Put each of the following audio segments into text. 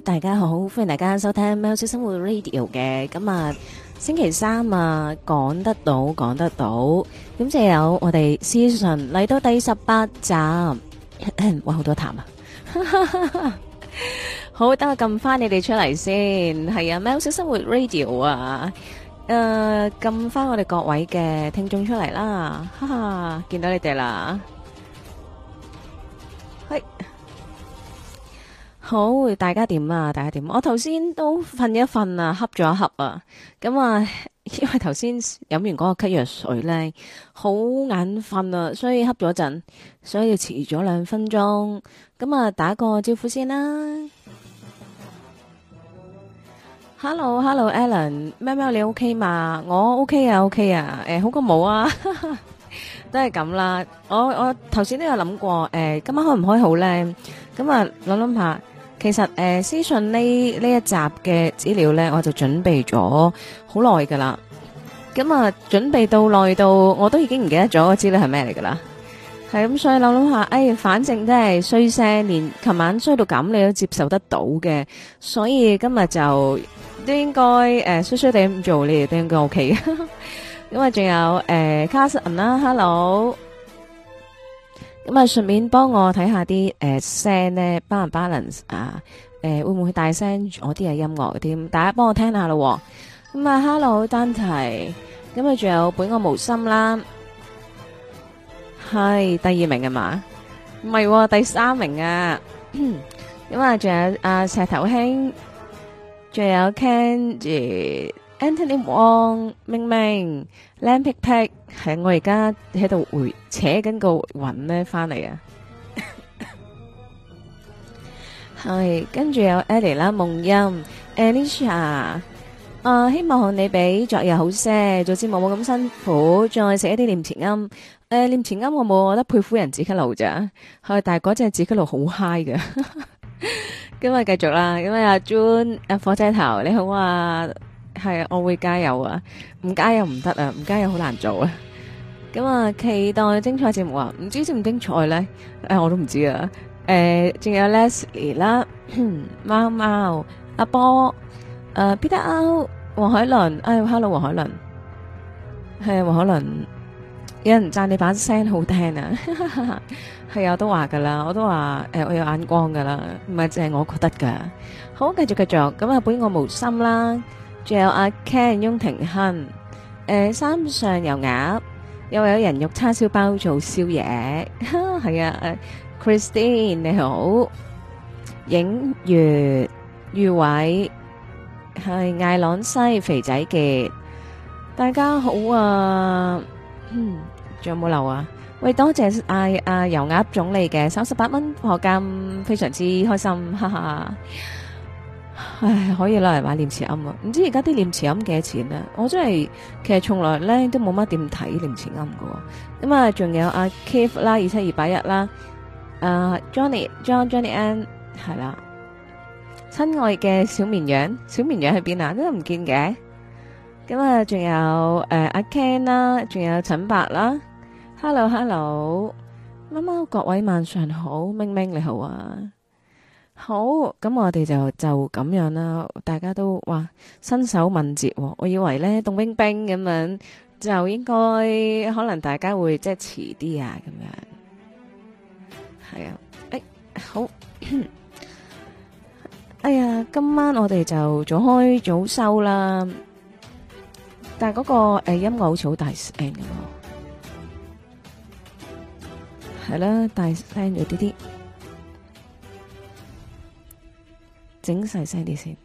大家好，歡迎大家收聽《喵式生活 Radio》嘅，今日星期三啊，講得到講得到，咁就有我哋屍訊嚟到第十八集，哇，好多痰啊！好，等我撳翻你哋出嚟先，係啊，《喵式生活 Radio》啊，誒，撳翻我哋各位嘅聽眾出嚟啦，哈哈，見到你哋啦，係。好，大家點啊？大家點啊？我頭先都瞓一瞓啊，瞌咗一瞌啊。咁啊，因為頭先飲完嗰個咳藥水咧，好眼瞓啊，所以瞌咗一陣，所以遲咗兩分鐘。咁啊，打個招呼先啦。Hello，Hello，Alan，喵喵，咪咪你 OK 嘛？我 OK 啊，OK 啊，誒、欸，好過冇啊， 都係咁啦。我我頭先都有諗過，誒、欸，今晚開唔開好咧？咁啊，諗諗下。其實誒、呃，屍訊呢呢一集嘅資料咧，我就準備咗好耐噶啦。咁啊，準備到耐到，我都已經唔記得咗個資料係咩嚟噶啦。係咁，所以諗諗下，哎反正都係衰聲，連琴晚衰到咁，你都接受得到嘅。所以今日就都應該誒衰衰地咁做，你哋都應該 OK 嘅。因、 呃、啊仲有誒，Carson 啦，Hello。咁、呃、 啊，順便幫我睇下啲誒聲咧，balance 啊，誒會唔會大聲？我啲係音樂啲，大家幫我聽下咯。咁、嗯、啊，hello 丹提，咁、嗯、啊，仲有本我無心啦，係第二名啊嘛？唔係、啊、第三名啊。咁、 嗯、啊，仲有阿石頭兄，仲有 k e n d y Anthony Wong，明明，Lampick pick，係我而家喺度回扯緊個雲咧翻嚟啊！係，跟住有 Ellie 啦，夢音，Alicia，啊，希望你比昨日好些，早知冇冇咁辛苦，再食一啲念前音。誒，念前音我冇，我覺得佩服人字吉路咋？係，但嗰隻字吉路好 high 嘅。咁咪繼續啦，咁咪阿 June，阿火車頭，你好啊！係啊，我會加油啊，唔加油唔得啊，唔加油好難做啊。咁 啊，期待精彩節目啊，唔知精唔精彩咧？誒、哎，我都唔知啊。誒、欸，仲有 Leslie 啦，貓貓， 阿波，誒、呃，Peter O，黃海倫，哎，hello 黃海倫，係啊黃海倫，有人讚你把聲好聽啊，係啊，我都話噶啦，我都話誒、呃，我有眼光噶啦，唔係淨係我覺得噶。好，繼續繼續，咁啊，本我無心啦。仲有阿 Ken 翁庭亨，誒山上油鴨，又有人肉叉燒包做宵夜，係啊，誒 Christine 你好，影月余偉係艾朗西肥仔杰，大家好啊，仲有冇漏啊？喂，多謝阿阿油鴨總理嘅三十八蚊賀金，非常之開心，哈哈。唉，可以攞嚟買念慈庵啊！唔知而家啲念慈庵幾多錢啊？我真係其實從來咧都冇乜點睇念慈庵噶。咁啊，仲有阿 Kev 啦，二七二八一啦，啊 Johnny John Johnny Ann 係啦。親愛嘅小綿羊，小綿羊喺邊啊？都唔見嘅。咁啊，仲有誒阿 Ken 啦，仲有陳伯啦。Hello，Hello，喵喵，各位晚上好，明明你好啊。好，咁我哋就就咁樣啦，大家都哇，伸手敏捷，我以為咧凍冰冰咁樣，就應該可能大家會即係遲啲啊咁樣，係啊，誒好，哎呀，今晚我哋就早開早收啦，但係嗰個誒音樂好似好大聲咁，係啦，大聲咗啲啲。整細聲啲先，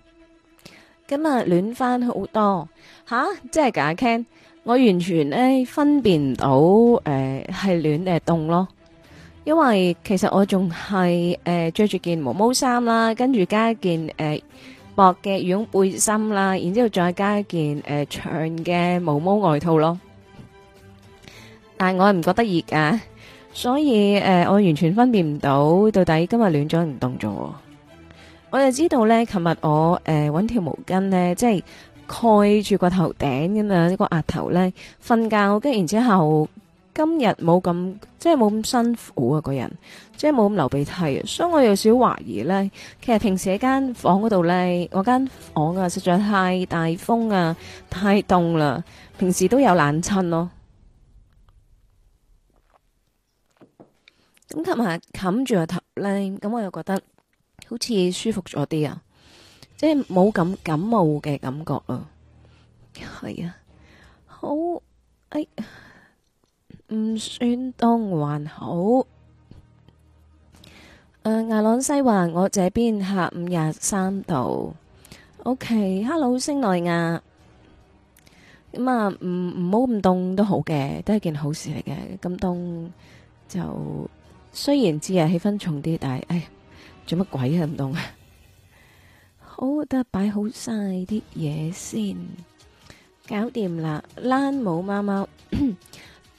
今日暖翻好多吓，即係假 can，我完全咧分辨唔到誒係、呃、暖定係凍咯，因為其實我仲係誒着住件毛毛衫啦，跟住加一件誒、呃、薄嘅羽絨背心啦，然之後再加一件誒、呃、長嘅毛毛外套咯，但係我唔覺得熱㗎，所以誒、呃、我完全分辨唔到到底今日暖咗定凍咗。我就知道咧，琴日我誒搵、呃、條毛巾咧，即係蓋住個頭頂咁啊，呢個額頭咧瞓覺，跟然之後今日冇咁即係冇咁辛苦啊，個人即係冇咁流鼻涕啊，所以我有少懷疑咧。其實平時喺間房嗰度咧，我間房啊實在太大風啊，太凍啦，平時都有冷親咯。咁琴日冚住個頭咧，咁我就覺得。好似舒服咗啲啊！即係冇感感冒嘅感覺咯，係啊，好，哎，唔算凍還好。誒，亞朗西話我這邊下午廿三度，OK，Hello，星奈亞。咁啊，唔唔好咁凍都好嘅，都係件好事嚟嘅。咁凍就雖然節日氣氛重啲，但係，哎。做乜鬼啊？咁凍啊！好，得擺好晒啲嘢先，搞掂啦！冷帽貓貓，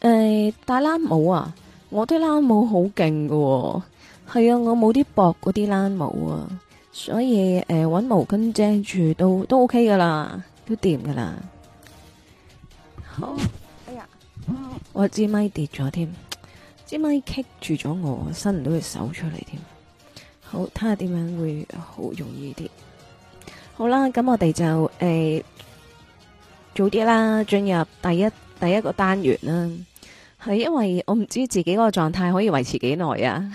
誒，大 冷、哎、帽啊！我啲冷帽好勁嘅，係啊，我冇啲薄嗰啲冷帽啊，所以誒，搵、呃、毛巾遮住都都 OK 噶啦，都掂噶啦。好，哎呀，哦、我支咪跌咗添，支咪棘住咗我，我伸唔到隻手出嚟添。好，睇下點樣會好容易啲。好啦，咁我哋就誒、欸、早啲啦，進入第一第一個單元啦。係因為我唔知自己嗰個狀態可以維持幾耐啊。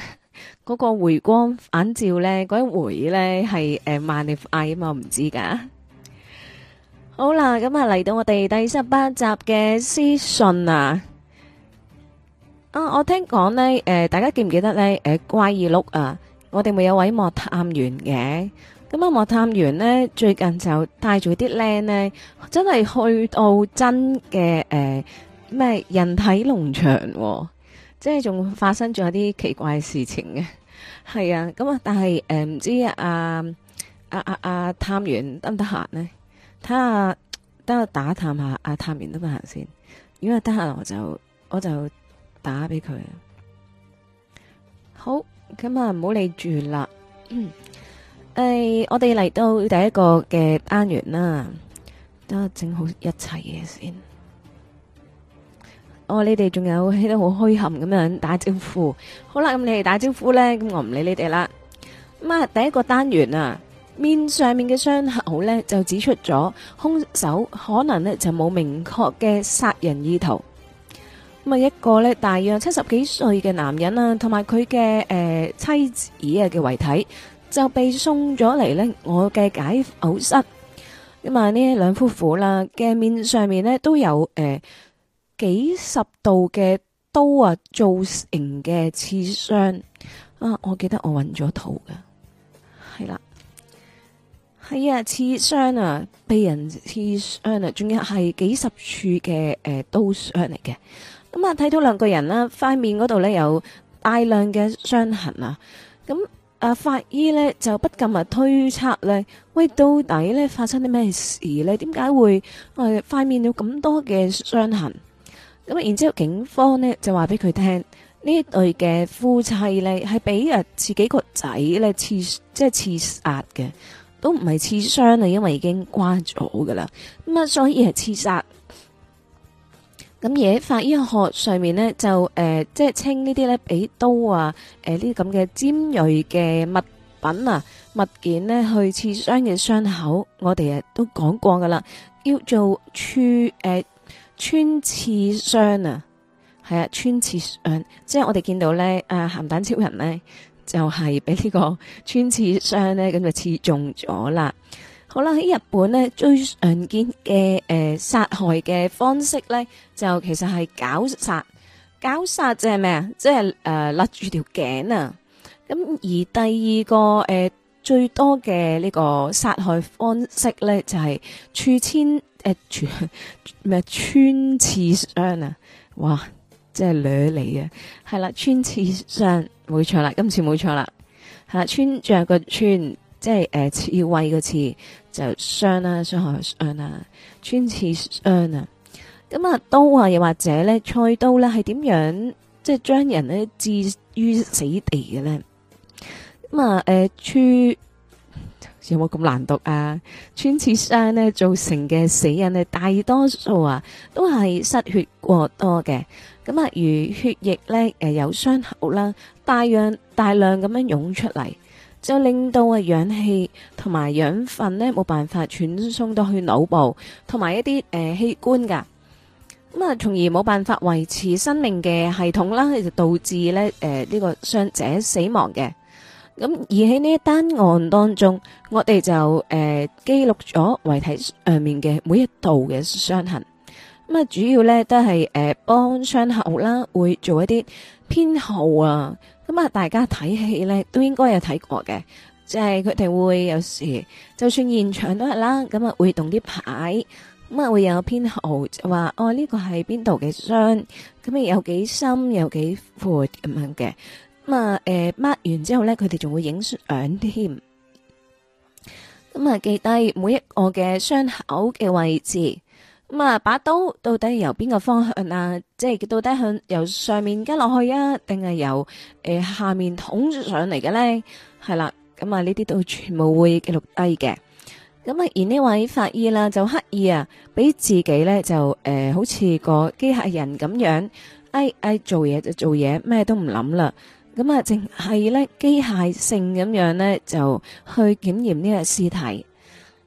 嗰 個回光返照咧，嗰一回咧係誒萬里哀啊，I, 我唔知噶。好啦，咁啊嚟到我哋第十八集嘅屍訊啊。啊，我聽講呢，誒、呃，大家記唔記得咧？誒、呃，乖二碌啊！我哋咪有位莫探員嘅，咁啊，莫探員咧最近就帶住啲靚咧，真係去到真嘅誒咩人體農場，哦，即係仲發生咗啲奇怪事情嘅，係啊，咁、呃、啊，但係誒唔知阿阿阿阿探員得唔得閒呢？睇下等打探下阿、啊、探員得唔得閒先，如果得閒我就我就打俾佢，好。咁啊，唔好理住啦。誒，我哋嚟到第一個嘅單元啦，等下整好一切嘢先。哦，你哋仲有起得好墟冚咁樣打招呼。好啦，咁你哋打招呼呢，咁我唔理你哋啦。咁啊，第一個單元啊，面上面嘅傷口呢，就指出咗兇手可能呢就冇明確嘅殺人意圖。咁啊，一個咧大約七十幾歲嘅男人啊，同埋佢嘅誒妻子啊嘅遺體就被送咗嚟呢我嘅解剖室。咁啊，呢兩夫婦啦嘅面上面呢都有誒、呃、幾十度嘅刀啊造成嘅刺傷啊。我記得我揾咗圖噶係啦，係啊，刺傷啊，被人刺傷啊，仲要係幾十處嘅誒、呃、刀傷嚟嘅。咁啊，睇到兩個人啦，塊面嗰度咧有大量嘅傷痕啊！咁啊，法醫咧就不禁啊推測咧，喂，到底咧發生啲咩事咧？點解會誒塊面有咁多嘅傷痕？咁啊，然之後警方咧就話俾佢聽，呢對嘅夫妻咧係俾自己個仔咧刺，即係刺殺嘅，都唔係刺傷啊，因為已經關咗噶啦。咁啊，所以係刺殺。咁野法醫學上面咧就即係稱呢啲咧，比刀啊，呢啲咁嘅尖鋭嘅物品啊物件咧，去刺傷嘅傷口，我哋都講過噶啦，叫做穿誒穿刺傷啊，係啊，穿刺傷，即係我哋見到咧，阿鹹蛋超人咧就係俾呢個穿刺傷咧，咁就刺中咗啦。好啦，喺日本咧最常見嘅誒殺害嘅方式咧，就其實係絞殺。絞殺即係咩啊？即係誒勒住條頸啊！咁而第二個誒、呃、最多嘅呢個殺害方式咧，就係穿誒咩穿刺傷啊！哇，即係掠嚟啊！係啦，穿刺傷冇錯啦，今次冇錯啦，係啦穿，着個穿，即係誒、呃、刺蝟個刺。就傷啦，傷口傷啦，穿刺傷啊！咁啊，刀啊，又或者咧，菜刀咧，係點樣即係將人呢置於死地嘅咧？咁啊，誒、呃，穿有冇咁難讀啊？穿刺傷咧造成嘅死人呢，大多數啊都係失血過多嘅。咁啊，如血液咧誒、呃、有傷口啦，大量大量咁樣湧出嚟。就令到啊，氧氣同埋養分咧，冇辦法傳送到去腦部同埋一啲誒、呃、器官噶，咁啊，從而冇辦法維持生命嘅系統啦，就導致咧誒呢個傷者死亡嘅。咁而喺呢一單案當中，我哋就誒、呃、記錄咗遺體上面嘅每一道嘅傷痕，咁啊，主要呢都係誒、呃、幫傷口啦，會做一啲編號啊。咁啊，大家睇戲咧都應該有睇過嘅，就係佢哋會有時，就算現場都係啦。咁啊，會動啲牌，咁啊會有編號，就話、是、哦呢、呢個係邊度嘅傷咁啊，有幾深，有幾闊咁樣嘅。咁、嗯、啊，誒、呃，抹完之後咧，佢哋仲會影相添。咁啊，記低每一個嘅傷口嘅位置。咁啊，把刀到底由邊個方向啊？即係到底向由上面加落去啊，定係由誒、呃、下面捅上嚟嘅咧？係啦，咁啊呢啲都全部會記錄低嘅。咁啊，而呢位法醫啦，就刻意啊，俾自己咧就誒、呃，好似個機械人咁樣，哎、呃、哎、呃、做嘢就做嘢，咩都唔諗啦。咁啊，淨係咧機械性咁樣咧，就去檢驗呢個屍體。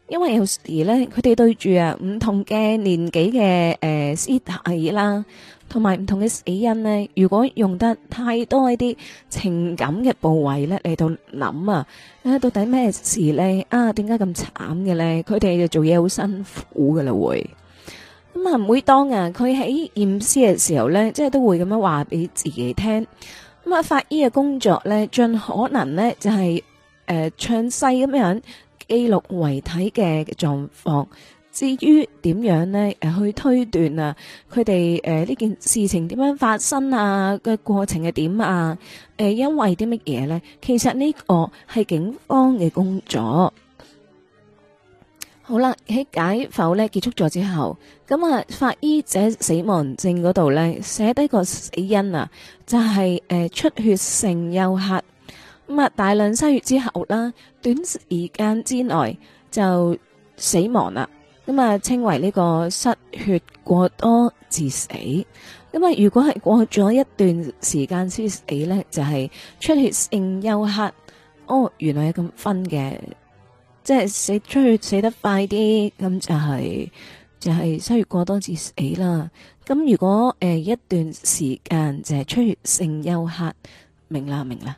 因為有時咧，佢哋對住啊唔同嘅年紀嘅誒屍體啦，同埋唔同嘅死因咧，如果用得太多一啲情感嘅部位咧嚟到諗啊，啊，到底咩事咧？啊，點解咁慘嘅咧？佢哋就做嘢好辛苦噶啦，會，咁、嗯、啊每當啊佢喺驗屍嘅時候咧，即係都會咁樣話俾自己聽，咁、嗯、啊法醫嘅工作咧，盡可能咧就係、是、誒、呃、詳細咁樣，記錄遺體嘅狀況，至於點樣呢？誒，去推斷啊，佢哋誒呢件事情點樣發生啊？個過程係點啊？誒、呃，因為啲乜嘢呢？其實呢個係警方嘅工作。好啦，喺解剖呢結束咗之後，咁啊，法醫喺死亡證嗰度呢，寫低個死因啊，就係、是、誒、呃、出血性休克。咁啊！大量失血之後啦，短時間之內就死亡啦。咁啊，稱為呢個失血過多致死。咁啊，如果係過咗一段時間先死咧，就係、是、出血性休克。哦，原來係咁分嘅，即係死出血死得快啲，咁就係、是、就係、是、失血過多致死啦。咁如果誒、呃、一段時間就係出血性休克，明啦明啦。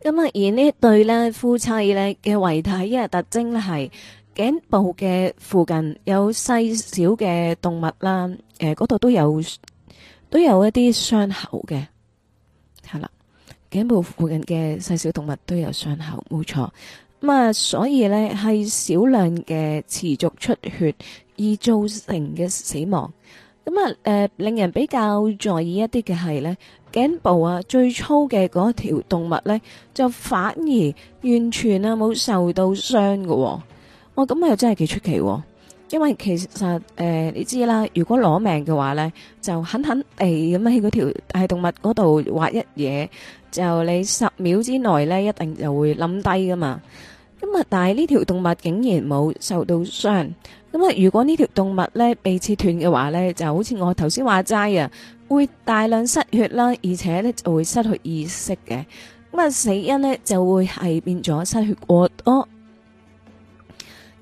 咁啊，而呢對咧夫妻咧嘅遺體日特徵咧係頸部嘅附近有細小嘅動物啦，誒、呃，嗰度都有都有一啲傷口嘅，係啦，頸部附近嘅細小嘅動物都有傷口，冇錯。咁啊，所以呢係少量嘅持續出血而造成嘅死亡。咁啊，誒，令人比較在意一啲嘅係呢。頸部啊，最粗嘅嗰條動物咧，就反而完全啊冇受到傷噶。我咁啊，又真係幾出奇，因為其實誒，你知啦，如果攞命嘅話咧，就狠狠地咁喺嗰條大動物嗰度挖一嘢，就你十秒之內咧一定就會冧低噶嘛。咁啊，但係呢條動物竟然冇受到傷。咁啊！如果呢條動脈咧被切斷嘅話咧，就好似我頭先話齋啊，會大量失血啦，而且咧就會失去意識嘅。咁啊，死因咧就會係變咗失血過多。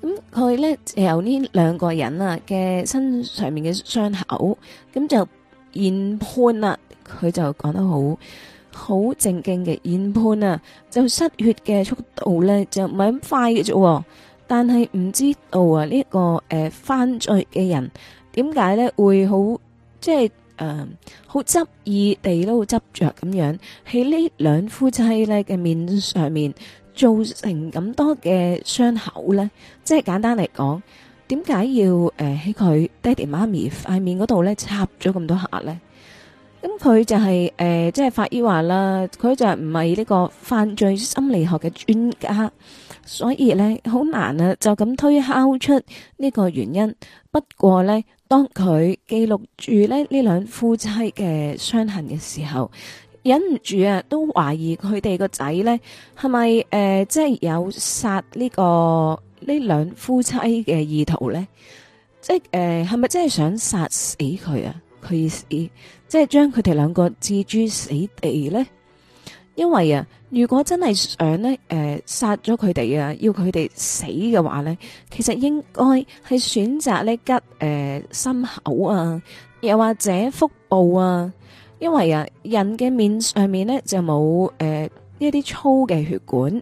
咁佢咧由呢兩個人啊嘅身上面嘅傷口，咁就研判啦。佢就講得好好正經嘅研判啊，就失血嘅速度咧就唔係咁快嘅啫。但係唔知道啊！呢、呢個誒、呃、犯罪嘅人點解呢？會好即係誒好執意地都好執着咁樣喺呢兩夫妻呢嘅面上面造成咁多嘅傷口呢？即係簡單嚟講，點解要誒喺佢爹哋媽咪塊面嗰度呢插咗咁多下呢？咁佢就係誒即係法醫話啦，佢就唔係呢個犯罪心理學嘅專家。所以咧，好難啊！就咁推敲出呢個原因。不過咧，當佢記錄住咧呢兩夫妻嘅傷痕嘅時候，忍唔住啊，都懷疑佢哋個仔咧係咪誒，即係有殺呢個呢兩夫妻嘅意圖咧？即係誒，係咪真係想殺死佢啊？佢意思即係將佢哋兩個置諸死地咧？因為啊，如果真係想咧，誒、呃、殺咗佢哋啊，要佢哋死嘅話咧，其實應該係選擇咧吉誒、呃、心口啊，又或者腹部啊。因為啊，人嘅面上面咧就冇誒呢啲粗嘅血管，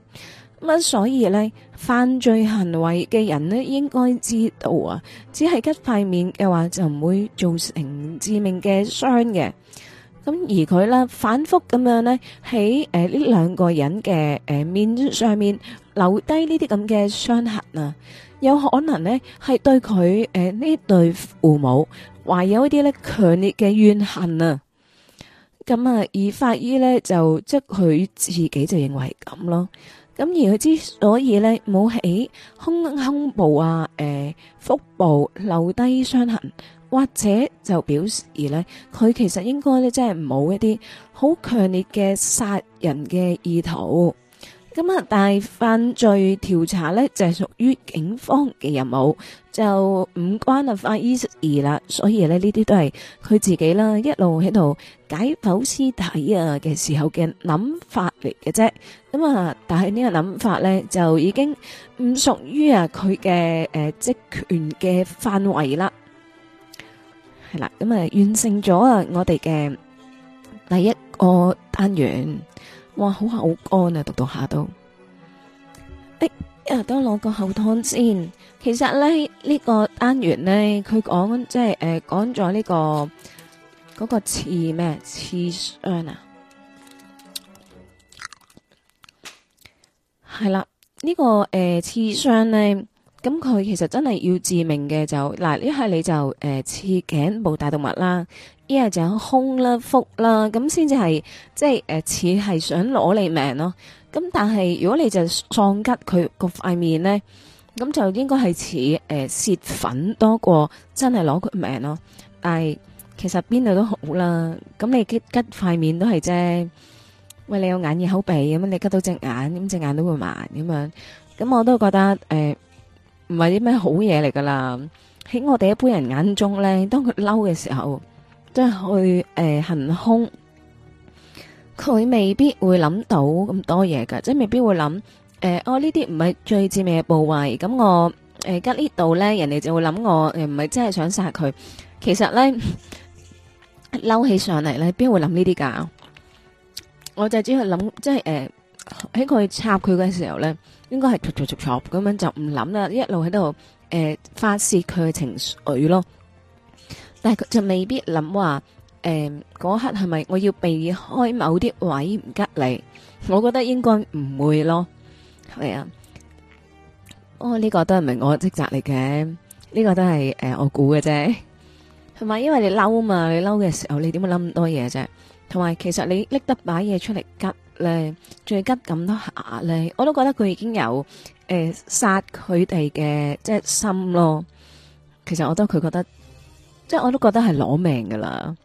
咁啊，所以咧犯罪行為嘅人咧應該知道啊，只係吉塊面嘅話就唔會造成致命嘅傷嘅。咁而佢呢，反覆咁樣呢，喺誒呢兩個人嘅誒面上面留低呢啲咁嘅傷痕啊，有可能呢，係對佢誒呢對父母懷有一啲呢強烈嘅怨恨啊。咁啊，而法醫呢，就即佢自己就認為咁咯。咁而佢之所以呢，冇喺胸胸部啊，誒腹部留低傷痕。或者就表示咧，佢其實應該咧，即係冇一啲好強烈嘅殺人嘅意圖。咁啊，但係犯罪調查咧，就係屬於警方嘅任務，就唔關法醫事宜啦。所以咧，呢啲都係佢自己啦，一路喺度解剖屍體啊嘅時候嘅諗法嚟嘅啫。咁啊，但係呢個諗法咧，就已經唔屬於啊佢嘅誒職權嘅範圍啦。係、嗯、啦，咁啊完成咗啊我哋嘅第一個單元，哇好口乾啊讀到下都、啊，誒、欸，都攞個喉糖先。其實咧呢、呢個單元咧，佢講即係誒講咗呢個、嗰個刺咩刺傷啊，係、嗯嗯、啦、呢個呃、呢個誒刺傷咧。咁佢其實真係要致命嘅就嗱，一係你就誒刺頸部大動脈啦，一係就喺胸啦、腹啦，咁先至係即係誒似係想攞你命咯。咁但係如果你就喪吉佢個塊面咧，咁就應該係似誒泄粉多過真係攞佢命咯。但係其實邊度都好啦，咁你吉吉塊面都係啫。喂，你有眼耳口鼻咁，你吉到隻眼咁隻眼，眼都會盲咁樣。咁我都覺得誒。呃唔係啲咩好嘢嚟噶啦！喺我哋一般人眼中咧，當佢嬲嘅時候，即係去誒行凶，佢未必會諗到咁多嘢噶，即係未必會諗誒，哦呢啲唔係最致命嘅部位，咁我誒隔呢度咧，人哋就會諗我誒唔係真係想殺佢。其實咧，嬲起上嚟咧，邊會諗呢啲噶？我就只係諗，即係誒喺佢插佢嘅時候咧。應該係逐逐逐坐咁樣就唔諗啦，一路喺度誒發泄佢嘅情緒咯。但係佢就未必諗話誒嗰刻係咪我要避開某啲位唔吉你？我覺得應該唔會咯，係啊？哦，呢個都係唔係我職責嚟嘅，呢個都係誒我估嘅啫，係咪？因為你嬲啊嘛，你嬲嘅時候你點會諗咁多嘢啫？同埋其實你拎得把嘢出嚟吉，咧，仲要吉咁多壓力，我都覺得佢已經有誒殺佢哋嘅即係心咯。其實我都佢覺得，即係我都覺得係攞命噶啦。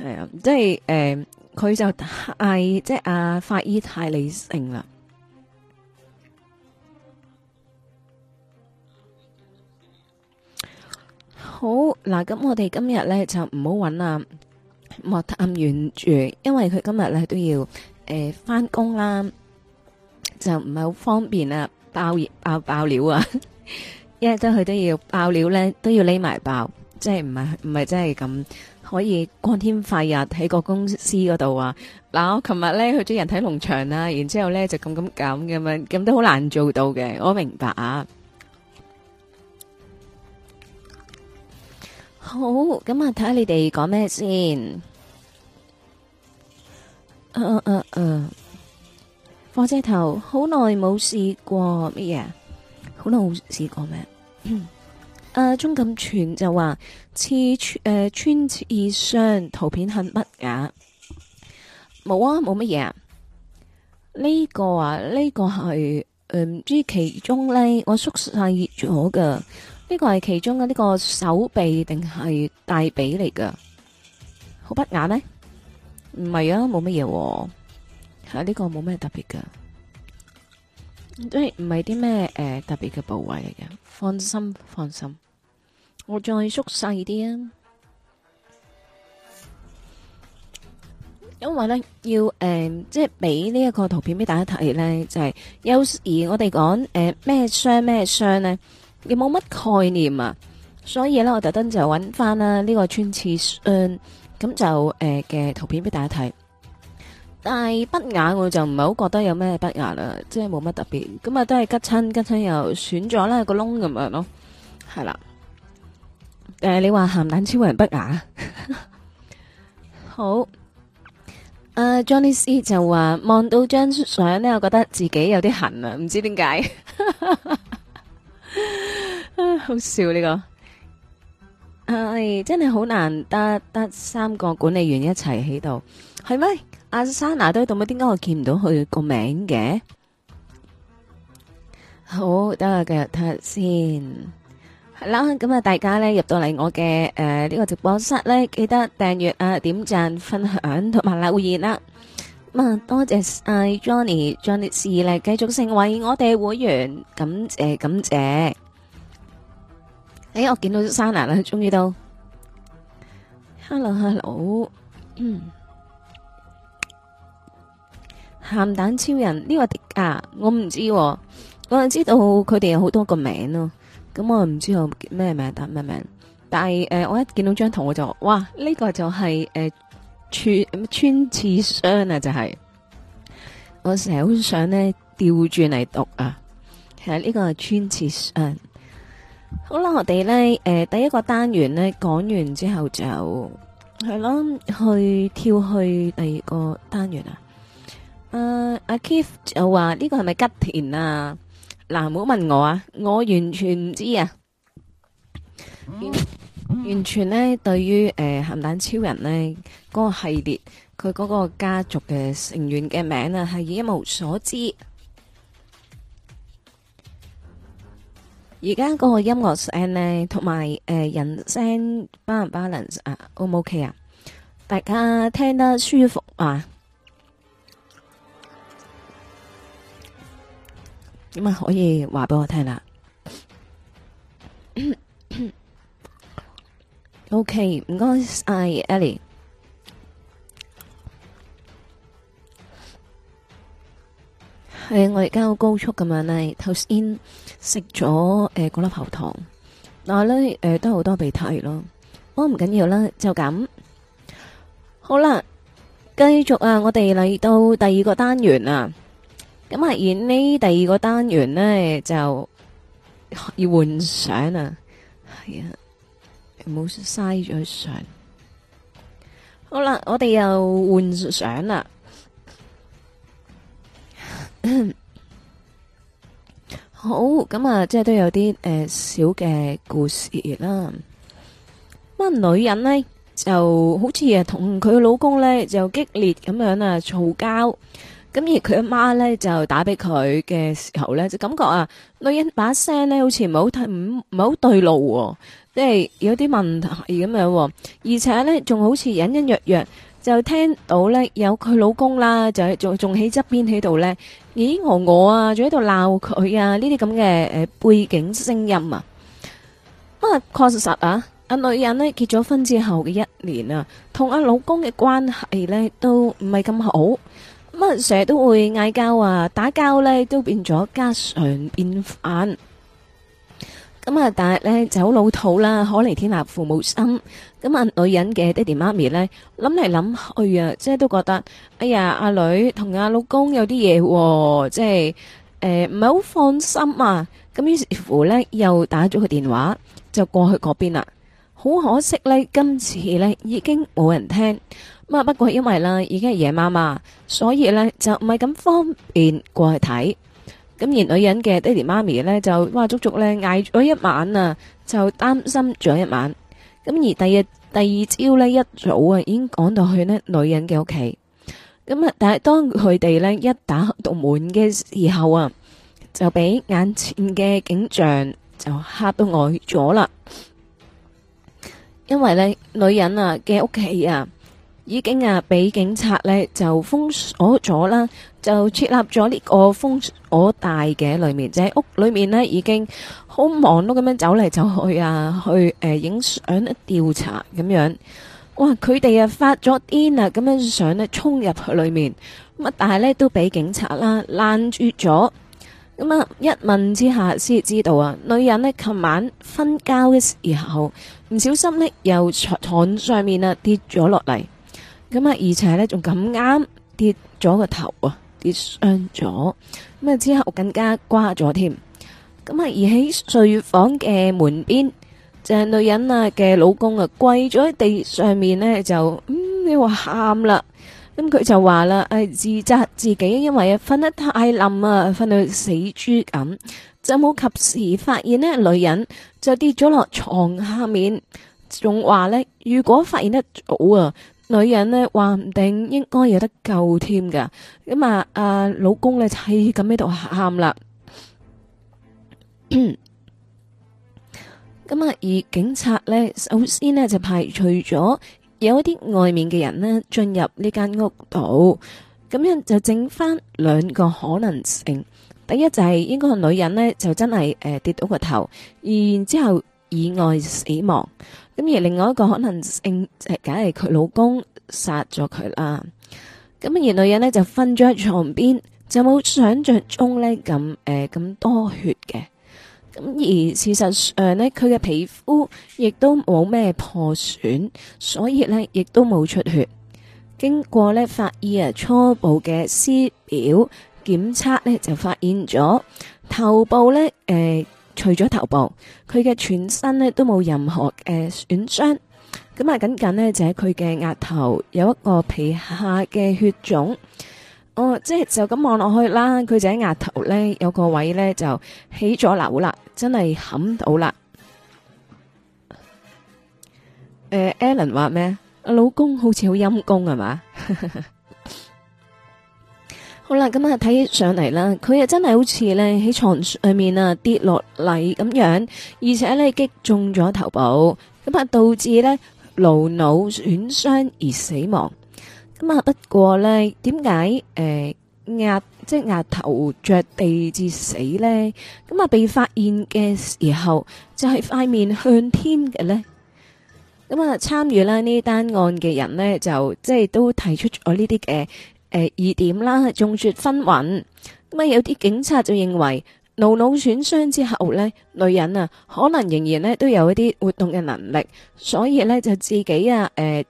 係啊，即係誒，佢就太即係阿法醫太理性啦。好嗱，咁我哋今日咧就唔好揾啦，莫探遠住，因為佢今日咧都要。誒，返工啦，就唔係好方便啊。爆爆爆料啊！一日都佢都要爆料咧，都要匿埋爆，即係唔係唔係真係咁可以光天化日喺個公司嗰度啊！嗱，我琴日咧去咗人體農場啊，然之後咧就咁咁咁咁樣，咁都好難做到嘅，我明白啊！好，咁啊睇下你哋講咩先。誒誒誒誒，火車頭好耐冇試過乜嘢，好耐冇試過咩？誒，鍾 錦、啊、全就話刺誒穿、呃、刺傷，圖片很不雅，冇啊，冇乜嘢啊？呢、這個啊，呢、這個係誒、呃、唔知其中咧，我縮晒熱咗噶。呢、這個係其中嘅呢、這個手臂定係大髀嚟噶？好不雅呢？唔係啊，冇乜嘢，吓、啊、呢、這個冇咩特別噶，即係唔係啲咩誒特別嘅部位嚟嘅，放心放心，我再縮細啲啊，因為咧要誒、呃、即係俾呢一個圖片俾大家睇咧，就係、是、有時我哋講誒咩傷咩傷咧，又冇乜概念啊，所以咧我特登就揾翻啦呢個穿刺傷。咁就誒嘅、呃、圖片俾大家睇，但係不雅我就唔係好覺得有咩不雅啦，即係冇乜特別，咁啊都係吉親吉親又損咗啦個窿咁樣咯，係啦。誒、呃，你話鹹蛋超人不雅？ 好。誒、呃、，Johnny C 就話望 到張相呢，我覺得自己有啲痕啊，唔知點解。 好笑呢、這個。誒，真係好難得得三個管理員一齊喺度，係咪？阿珊娜都喺度咩？點解我見唔到佢個名嘅？好，等下繼續睇下先。係啦，咁啊，大家呢入到嚟我嘅誒呢個直播室呢，記得訂閱、啊點讚、分享同埋留言啦。咁啊，多謝阿 Johnny，Johnny Sir 呢繼續成為我哋會員，感謝感謝。哎，我見到珊娜啦，終於到。Hello，Hello，hello 咸蛋超人呢、這個啊，我唔知道，哦，我就知道佢哋有好多個名咯，哦。咁、嗯，我唔知道咩名，打咩名。但係誒、呃，我一見到張圖我就哇，呢、這個就係誒穿穿刺傷啊，就係、是。我成日好想呢，調轉嚟讀啊，其實呢個係穿刺傷。好啦，我哋咧，誒，第一個單元咧講完之後就係囉，去跳去第二個單元啊。誒，阿 Keith 就話呢個係咪吉田啊？嗱，唔好問我啊，我完全唔知啊。完全咧，對於誒鹹蛋超人咧嗰個系列，佢嗰個家族嘅成員嘅名啊，係一無所知。而家嗰個音樂聲呢，同埋誒人聲 balance 唔 balance 啊，O 唔 O K 啊？大家聽得舒服嘛？點啊？可以話俾我聽啦。O K，唔該，艾 Ellie。誒，我而家好高速咁樣嚟，頭先食咗誒嗰粒喉糖，但係咧誒都好多鼻涕咯，都唔緊要啦，就咁好啦。繼續啊，我哋嚟到第二個單元啊，咁啊而呢第二個單元咧就要換相啊，係啊，唔好嘥咗相。好啦，我哋又換相啦。好咁啊，即係都有啲誒小嘅故事啦。乜女人咧，就好似啊同佢嘅老公咧就激烈咁樣啊嘈交。咁而佢阿媽咧就打俾佢嘅時候咧，就感覺啊女人把聲咧好似唔係好聽，唔，唔係好對路，即係有啲問題咁樣。而且咧仲好似隱隱約約。就聽到咧有佢老公啦，就仲仲喺側邊喺度咧，咦我我啊，仲喺度鬧佢啊，呢啲咁嘅誒背景聲音啊，咁啊確實實啊，阿女人咧結咗婚之後嘅一年啊，同阿老公嘅關係咧都唔係咁好，咁啊成日都會嗌交啊，打交咧都變咗家常便飯。咁啊！但係咧就好老土啦，可憐天下父母心。咁啊，女人嘅爹哋媽咪咧，諗嚟諗去啊，即係都覺得，哎呀，阿女同阿老公有啲嘢，即係誒，唔係好放心啊。咁於是乎咧，又打咗個電話，就過去嗰邊啦。好可惜咧，今次咧已經冇人聽。咁啊，不過因為啦，已經係夜媽媽，所以咧就唔係咁方便過去睇。咁而女人嘅爹哋媽咪呢，就哇足足呢嗌咗一晚啊，就擔心咗一晚。咁而第二第二朝呢一早啊，已經趕到去呢女人嘅屋企。咁啊，但係當佢哋呢一打開門嘅時候啊，就俾眼前嘅景象就吓到呆咗啦。因為呢女人啊嘅屋企啊。已經啊，俾警察呢就封鎖咗啦，就設立咗呢個封鎖帶嘅裏面，就喺、是、屋裏面呢，已經好忙碌咁樣走嚟走去啊，去誒影相調查咁樣。哇！佢哋啊發咗癲啊，咁樣想呢衝入去裏面，咁啊，但係呢，都俾警察啦攔住咗。咁啊，一問之下先知道啊，女人呢，琴晚瞓覺嘅時候唔小心呢，由牀上面啊跌咗落嚟。咁啊！而且呢，仲咁啱跌咗個頭啊，跌傷咗咁啊。之後更加瓜咗添。咁啊，而喺睡房嘅門邊，就係女人啊嘅老公啊，跪咗喺地上面呢，就嗯，你話喊啦。咁佢就話啦，誒，自責自己，因為瞓得太冧啊，瞓到死豬咁，就冇及時發現呢，女人就跌咗落床下面，仲話呢，如果發現得早啊。女人呢，話唔定應該有得救添㗎，咁啊，阿老公呢就係咁喺度喊啦。咁啊， 而警察呢首先呢就排除咗有一啲外面嘅人呢進入呢間屋度，咁樣就剩翻兩個可能性。第一就係、是、應該個女人呢，就真係誒、呃、跌到個頭，然之後意外死亡。咁而另外一個可能性，係梗係佢老公殺咗佢啦。咁而女人呢，就瞓咗喺床邊，就冇想象中呢咁誒咁多血嘅。咁而事實上呢，佢嘅皮膚亦都冇咩破損，所以呢，亦都冇出血。經過呢法醫啊初步嘅屍表檢測呢就發現咗頭部呢。誒、呃。除咗頭部，佢嘅全身咧都冇任何誒損傷，咁啊僅僅咧就喺佢嘅額頭有一個皮下嘅血腫，哦即係就咁望落去啦，佢就喺額頭呢，有個位呢，就起咗瘤啦，真係冚到啦。誒、呃，Alan 話咩？阿老公好似好陰功係嘛？ 好啦，咁啊睇上嚟啦，佢啊真係好似咧喺床上面啊跌落嚟咁樣，而且咧擊中咗頭部，咁啊導致咧顱腦損傷而死亡。咁啊不過咧，點解誒額即係額頭着地致死咧？咁啊被發現嘅時候就係塊面向天嘅咧？咁啊參與啦呢單案嘅人呢，就即係都提出咗呢啲嘅。誒、呃，疑點啦，眾說紛紜。咁、嗯、啊，有啲警察就認為顱腦損傷之後呢，女人啊可能仍然呢都有一啲活動嘅能力，所以呢就自己啊，誒、呃、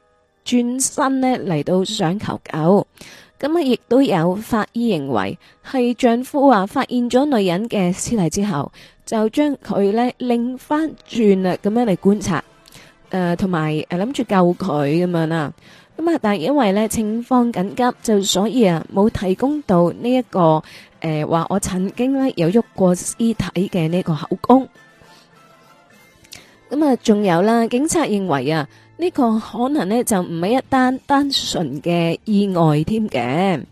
轉身呢嚟到想求救。咁、嗯、啊，亦都有法醫認為係丈夫啊發現咗女人嘅屍體之後，就將佢呢擰翻轉啊咁樣嚟觀察，誒、呃，同埋誒諗住救佢咁樣啦。咁啊！但係因為呢情況緊急，就所以啊冇提供到呢一個誒話我曾經呢有喐過屍體嘅呢個口供。咁啊，仲有啦，警察認為啊，呢個可能呢就唔係一單單純嘅意外添嘅。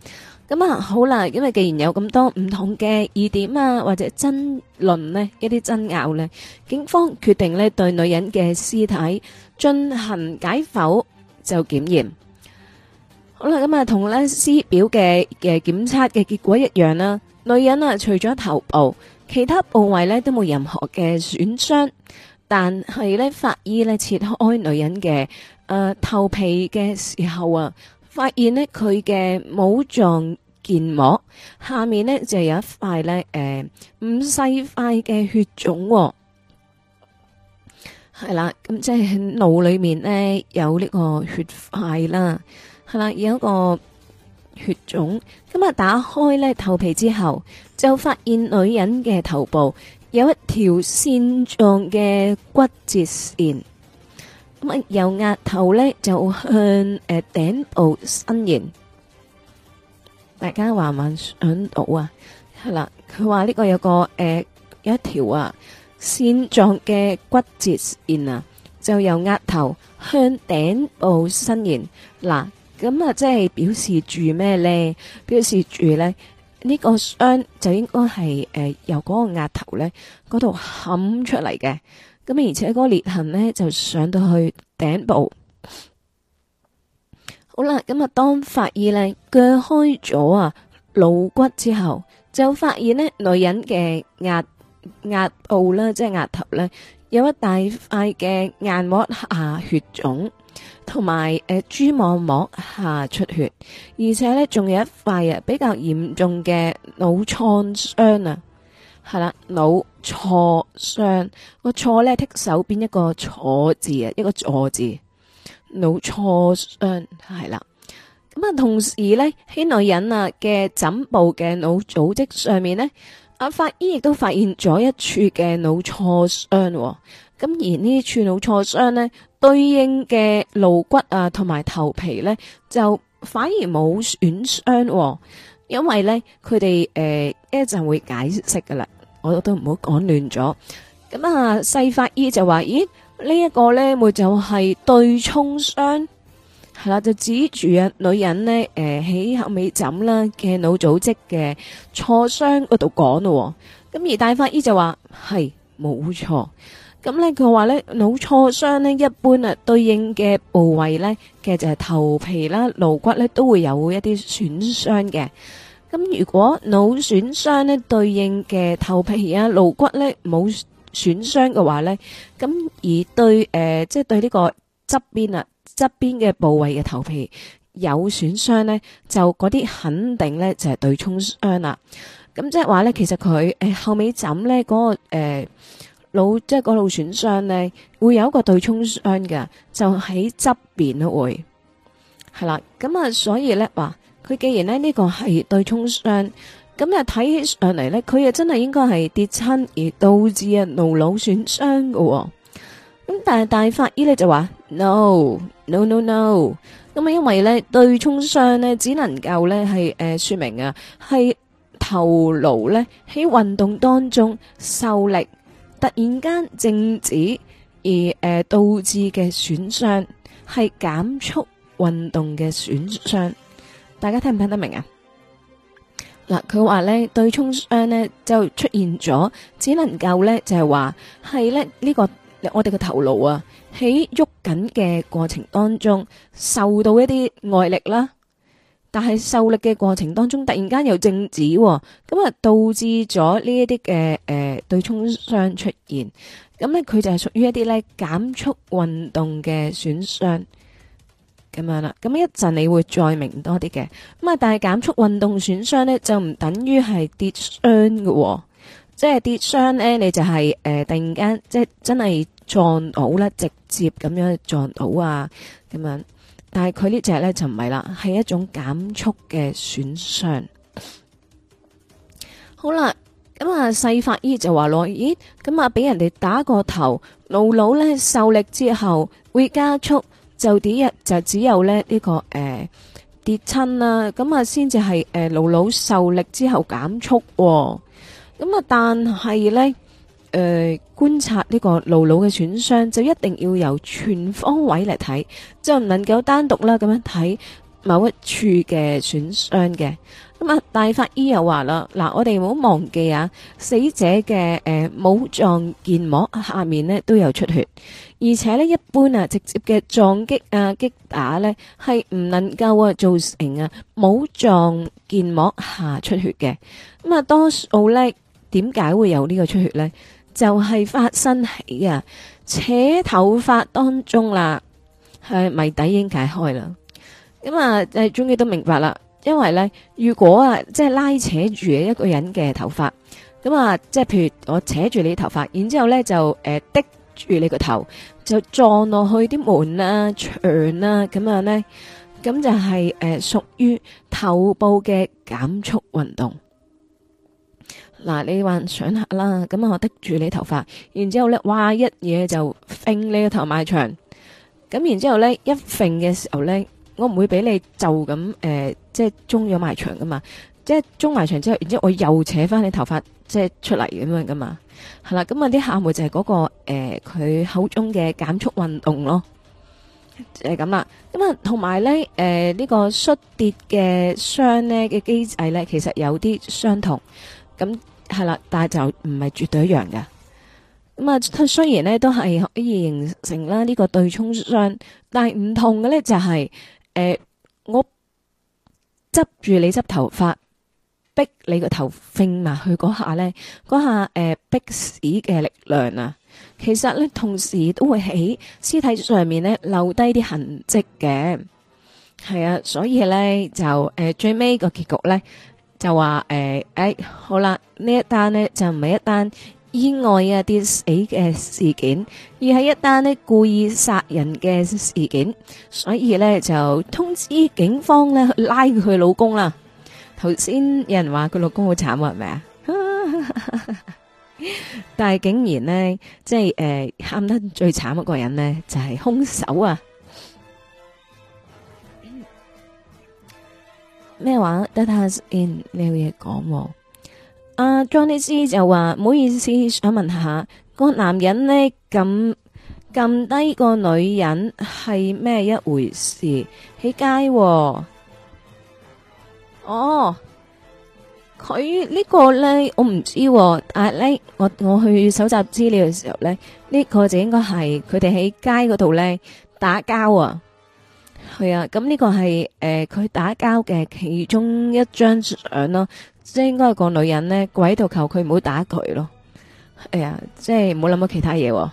咁啊，好啦，因為既然有咁多唔同嘅疑點啊，或者爭論呢一啲爭拗呢，警方決定呢對女人嘅屍體進行解剖。就檢驗，好啦，咁啊，同呢屍表嘅嘅檢測嘅結果一樣啦。女人啊，除咗頭部，其他部位呢都冇任何嘅損傷，但係呢法醫呢切開女人嘅誒、呃、頭皮嘅時候啊，發現呢佢嘅帽狀腱膜下面呢，就有一塊呢誒、呃、唔細塊嘅血腫、哦。係啦，咁即係腦裏面呢，有呢個血塊啦，係啦，有一個血腫。咁啊，打開呢頭皮之後，就發現女人嘅頭部有一條線狀嘅骨折線。咁啊，由額頭呢，就向誒頂部伸延，大家慢慢想到啊，係啦，佢話呢個有個誒有一條啊。線狀嘅骨折線啊，就由額頭向頂部伸延。嗱，咁啊，即係表示住咩呢？表示住呢，呢、呢個傷就應該係誒、呃、由嗰個額頭呢嗰度冚出嚟嘅。咁而且嗰個裂痕呢，就上到去頂部。好啦，咁啊，當法醫呢鋸開咗啊腦骨之後，就發現呢女人嘅額。額部啦，即係額頭咧，有一大塊嘅硬膜下血腫，同埋誒蛛網膜下出血，而且呢，仲有一塊啊比較嚴重嘅腦創傷啊，係啦，腦挫傷、個挫呢，剔手邊一個挫字啊，一個坐字，腦挫傷係啦，咁啊同時呢，喺女人啊嘅枕部嘅腦組織上面呢，啊，法醫亦都發現咗一處嘅腦挫傷，咁而呢處腦挫傷咧，對應嘅顱骨啊同埋頭皮咧，就反而冇損傷，因為咧佢哋誒一陣會解釋噶啦，我都唔好講亂咗。咁啊，細法醫就話：咦，呢一個咧咪就係對沖傷。係啦，就指住啊，女人咧，誒，喺後尾枕啦嘅腦組織嘅挫傷嗰度講咯。咁而大法醫就話係冇錯。咁咧佢話咧腦挫傷咧一般啊，對應嘅部位咧，其實就係頭皮啦、顱骨咧都會有一啲損傷嘅。咁如果腦損傷咧對應嘅頭皮啊、顱骨咧冇損傷嘅話咧，咁而對誒，即係對呢個側邊啊。側邊嘅部位嘅頭皮有損傷呢，就嗰啲肯定呢，就係、是、對沖傷啦。咁即係話呢，其實佢誒後尾枕呢、嗰個誒腦即係嗰度損傷呢會有一個對沖傷嘅，就喺側邊都會係啦。咁啊，所以呢，話佢既然呢呢個係對沖傷，咁啊睇起上嚟呢，佢又真係應該係跌親而導致啊腦腦損傷噶。咁但係大法醫呢，就話。no no no no，咁啊，因為咧對沖傷咧只能夠咧係誒說明啊，係頭顱咧喺運動當中受力突然間靜止而誒導致嘅損傷，係減速運動嘅損傷。大家聽唔聽得明啊？嗱，佢話咧對沖傷咧就出現咗，只能夠呢，就係話係咧呢個。我哋個頭顱啊，喺喐緊嘅過程當中，受到一啲外力啦，但係受力嘅過程當中突然間又靜止，咁啊導致咗呢一啲嘅誒對沖傷出現，咁呢，佢就係屬於一啲呢減速運動嘅損傷咁樣啦。咁一陣你會再明多啲嘅，咁啊但係減速運動損傷呢，就唔等於係跌傷嘅。即係跌傷呢，你就係、是、誒、呃、突然間，即係真係撞到啦，直接咁樣撞到啊，咁樣。但係佢呢隻呢就唔係啦，係一種減速嘅損傷。好啦，咁、嗯、啊細法醫就話攞咦，咁啊俾人哋打過頭，顱腦呢受力之後會加速，就只就只有呢呢、這個誒、呃、跌親啦，咁啊先至係顱腦受力之後減速喎、啊。咁啊，但係咧，誒，觀察呢個顱腦嘅損傷就一定要由全方位嚟睇，就唔能夠單獨啦咁樣睇某一處嘅損傷嘅。咁、嗯、啊，大法醫又話啦，嗱，我哋唔好忘記啊，死者嘅誒，帽狀腱膜下面呢都有出血，而且呢，一般啊，直接嘅撞擊啊，擊打呢，係唔能夠啊造成啊帽狀腱膜下出血嘅。咁、嗯、啊，多數咧。點解會有呢個出血呢？就係、是、發生喺啊扯頭髮當中啦，係謎底已經解開啦。咁啊，誒，終於都明白啦。因為呢，如果啊，即係拉扯住一個人嘅頭髮，咁啊，即係譬如我扯住你頭髮，然之後呢就誒，呃、滴住你個頭，就撞落去啲門啊、牆啊咁樣呢咁就係、是、誒、呃，屬於頭部嘅減速運動。嗱、啊，你幻想下啦，咁啊，我扚住你頭髮，然之後呢哇，一嘢就揈你個頭埋牆，咁然之後呢一揈嘅時候呢我唔會俾你就咁，誒，即係中咗埋牆噶嘛，即係中埋牆之後，然之後我又扯翻你頭髮，即係出嚟咁樣噶嘛，係啦，咁啊啲客戶就係嗰個，誒，佢口中嘅減速運動咯，就係咁啦，咁啊，同埋呢誒，呢個摔跌嘅傷呢嘅機制呢其實有啲相同，咁。係啦，但係就唔係絕對一樣嘅，咁啊。雖然呢都係可以形成啦，呢個對沖傷，但係唔同嘅呢就係、是、誒、呃，我執住你執頭髮，逼你個頭飛埋去嗰下呢，嗰下誒、呃、逼死嘅力量啊，其實呢，同時都會喺屍體上面呢留低啲痕跡嘅，係啊，所以呢，就誒、呃、最尾個結局呢，就話誒誒，好啦，一呢一單呢就唔係一單意外啊啲死嘅事件，而係一單呢故意殺人嘅事件，所以呢，就通知警方呢，拉佢老公啦。頭先有人話佢老公好慘啊，係咪啊？ 但係竟然呢，即係誒，喊、呃、得最慘嗰個人呢，就係、是、兇手啊！咩話？That has in 你有嘢講。阿、uh, Johnny C 就話唔好意思，想問下個男人咧咁撳低個女人係咩一回事？喺街哦，佢、oh, 呢個咧我唔知、哦，但係我我去搜集資料嘅時候咧，呢、這個就應該係佢哋喺街嗰度咧打交啊、哦。係、嗯、啊、咁、這、呢個係誒佢打交嘅其中一張相咯，即係應該係個女人咧跪喺度求佢唔好打佢咯，哎呀，即係冇諗到其他嘢，係、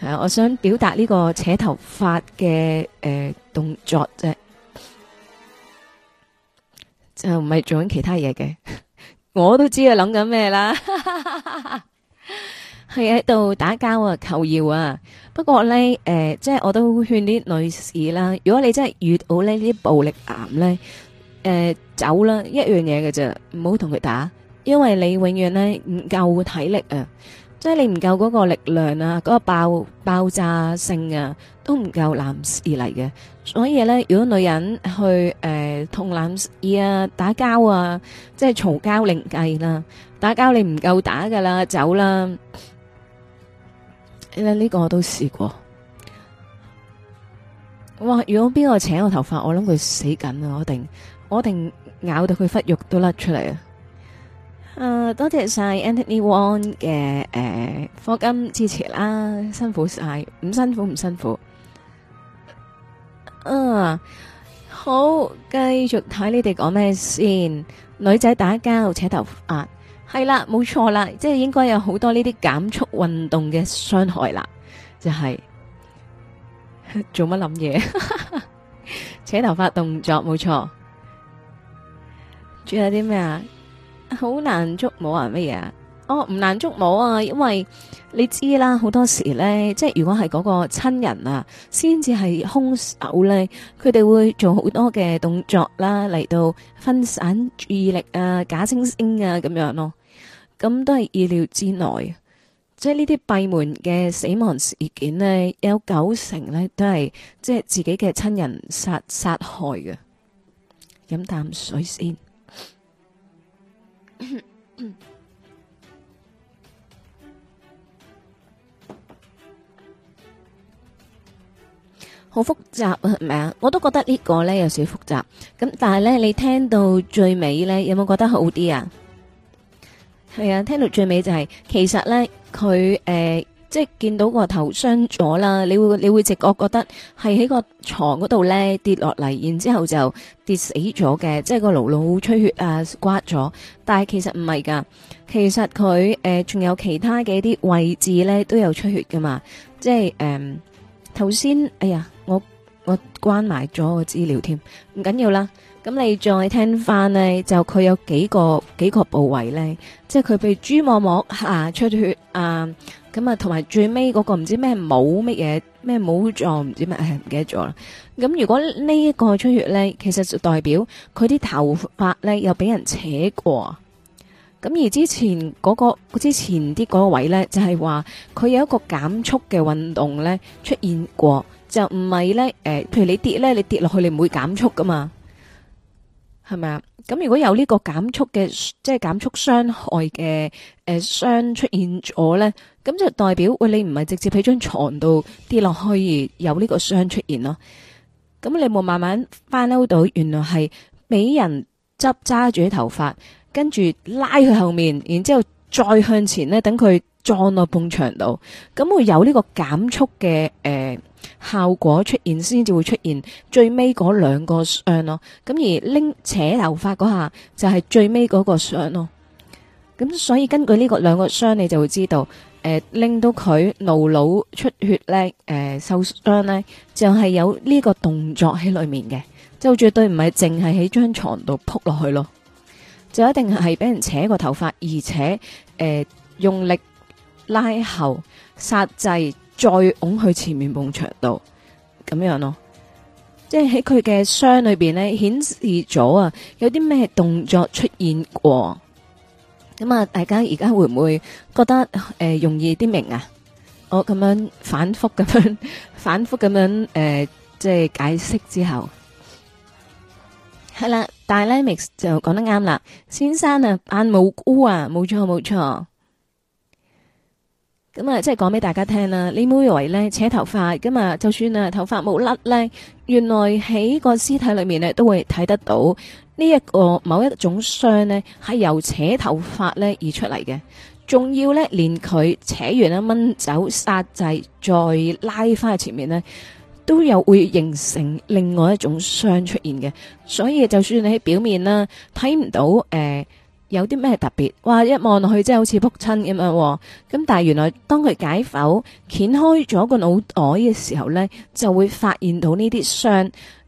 呃、啊，我想表達呢個扯頭髮嘅誒、呃、動作啫，就唔係做緊其他嘢嘅， 我都知佢諗緊咩啦。 係喺度打交啊、求饒啊！不過呢，誒、呃，即係我都勸啲女士啦，如果你真係遇到呢啲暴力男呢，誒、呃，走啦，一樣嘢嘅啫，唔好同佢打，因為你永遠呢唔夠體力啊，即係你唔夠嗰個力量啊，嗰、那個爆爆炸性啊，都唔夠男士嚟嘅。所以呢，如果女人去誒同、呃、男士啊打交啊，即係嘈交、另計啦，打交你唔夠打噶啦，走啦。呢、這個我都試過。哇，如果邊個扯我頭髮，我諗佢死緊啊！我定我一定咬到佢忽肉都甩出嚟啊！誒、uh,，多謝晒 Anthony Won 嘅誒，課、uh, 金支持啦，辛苦晒，唔辛苦唔辛苦。嗯，uh, 好，繼續睇你哋講咩先？女仔打交扯頭髮。係啦，冇錯啦，即係應該有好多呢啲減速運動嘅傷害啦，就係做乜諗嘢，哈哈哈扯頭髮動作冇錯，仲有啲咩啊？好難捉摸啊，乜嘢啊？哦，唔難捉摸啊，因為你知啦，好多時呢，即係如果係嗰個親人啊，先至係兇手呢，佢哋會做好多嘅動作啦，嚟到分散注意力啊，假惺惺啊咁樣咯，咁都係意料之內。即係呢啲閉門嘅死亡事件呢，有九成呢都係即係自己嘅親人殺殺害嘅。飲啖水先。 好複雜係咪啊？我都覺得呢個呢有少少複雜。咁但係呢，你聽到最尾呢，有冇覺得好啲啊？係啊，聽到最尾就係、是、其實呢，佢、呃、誒，即係見到個頭傷咗啦，你會你會直覺覺得係喺個床嗰度呢跌落嚟，然之後就跌死咗嘅，即係個顱腦出血啊，刮、呃、咗。但係其實唔係噶，其實佢誒、仲、呃、有其他嘅啲位置呢都有出血噶嘛，即係誒。呃頭先，哎呀，我我關埋咗個資料添，唔緊要啦。咁你再聽翻呢，就佢有幾個幾個部位呢，即係佢譬如蛛網膜出血啊，咁、那個、啊，同埋最尾嗰個唔知咩冇乜嘢，咩冇狀唔知咩，唔記得咗啦。咁如果呢一個出血呢，其實就代表佢啲頭髮呢，又俾人扯過。咁而之前嗰個，之前啲嗰位呢，就係話佢有一個減速嘅運動呢出現過，就唔係呢。誒、呃，譬如你跌呢，你跌落去你唔會減速噶嘛，係咪啊？咁如果有呢個減速嘅，即係減速傷害嘅誒傷出現咗呢，咁就代表喂、呃、你唔係直接喺張床度跌落去而有呢個傷出現咯，咁你冇慢慢翻翻到原來係俾人執揸住啲頭髮。.跟住拉佢後面，然之後再向前咧，等佢撞落埲牆度，咁會有呢個減速嘅誒、呃、效果出現，先至會出現最尾嗰兩個傷咯。咁而拎扯頭髮嗰下就係、是、最尾嗰個傷咯。咁所以根據呢個兩個傷，你就會知道誒令、呃、到佢腦腦出血咧，誒、呃、受傷咧就係、是、有呢個動作喺裏面嘅，就絕對唔係淨係喺張床度撲落去咯。就一定係俾人扯個頭髮，而且誒用力拉後剎掣，再拱去前面埲牆度咁樣咯。即係喺佢嘅傷裏邊咧，顯示咗啊有啲咩動作出現過。咁啊，大家而家會唔會覺得誒容易啲明啊？我咁樣反復咁樣反復咁樣誒，即係解釋之後，係啦。但係 Lamix 就講得啱啦，先生啊眼無辜啊，冇錯冇錯。咁啊，即係講俾大家聽啦，你以為呢妹位咧扯頭髮，咁啊，就算啊頭髮冇甩咧，原來喺個屍體裡面咧都會睇得到呢一個某一種傷呢係由扯頭髮咧而出嚟嘅，仲要咧連佢扯完一蚊走殺制再拉翻去前面呢都有會形成另外一種傷出現嘅，所以就算你喺表面啦睇唔到誒、呃、有啲咩特別，哇一望落去真係好似仆親咁樣，咁但係原來當佢解剖掀開咗個腦袋嘅時候呢，就會發現到呢啲傷，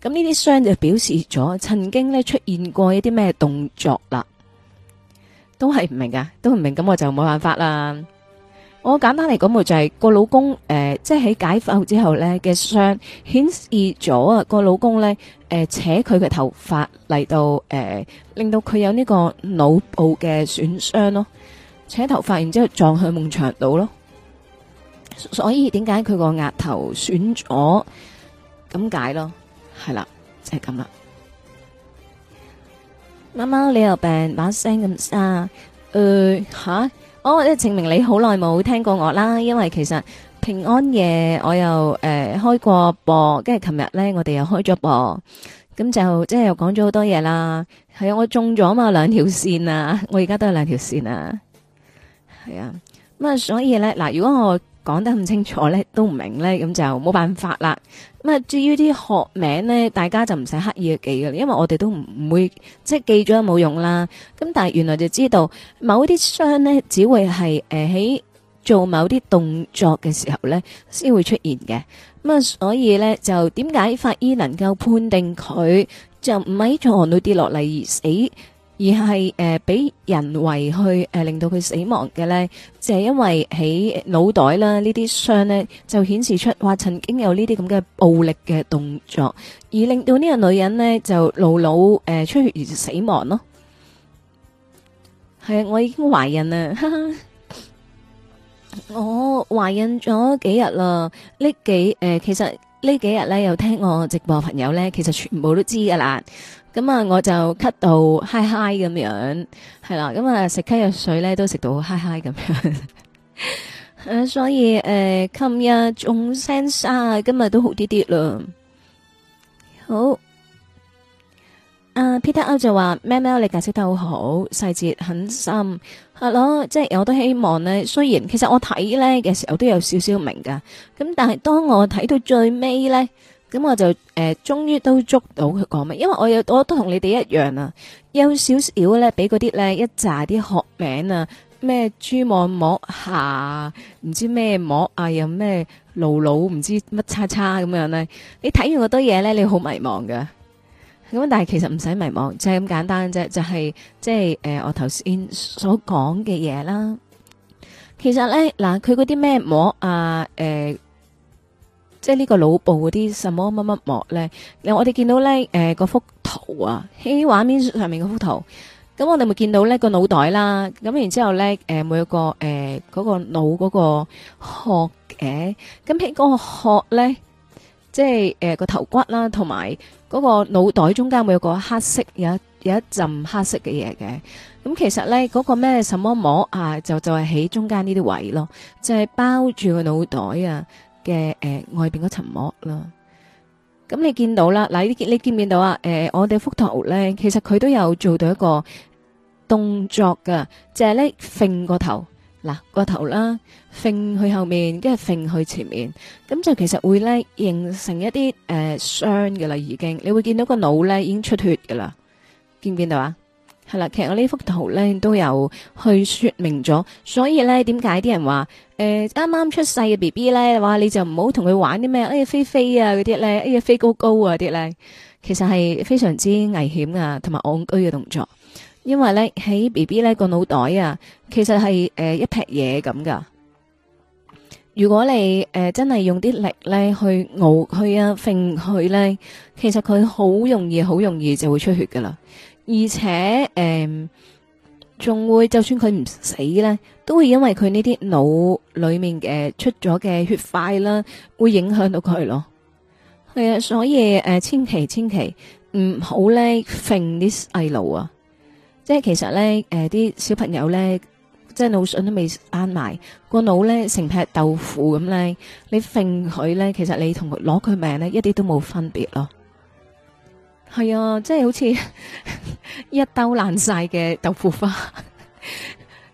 咁呢啲傷就表示咗曾經呢出現過一啲咩動作啦，都係唔明噶，都唔明，咁我就冇辦法啦。我簡單嚟講，就是，咪就係個老公誒、呃，即係喺解剖之後咧嘅傷顯示咗啊，個老公咧誒、呃、扯佢嘅頭髮嚟到誒、呃，令到佢有呢個腦部嘅損傷咯，扯頭髮然之後撞去夢牆度咯，所以點解佢個額頭損咗？咁解咯，係啦，就係、是、咁啦。貓貓你有病，把聲咁沙，誒、呃、嚇！我、oh, 即係證明你好耐冇聽過我啦，因為其實平安夜我又誒、呃、開過播，跟住琴日咧我哋又開咗播，咁就即係又講咗好多嘢啦。係啊，我中咗嘛兩條線啊，我而家都有兩條線啊，係啊。咁啊所以咧嗱，如果我講得咁清楚咧，都唔明咧，咁就冇辦法啦。咁啊，至於啲學名呢，大家就唔使刻意記噶，因為我哋都唔唔會即係記咗冇用啦。咁但係原來就知道某啲傷呢，只會係誒喺做某啲動作嘅時候呢先會出現嘅。咁啊，所以呢，就點解法醫能夠判定佢就唔喺坐到跌落嚟而死？而係誒俾人為去誒令到佢死亡嘅咧，就係因為喺腦袋啦呢啲傷咧，就顯示出話曾經有呢啲咁嘅暴力嘅動作，而令到呢個女人咧就腦腦誒出血而死亡咯。係啊，我已經懷孕啦，我懷孕咗幾日啦？呢幾誒其實。幾呢幾日咧，又聽我直播朋友咧，其實全部都知噶啦。咁啊，我就咳到嗨嗨咁樣，係啦。咁啊，食咳藥水咧，都食到嗨嗨咁樣。 所以誒、呃，今日仲聲沙啊，今日都好啲啲啦。好。Uh, Peter O 就話，喵喵你解釋得好好，細節很深。Hello，即係我都希望呢，雖然其實我睇呢嘅時候都有少少明噶，咁但係當我睇到最尾呢，咁我就誒終於都捉到佢講咩。因為我有，我都同你哋一樣啊，有少少呢，俾嗰啲呢一扎啲學名啊，咩蛛網膜下，唔知咩膜啊，又咩顱腦唔知乜叉叉咁樣呢。你睇完嗰多嘢呢，你好迷茫噶。咁樣，但係其實唔使迷茫，就係咁簡單啫，就係即係誒，我頭先所講嘅嘢啦。其實咧，嗱，佢嗰啲咩膜啊，誒，即係呢個腦部嗰啲什麼乜乜膜咧？我哋見到咧，誒，嗰幅圖啊，喺畫面上面嗰幅圖。咁我哋咪見到咧個腦袋啦，咁然之後咧，誒，每一個誒嗰個腦嗰個殼嘅，咁喺嗰個殼咧。即係誒個頭骨啦，同埋嗰個腦袋中間會有個黑色，有一有一浸黑色嘅嘢嘅。咁其實咧嗰個咩什麼膜啊，就就係喺中間呢啲位咯，就係包住個腦袋啊嘅誒外邊嗰層膜啦。咁你見到啦，嗱你見你見唔見到啊？誒，我哋幅圖咧，其實佢都有做到一個動作噶，就係咧揈個頭。嗱、那個頭啦，揈去後面，跟住揈去前面，咁就其實會咧形成一啲誒傷嘅啦，呃、已經你會見到個腦咧已經出血噶啦，見唔見到啊？係啦，其實我呢幅圖咧都有去說明咗，所以咧點解啲人話誒啱啱出世嘅 B B 咧，話你就唔好同佢玩啲咩哎呀，飛飛啊嗰啲咧，哎、呀，飛高高啊啲咧，其實係非常之危險啊同埋戇居嘅動作。因為咧，喺 B B 咧個腦袋啊，其實係誒、呃、一劈嘢咁噶。如果你誒、呃、真係用啲力咧去毆去啊，揈佢咧，其實佢好容易好容易就會出血噶啦。而且誒，仲、呃、會就算佢唔死咧，都會因為佢呢啲腦裏面嘅出咗嘅血塊啦，會影響到佢咯。係啊，所以誒、呃，千祈千祈唔好咧揈啲細路啊。即係其實咧，誒、呃，啲小朋友咧，即係腦笋都未啱埋個腦咧，成塊豆腐咁咧，你揈佢咧，其實你同佢攞佢命咧，一啲都冇分別咯。係啊，即係好似 一兜爛晒嘅豆腐花。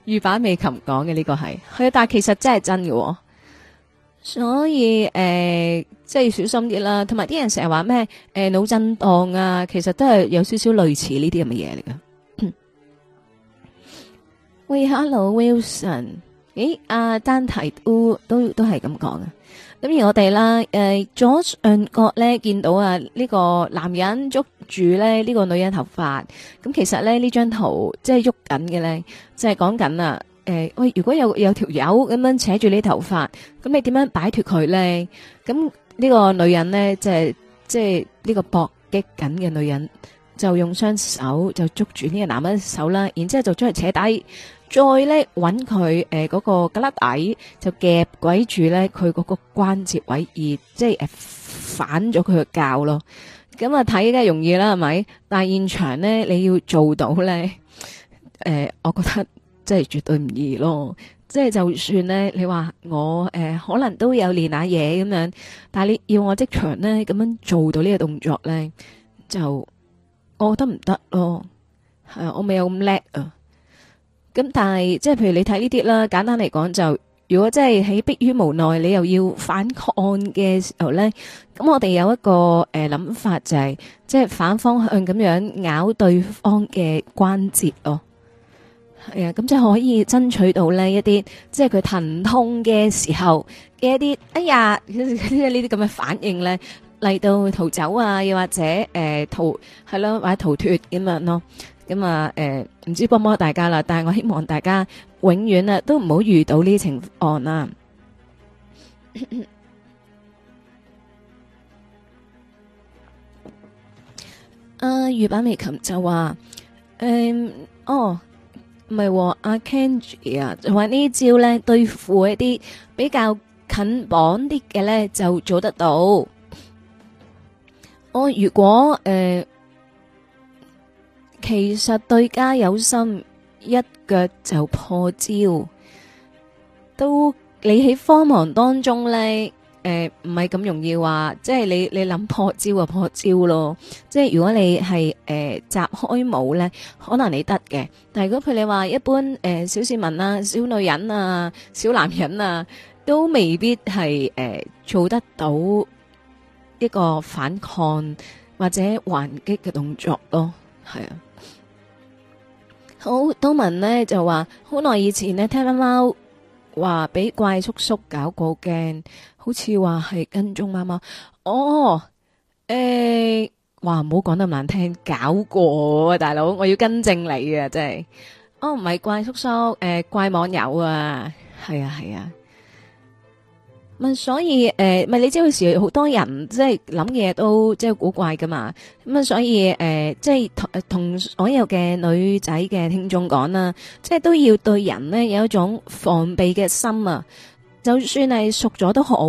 預 版未琴講嘅呢個係，係啊，但係其實真係真嘅，所以誒、呃，即係小心啲啦。同埋啲人成日話咩，誒、呃，腦震盪啊，其實都係有少少類似呢啲咁嘅嘢嚟噶喂，Hello，Wilson。咦，阿丹提烏都都係咁講啊。咁、嗯、而我哋啦，誒、呃，左上角咧見到啊呢、這個男人捉住咧呢、這個女人頭髮。咁、嗯、其實咧呢張圖即係喐緊嘅，咧，即係講緊啊。誒、呃，喂，如果有有條友咁樣扯住你頭髮，咁、嗯、你點樣擺脫佢咧？咁、嗯、呢、這個女人咧，即係即係呢個搏擊緊嘅女人。就用雙手就捉住呢個男人手啦，然之後就將佢扯低再呢、呃那個、隔隔底，再咧揾佢誒嗰個胳肋底就夾鬼住咧佢嗰個關節位，而即係誒反咗佢嘅教咯。咁啊睇梗係容易啦，係咪？但係現場咧你要做到咧誒、呃，我覺得即係絕對唔易咯。即係就算咧，你話我誒、呃、可能都有練下嘢咁樣，但係你要我即場咧咁樣做到呢個動作咧就。我覺得唔得咯，誒，我未有咁叻啊。咁但係即係，譬如你睇呢啲啦，簡單嚟講就，如果即係喺迫於無奈，你又要反抗嘅時候咧，咁我哋有一個誒諗法就係，即係反方向咁樣咬對方嘅關節咯。係啊，咁即係可以爭取到呢一啲，即係佢疼痛嘅時候嘅一啲，哎呀，呢啲咁嘅反應咧。嚟到逃走啊，又或者誒逃係咯，或者逃脱咁、啊、樣咯，咁啊誒，唔、呃、知幫唔幫大家啦。但係我希望大家永遠啊，都唔好遇到呢啲情況啊。阿咳咳、啊、月板眉琴就話：誒、嗯，哦，唔係阿 Ken 啊，玩呢招咧，對付一啲比較近綁啲嘅咧，就做得到。我、哦、如果誒、呃，其實對家有心，一腳就破招，都你喺慌忙當中咧，誒唔係咁容易話，即係你你諗破招啊破招咯，即係如果你係誒摘開帽咧，可能你得嘅，但係如果佢你話一般誒、呃、小市民啊、小女人啊、小男人啊，都未必係誒、呃、做得到。一個反抗或者還擊嘅動作咯，係啊。好，多文呢就話好耐以前呢聽阿貓話俾怪叔叔搞過驚，好似話係跟蹤貓貓。哦，誒、欸，哇，唔好講得咁難聽，搞過、啊、大佬，我要跟正你啊，真係。哦，唔係怪叔叔，誒、呃、怪網友啊，係啊，係啊。咪、嗯、所以誒，咪、呃、你知係有時好多人即係諗嘢都即係古怪噶嘛，咁、嗯、啊所以誒、呃、即係同同所有嘅女仔嘅聽眾講啦，即係都要對人呢有一種防備嘅心啊，就算係熟咗都好，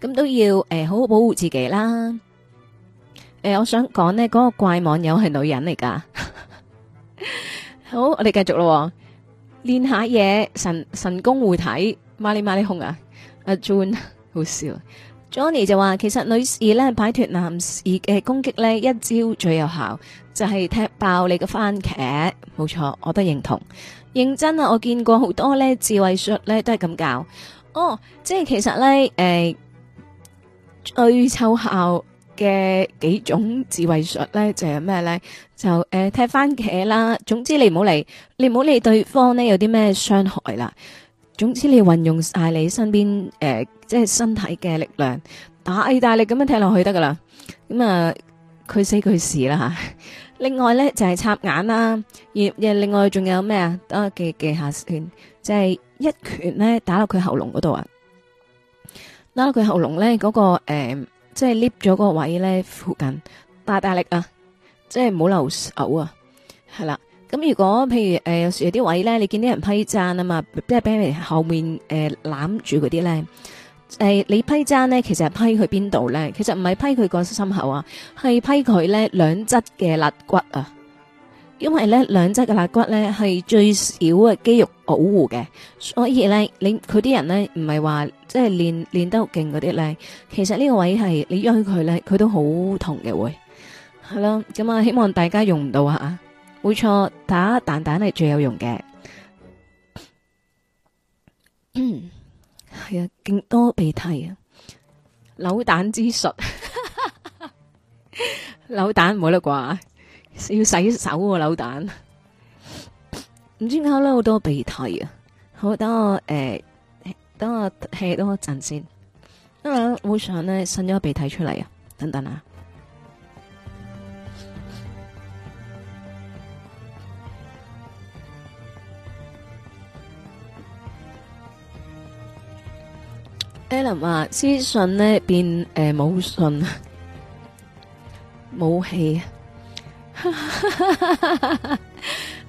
咁都要誒好、呃、好保護自己啦。誒、呃，我想講呢嗰、那個怪網友係女人嚟噶， 好，我哋繼續咯，練下嘢神神功護體，麻利麻利哄啊！阿 John 好笑，Johnny 就話其實女士咧擺脫男士嘅攻擊咧一招最有效就係、是、踢爆你嘅番茄，冇錯，我都認同。認真啊，我見過好多咧自衛術咧都係咁教，哦，即係其實咧誒、呃、最湊效嘅幾種自衛術咧就係咩咧？就誒、是呃、踢番茄啦，總之你唔好理，你唔好理對方呢有啲咩傷害啦。總之你運用晒你身邊誒、呃，即係身體嘅力量，大大力咁樣踢落去得噶啦。咁啊，佢死佢事啦吓。 另外咧就係、是、插眼啦、啊，而另外仲有咩啊？啊，記記下先，就係、是、一拳咧打落佢喉嚨嗰度啊。打落佢喉嚨咧嗰個誒、呃，即係 lift 咗個位咧附近，大大力啊，即係唔好留手啊，係啦。咁、嗯、如果譬如誒、呃、有時有啲位咧，你見啲人批踭啊嘛，即係俾人後面誒攬、呃、住嗰啲咧，誒、呃、你批踭咧，其實係批佢邊度咧？其實唔係批佢個心口啊，係批佢咧兩側嘅肋骨啊。因為咧兩側嘅肋骨咧係最少嘅肌肉保護嘅，所以咧你佢啲人咧唔係話即係練練得勁嗰啲咧，其實呢個位係你喐佢咧，佢都好痛嘅會，係咯，咁啊，希望大家用唔到啊。冇錯，打蛋蛋係最有用嘅，係啊，勁、 哎、多鼻涕啊！扭蛋之術， 扭蛋唔好得啩，要洗手啊！扭蛋，唔 知點解扭好多鼻涕啊！好，等我誒，等、哎、我唞多一陣先，因為會上咧，伸咗鼻涕出嚟啊！等等啊！Alan 啊，資訊呢變誒冇、呃、信，冇氣。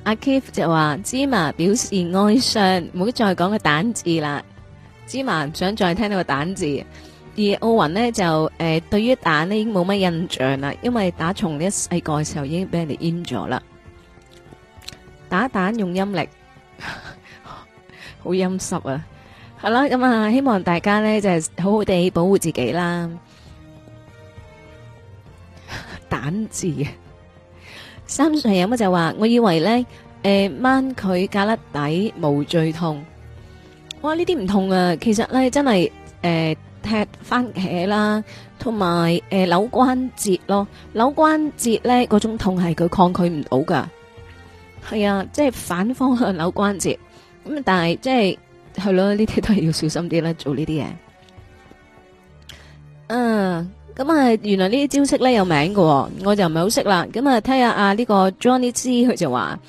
阿 Keith 就話：芝麻表示哀傷，唔好再講個蛋字啦。芝麻唔想再聽到個蛋字。而 Owen 呢就誒、呃，對於蛋咧已經冇乜印象啦，因為打從呢一細個嘅時候已經俾人哋閹咗啦。打蛋用陰力， 好陰濕啊！好啦，咁啊，希望大家咧就係好好地保護自己啦。蛋治，三歲有乜就話，我以為咧，誒，掹佢架甩底冇最痛。哇，呢啲唔痛啊，其實咧真係，誒，踢番茄啦，同埋誒扭關節咯，扭關節咧嗰種痛係佢抗拒唔到噶。係啊，即係反方向扭關節，咁但係即係。係咯，呢啲都係要小心啲啦，做呢啲嘢。嗯，咁啊，原來呢啲招式咧有名噶，我就唔係好識啦。咁啊，睇下阿呢個 Johnny C 佢就話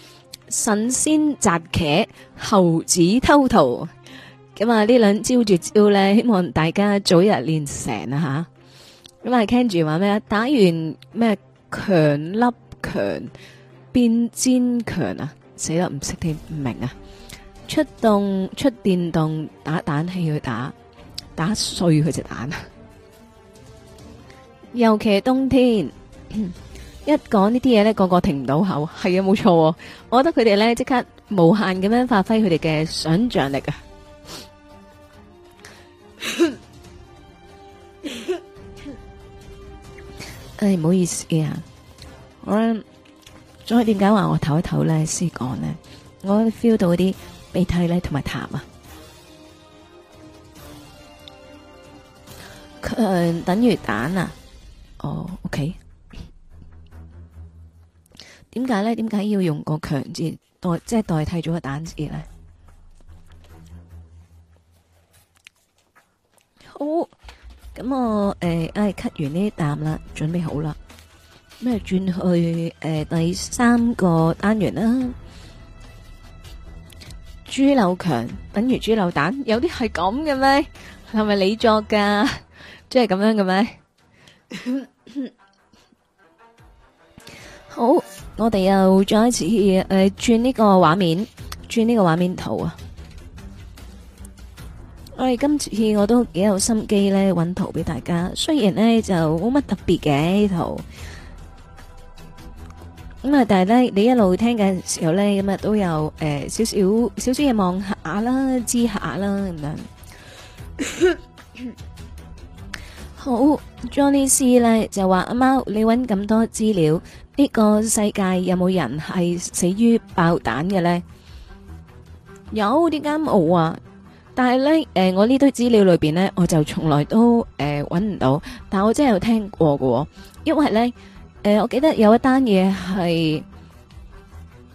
神仙摘茄、猴子偷桃。咁啊，這兩朝著朝呢兩招絕招咧，希望大家早日練成啊吓。咁啊，Ken 住話咩啊？打完咩強粒強變尖強啊？死得唔識添，唔明啊！出動出電動打蛋器去打打碎佢隻蛋，尤其係冬天，一講呢啲嘢咧，個個停唔到口。係啊，冇錯，我覺得佢哋咧即刻無限咁樣發揮佢哋嘅想象力啊！誒， 唔好意思啊，我仲再點解話我唞一唞咧先講呢，我 feel 到啲。鼻涕咧，同埋痰啊，強等於蛋啊，哦、oh,，OK，點解咧？點解要用個強字代，即係代替咗個蛋字咧？好，咁我誒，哎、呃，吸完呢一啖啦，準備好啦，咩啊，轉去誒第三個單元啦。豬柳強等於豬柳蛋，有啲係咁嘅咩？係咪你作噶？即係咁樣嘅咩？ 好，我哋又再一次誒轉呢個畫面，轉呢個畫面圖啊！我、哎、哋今次我都幾有心機咧，揾圖俾大家。雖然咧就冇乜特別嘅圖。咁啊！但係咧，你一路聽嘅時候咧，咁啊都有誒少少少少嘢望下啦，知下啦咁樣。 好，Johnny C 咧就話阿貓，你搵咁多資料，呢個世界有冇人係死於爆彈嘅咧？有啲間冇啊！但係咧，誒、呃，我呢堆資料裏邊咧，我就從來都誒搵唔到，但我真係有聽過嘅、哦，因為咧。誒、呃，我記得有一單嘢係，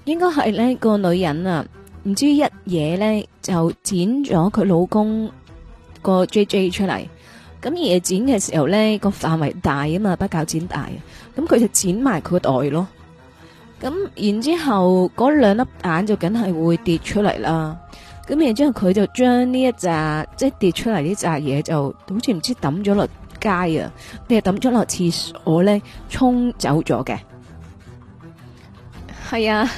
應該係呢、呢個女人啊，唔知一嘢呢就剪咗佢老公個 J J 出嚟。咁而剪嘅時候呢、呢個範圍大啊嘛，把鉸剪大，咁佢就剪埋佢個袋咯。咁然之後嗰兩粒蛋就梗係會跌出嚟啦。咁然之後佢就將呢一隻即係跌出嚟呢隻嘢就好似唔知抌咗落。街啊，你係抌咗落廁所咧，沖走咗嘅。係啊，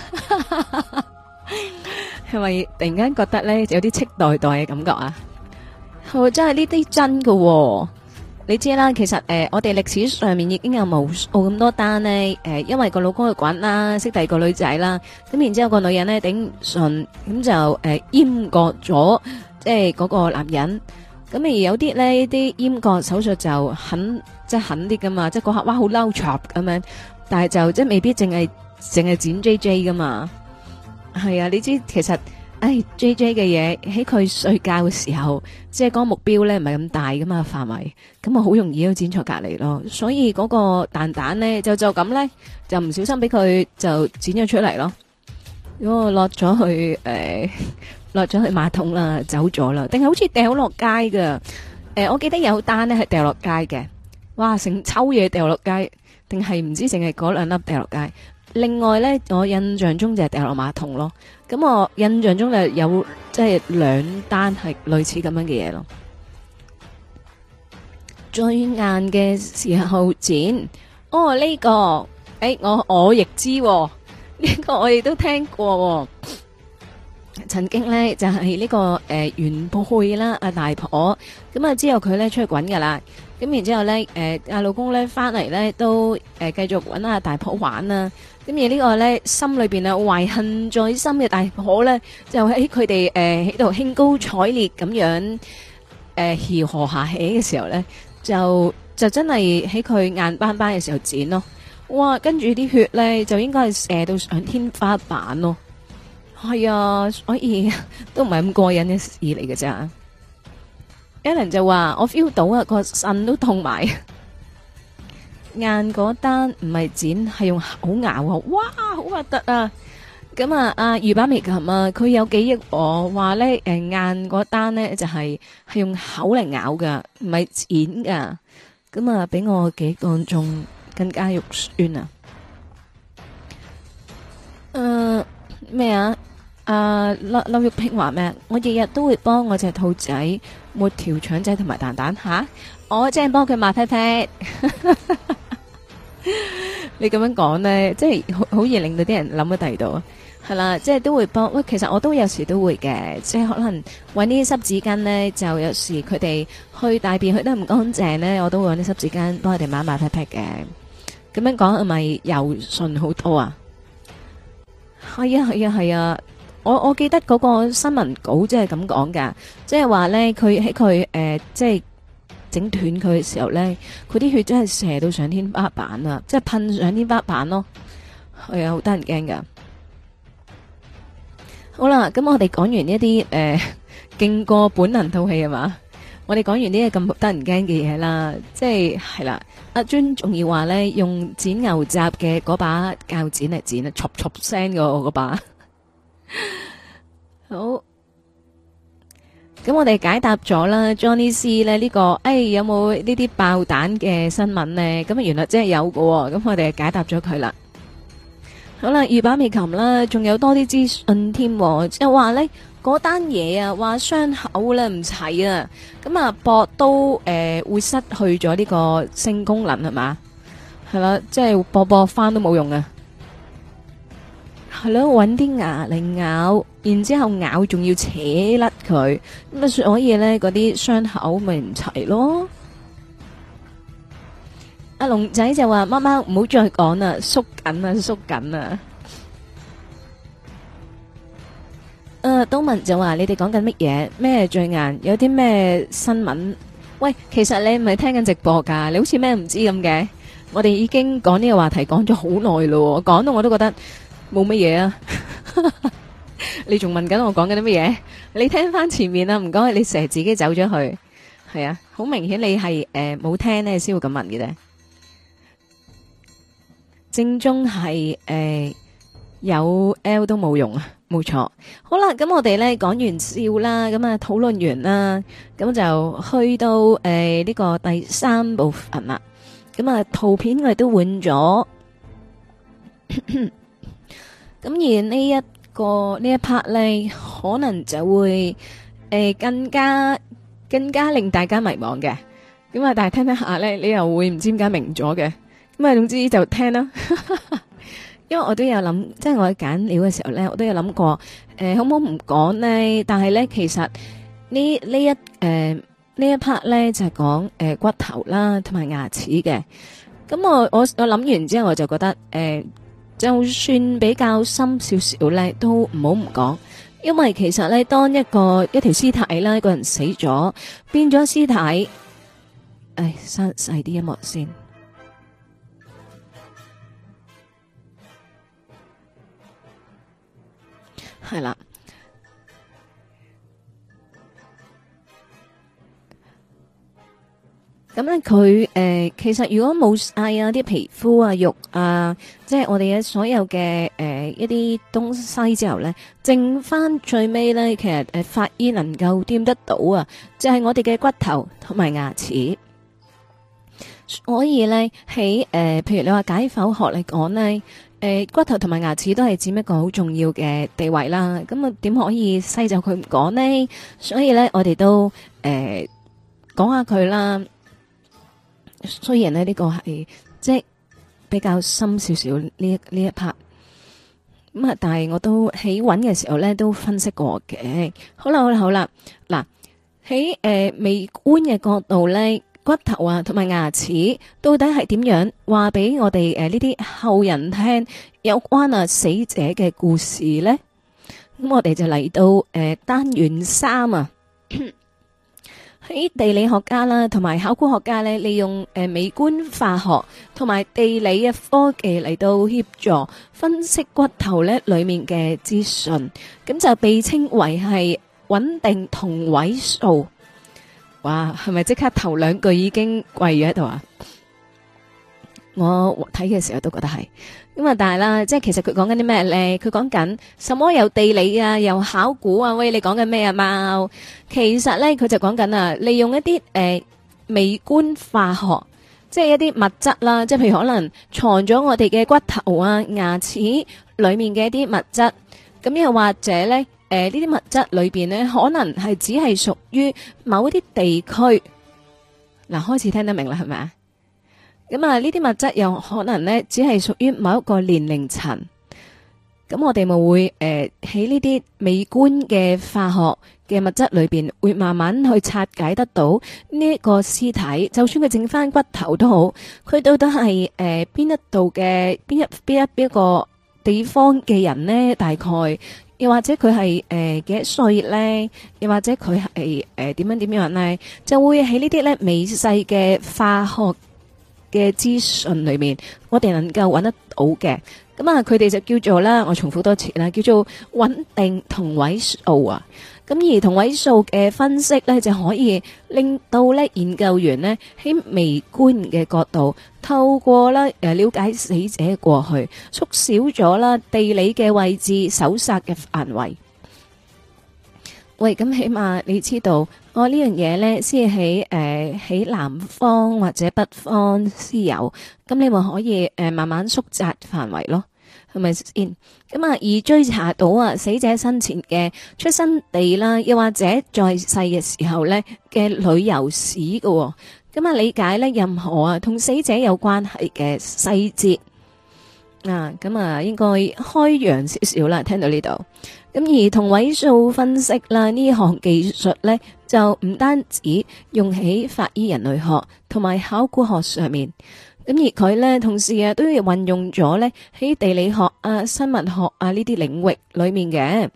係咪突然間覺得咧有啲戚代代嘅感覺啊？係，真係呢啲真噶，你知啦。其實誒，我哋歷史上面已經有冇冇咁多單咧？誒，因為個老公去滾啦，識第二個女仔啦，咁然之後個女人咧頂唔順，咁就誒閹割咗，即係嗰個男人。咁而有啲咧啲閹割手術就狠，即係狠啲噶嘛，即係嗰刻哇好嬲 chop 咁樣，但係就即係未必淨係淨係剪 JJ 噶嘛，係啊，你知其實誒 JJ 嘅嘢喺佢睡覺嘅時候，即係嗰個目標咧唔係咁大噶嘛範圍，咁啊好容易都剪錯隔籬咯，所以嗰個蛋蛋咧就就咁咧就唔小心俾佢就剪咗出嚟咯，如果我落咗去誒。哎落咗去馬桶啦，走咗啦，定係好似掉落街噶？誒、呃，我記得有單咧係掉落街嘅，哇，成抽嘢掉落街，定係唔知淨係嗰兩粒掉落街？另外呢，我印象中就係掉落馬桶咯。咁我印象中有就有即係兩單係類似咁樣嘅嘢咯。最硬嘅時候剪，哦呢、這個，誒、欸、我我亦知呢、這個我亦都聽過。曾經咧就係呢個誒原配啦阿大婆咁啊之後佢咧出去滾噶啦咁然之後咧誒阿老公咧返嚟咧都誒繼續揾阿大婆玩啦咁而呢個咧心裏邊啊懷恨在心嘅大婆咧就喺佢哋誒喺度興高采烈咁樣誒協和下起嘅時候咧就就真係喺佢硬邦邦嘅時候剪咯哇跟住啲血咧就應該係射到上天花板咯。係啊，所以都唔係咁過癮嘅事嚟嘅咋。Alan 就話我 feel 到啊，個腎都痛埋。硬嗰單唔係剪，係用口咬啊。哇，好核突啊！咁啊，阿魚板未及啊，佢有記憶我話咧，誒，硬嗰單咧就係係用口嚟咬嘅，唔係剪噶。咁啊，俾我幾個仲更加肉酸啊？誒，咩啊？啊、uh，劉玉萍話咩？我日日都會幫我隻兔仔抹條腸仔同埋蛋蛋吓，我即係幫佢抹屁屁。 你咁樣講呢，即係好，好易令到啲人諗到第二度啊，係啦，即係都會幫。喂，其實我都有時都會嘅，即係可能搵啲濕紙巾呢，就有時佢哋去大便去得唔乾淨呢，我都會搵啲濕紙巾幫佢哋抹抹屁屁嘅。咁樣講係咪柔順好多啊？係啊，係啊，係啊！我我記得嗰個新聞稿，即係咁講噶，即係話咧，佢喺佢誒，即係整斷佢嘅時候咧，佢啲血真係射到上天花板啦，即係噴上天花板咯，係、哎、啊，好得人驚噶。好啦，咁我哋講完一啲誒，勁、呃、過本能套戲係嘛，我哋講完呢啲咁得人驚嘅嘢啦，即係係啦。阿尊仲要話咧，用剪牛雜嘅嗰把鉸剪嚟剪，嘈嘈聲嘅嗰把。 好，咁我哋解答咗啦，Johnny C 咧、這、呢個，哎，有冇呢啲爆彈嘅新聞呢？咁啊，原來真係有嘅，咁我哋解答咗佢啦。好啦，二把未琴啦，仲有多啲資訊添，即係話呢嗰單嘢啊，話傷口咧唔齊啊，咁啊博都誒、呃、會失去咗呢個性功能係嘛？係啦，即係、就是、博博翻都冇用啊。係咯，搵啲牙嚟咬，然之後咬仲要扯甩佢，咁咪所以咧嗰啲傷口咪唔齊咯。阿龍仔就話：貓貓唔好再講啦，縮緊啊，縮緊啊！誒，東文就話：你哋講緊乜嘢？咩最硬？有啲咩新聞？喂，其實你唔係聽緊直播噶，你好似咩唔知咁嘅。我哋已經講呢個話題講咗好耐咯，講到我都覺得。冇乜嘢啊！你仲問緊我講緊啲乜嘢？你聽翻前面啊，唔該，你成日自己走咗去，係啊，好明顯你係誒冇聽呢，先會咁問嘅咧。正宗係誒有 L 都冇用啊，冇錯。好啦，咁我哋呢講完笑啦，咁啊討論完啦，咁就去到誒呢個第三部分啦。咁啊圖片我哋都換咗。咁而呢一個一呢一 part 咧，可能就會誒、呃、更加更加令大家迷茫嘅。咁啊，但係聽聽下咧，你又會唔知點解明咗嘅。咁啊，總之就聽啦。 因為我都有諗，即係我喺揀料嘅時候咧，我都有諗過誒，可、呃、唔好唔講呢？但係咧，其實、呃、呢呢一誒呢一 part 咧就係講誒骨頭啦同埋牙齒嘅。咁我我我諗完之後，我就覺得誒。呃就算比較深少少咧，都唔好唔講，因為其實咧，當一個一條屍體啦，一個人死咗，變咗屍體，誒，刪細啲音樂先，係啦。咁咧，佢、呃、誒，其實如果冇晒啊啲皮膚啊、肉啊，即、就、係、是、我哋嘅所有嘅誒、呃、一啲東西之後咧，剩翻最尾咧，其實誒法醫能夠掂得到啊，就係、是、我哋嘅骨頭同埋牙齒。所以咧，喺誒、呃，譬如你話解剖學嚟講咧，誒、呃，骨頭同埋牙齒都係佔一個好重要嘅地位啦。咁啊，點可以細就佢唔講呢？所以咧，我哋都誒講、呃、下佢啦。雖然咧，呢個係即比較深少少呢，呢一 part，咁啊，但係我都起穩嘅時候咧，都分析過嘅。好啦好啦好啦，嗱，喺誒微觀嘅角度咧，骨頭啊同埋牙齒到底係點樣？話俾我哋誒呢啲後人聽有關啊死者嘅故事咧。咁我哋就嚟到誒單元三啊。喺地理學家啦，同埋考古學家呢，利用誒，微觀化學同埋地理嘅科技嚟到協助分析骨頭咧裏面嘅資訊，咁就被稱為係穩定同位素。哇，係咪即刻頭兩句已經跪咗喺度啊？我睇嘅時候都覺得係。咁啊，大啦，即係其實佢講緊啲咩咧？佢講緊什麼有地理啊，又考古啊？喂，你講緊咩啊？貓，其實咧佢就講緊啊，利用一啲誒、呃、微觀化學，即係一啲物質啦，即係譬如可能藏咗我哋嘅骨頭啊、牙齒裏面嘅一啲物質，咁又或者咧，誒呢啲物質裏邊咧，可能係只係屬於某一啲地區。嗱，開始聽得明啦，係咪啊？咁啊！呢啲物質又可能呢只係屬於某一個年齡層。咁我哋咪會誒喺呢啲微觀嘅化學嘅物質裏邊，會慢慢去拆解得到呢個屍體。就算佢剩翻骨頭都好，佢到底係誒邊一度嘅邊一邊一邊一個地方嘅人呢？大概又或者佢係誒幾多歲呢，又或者佢係誒點樣點樣呢，就會喺呢啲呢微細嘅化學。嘅資訊裏面，我哋能夠揾得到嘅，咁啊，佢哋就叫做啦，我重複多次啦，叫做穩定同位數啊。咁而同位數嘅分析呢，就可以令到呢研究員呢喺微觀嘅角度，透過呢誒了解死者嘅過去，縮小咗啦地理嘅位置搜索嘅範圍。喂，咁起碼你知道。我呢樣嘢呢，先喺誒喺南方或者北方先有，咁你咪可以誒、呃、慢慢縮窄範圍咯，係咪先咁啊？而追查到啊死者生前嘅出生地啦，又或者在世嘅時候呢嘅旅遊史喎、哦。咁、嗯、啊，理解呢任何啊同死者有關係嘅細節嗱，咁啊、嗯嗯、應該開揚少少啦。聽到呢度咁而同位素分析啦，呢項技術呢，就唔單止用喺法醫人類學同埋考古學上面，咁而佢呢同時啊，都要運用咗呢喺地理學啊、生物學啊呢啲領域裏面嘅，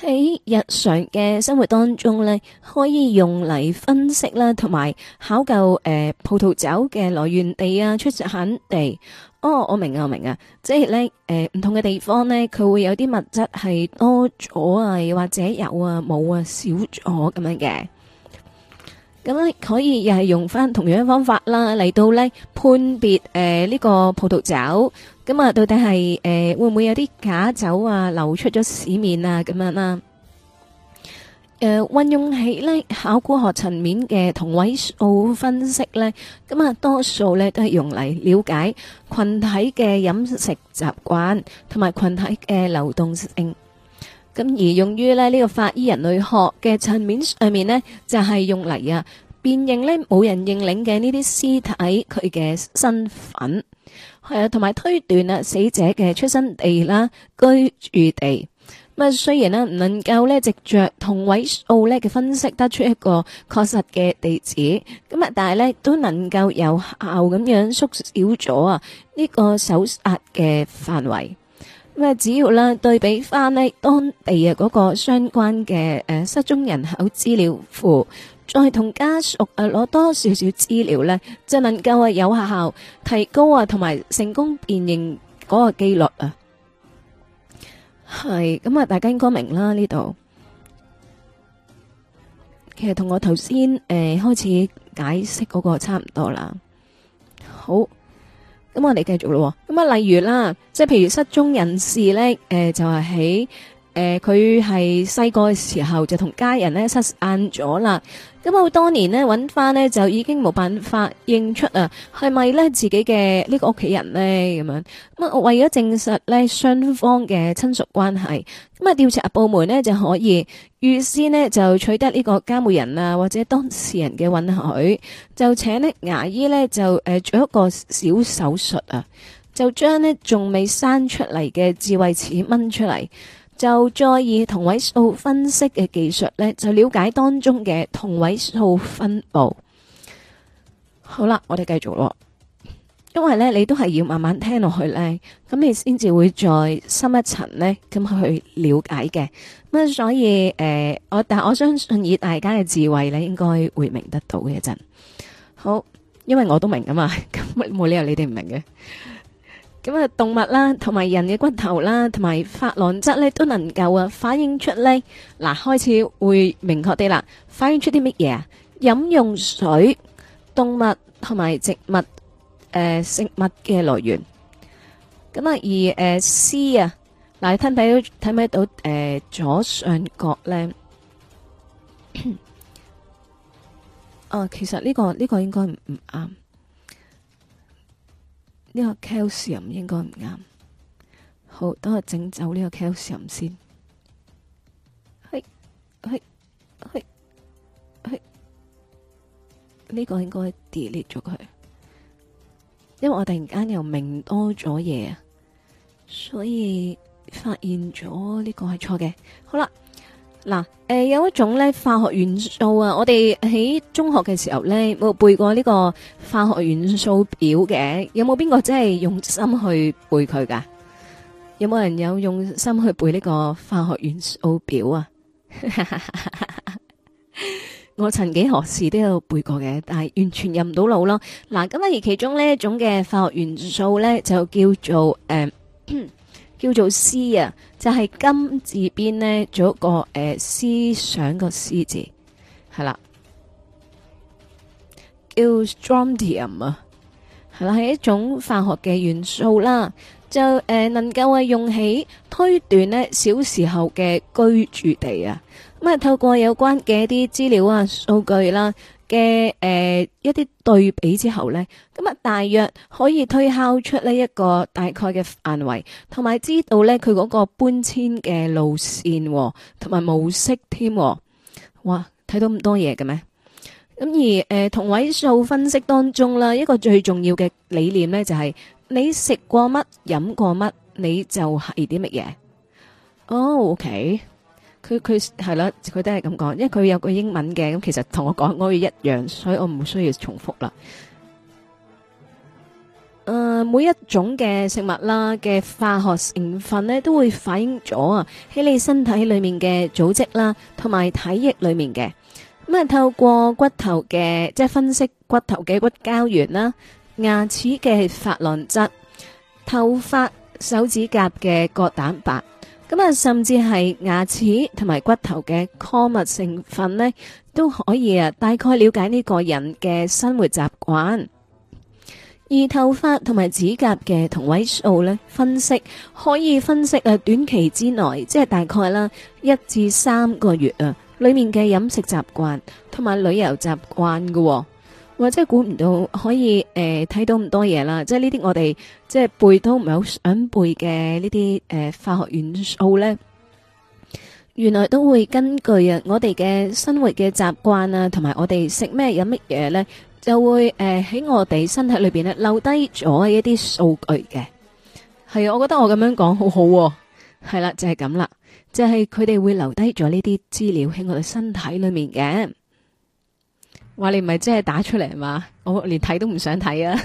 喺 日常嘅生活當中呢可以用嚟分析啦、啊，同埋考究誒、呃、葡萄酒嘅來源地啊、出產地。哦，我明啊，我明啊，即係咧，誒，唔同嘅地方咧，佢會有啲物質係多咗啊，又或者有啊，冇啊，少咗咁樣嘅。咁可以又係用翻同樣嘅方法啦，嚟到咧，判別誒呢個葡萄酒，咁啊到底係誒會唔會有啲假酒啊流出咗市面啊咁樣啊？誒、呃，運用起呢考古學層面嘅同位素分析呢咁啊，多數呢都係用嚟了解群體嘅飲食習慣同埋群體嘅流動性。咁而用於呢呢、呢個法醫人類學嘅層面上面呢就係、是、用嚟啊辨認呢冇人認領嘅呢啲屍體佢嘅身份，係啊，同埋推斷啊死者嘅出生地啦、居住地。咁啊，雖然咧唔能夠咧藉著同位數咧嘅分析得出一個確實嘅地址，咁啊，但係咧都能夠有效咁樣縮小咗啊呢個搜查嘅範圍。咁啊，只要咧對比翻咧當地啊嗰個相關嘅誒失蹤人口資料庫，再同家屬啊攞多少少資料呢就能夠啊有效提高啊同埋成功辨認嗰個機率啊！係咁啊！大家應該明啦，呢度，其實同我頭先誒開始解釋嗰個差唔多啦。好，咁我哋繼續咯。咁啊，例如啦，即係譬如失蹤人士咧，誒、呃、就係喺。誒、呃，佢係細個嘅時候就同家人咧失散咗啦。咁我好多年咧，揾翻呢，就已經冇辦法認出啊，係咪咧自己嘅呢個屋企人呢。咁樣咁啊，為咗證實呢雙方嘅親屬關係，咁啊，調查部門呢就可以預先呢就取得呢個監護人啊或者當事人嘅允許，就請呢牙醫呢就誒、呃、做一個小手術啊，就將呢仲未生出嚟嘅智慧齒掹出嚟。就再以同位數分析嘅技術呢，就了解當中嘅同位數分布。好啦，我哋繼續咯。因為呢，你都係要慢慢聽落去呢，咁你先至會再深一層呢，咁去了解嘅。咁所以誒、呃，我但我相信以大家嘅智慧呢，應該會明得到嘅。真好，因為我都明噶嘛，咁 冇理由你哋唔明嘅。咁啊，動物啦，同埋人嘅骨頭啦，同埋髮囊質咧，都能夠啊，反映出咧，嗱，開始會明確啲啦，反映出啲乜嘢啊？飲用水、動物同埋植物誒，食物嘅來源。咁啊，而誒 C 啊，嗱，你睇睇到睇唔睇到誒，左上角咧，啊，其實呢個呢個應該唔啱。呢個 calcium 應該唔啱，好，等我整走呢個 calcium 先。係係係係，呢個應該 delete 咗佢，因為我突然間又明多咗嘢啊，所以發現咗呢個係錯嘅。好啦。嗱，誒、呃，有一種咧化學元素啊，我哋喺中學嘅時候咧，冇背過呢個化學元素表嘅，有冇邊個真係用心去背佢噶？有冇人有用心去背呢個化學元素表啊？ 我曾幾何時都有背過嘅，但係完全入唔到腦咯。嗱，咁啊，而其中呢一種嘅化學元素咧就叫做誒。呃叫做思啊，就係金字邊呢，做一個誒思想個思字，係啦，叫 Strontium 啊，係啦，係一種化學嘅元素啦，就誒能夠啊用起推斷呢，小時候嘅居住地啊，咁啊透過有關嘅一啲資料啊數據啦。嘅誒、呃、一啲對比之後呢，咁啊大約可以推敲出呢一個大概嘅範圍，同埋知道呢佢嗰個搬遷嘅路線同埋模式添。哇，睇到咁多嘢嘅咩？咁而誒、呃、同位素分析當中啦，一個最重要嘅理念呢，就係、是、你食過乜飲過乜，你就係啲乜嘢。哦，OK。佢佢係啦，佢都係咁講，因為佢有個英文嘅，咁其實同我講，我會一樣，所以我唔需要重複啦。誒，每一種嘅食物啦，嘅化學成分咧，都會反映咗啊喺你身體裏面嘅組織啦，同埋體液裏面嘅。咁啊，透過骨頭嘅，即係分析骨頭嘅骨膠原啦，牙齒嘅琺瑯質，頭髮、手指甲嘅角蛋白。咁啊，甚至係牙齒同埋骨頭嘅礦物成分呢，都可以啊，大概了解呢個人嘅生活習慣。而頭髮同埋指甲嘅同位素呢，分析可以分析啊，短期之內，即係大概啦，一至三個月啊，裏面嘅飲食習慣同埋旅遊習慣噶。或者係估唔到可以誒睇、呃、到咁多嘢啦！即係呢啲我哋即係背都唔係好想背嘅呢啲誒化學元素咧，原來都會根據啊我哋嘅生活嘅習慣啊，同埋我哋食咩飲乜嘢咧，就會誒喺、呃、我哋身體裏邊咧留低咗一啲數據嘅。係啊，我覺得我咁樣講好好、啊。係啦，就係咁啦，就係佢哋會留低咗呢啲資料喺我哋身體裏面嘅。話你唔係真係打出嚟嘛？我連睇都唔想睇啊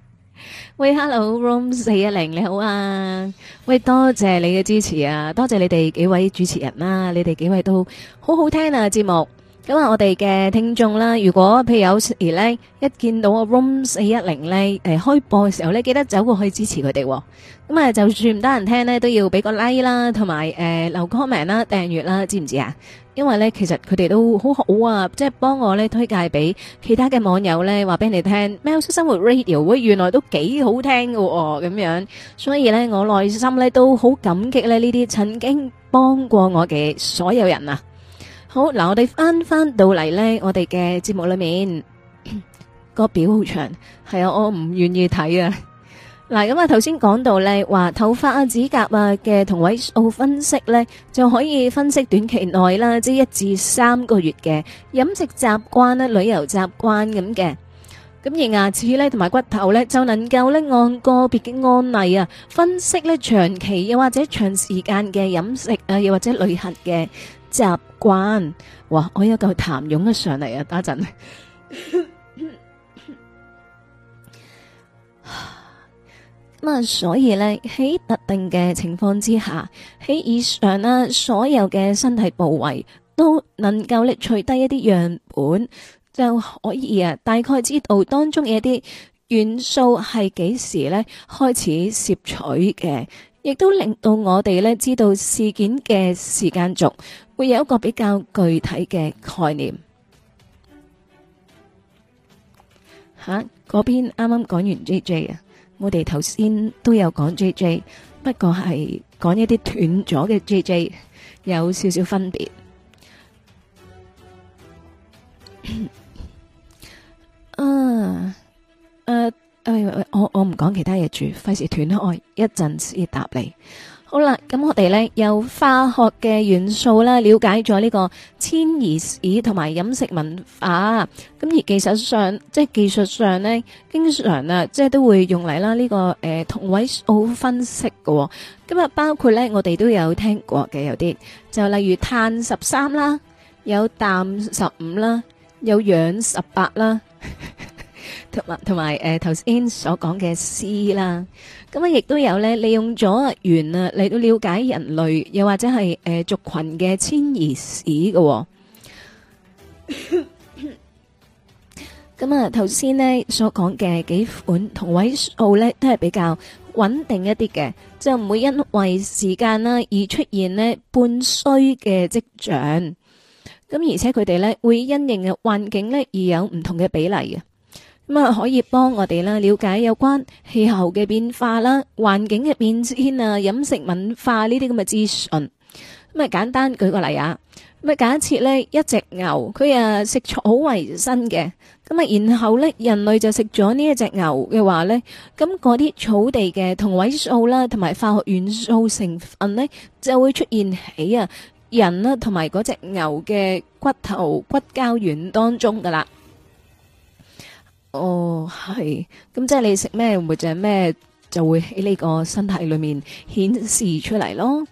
喂！喂，Hello，Room 四一零你好啊！喂，多謝你嘅支持啊！多謝你哋幾位主持人啦、啊，你哋幾位都好好聽啊節目。咁啊，我哋嘅聽眾啦，如果譬如有時咧一見到啊 Room 四一零咧，誒、呃、開播嘅時候咧，記得走過去支持佢哋、啊。咁啊，就算唔得人聽咧，都要俾個 like 啦，同埋誒留 comment 啦、訂閱啦，知唔知啊？因為咧，其實佢哋都好好啊，即係幫我咧推介俾其他嘅網友咧，話俾你聽。喵式生活 Radio，喂原來都幾好聽㗎喎、哦，咁樣。所以咧，我內心咧都好感激咧呢啲曾經幫過我嘅所有人啊。好嗱，我哋翻翻到嚟咧，我哋嘅節目裏面個表好長，係啊，我唔願意睇啊。嗱，咁啊，頭先講到咧，話頭髮啊、指甲啊嘅同位素分析咧，就可以分析短期內啦，即係一至三個月嘅飲食習慣啊、旅遊習慣咁嘅。咁而牙齒咧同埋骨頭咧就能夠咧按個別嘅案例啊，分析咧長期又或者長時間嘅飲食啊，又或者旅行嘅習慣。哇，我有嚿痰湧咗上嚟啊，等一陣。咁啊，所以咧喺特定嘅情況之下，喺以上啦、啊，所有嘅身體部位都能夠咧取低一啲樣本，就可以啊，大概知道當中嘅一啲元素係幾時咧開始攝取嘅，亦都令到我哋咧知道事件嘅時間軸，會有一個比較具體嘅概念。吓，嗰邊啱啱講完 J J 啊。我哋頭先都有講 JJ，不過係講一啲斷咗嘅 JJ，有少少分別。嗯，誒。喂喂我我唔講其他嘢住，費事斷開，我一陣先答你。好啦，咁我哋呢由化學嘅元素啦，了解咗呢、這個遷移史同埋飲食文化。咁而技術上，即係技術上呢，經常啊，即係都會用嚟啦呢個誒、呃、同位素分析嘅、哦。今日包括呢，我哋都有聽過嘅有啲，就例如碳十三啦，有氮十五啦，有氧十八啦。 同埋同埋，誒，頭先所講嘅詩啦，咁啊，亦都有利用咗猿啊嚟到了解人類，又或者係誒族群嘅遷移史嘅。咁啊，頭先呢所講嘅幾款同位數呢，都係比較穩定一啲嘅，就唔會因為時間啦而出現半衰嘅跡象。咁而且佢哋呢，會因應嘅環境呢而有唔同嘅比例嘅。咁啊，可以幫我哋啦了解有關氣候嘅變化啦、環境嘅變遷啊、飲食文化呢啲咁嘅資訊。咁啊，簡單舉個例啊，咁啊，假設咧一隻牛，佢啊食草好為生嘅，咁啊，然後咧人類就食咗呢一隻牛嘅話咧，咁嗰啲草地嘅同位素啦，同埋化學元素成分咧，就會出現喺啊人咧同埋嗰隻牛嘅骨頭骨膠原當中噶啦。哦，係，咁即係你食咩，或者咩就會喺呢個身體裏面顯示出嚟咯。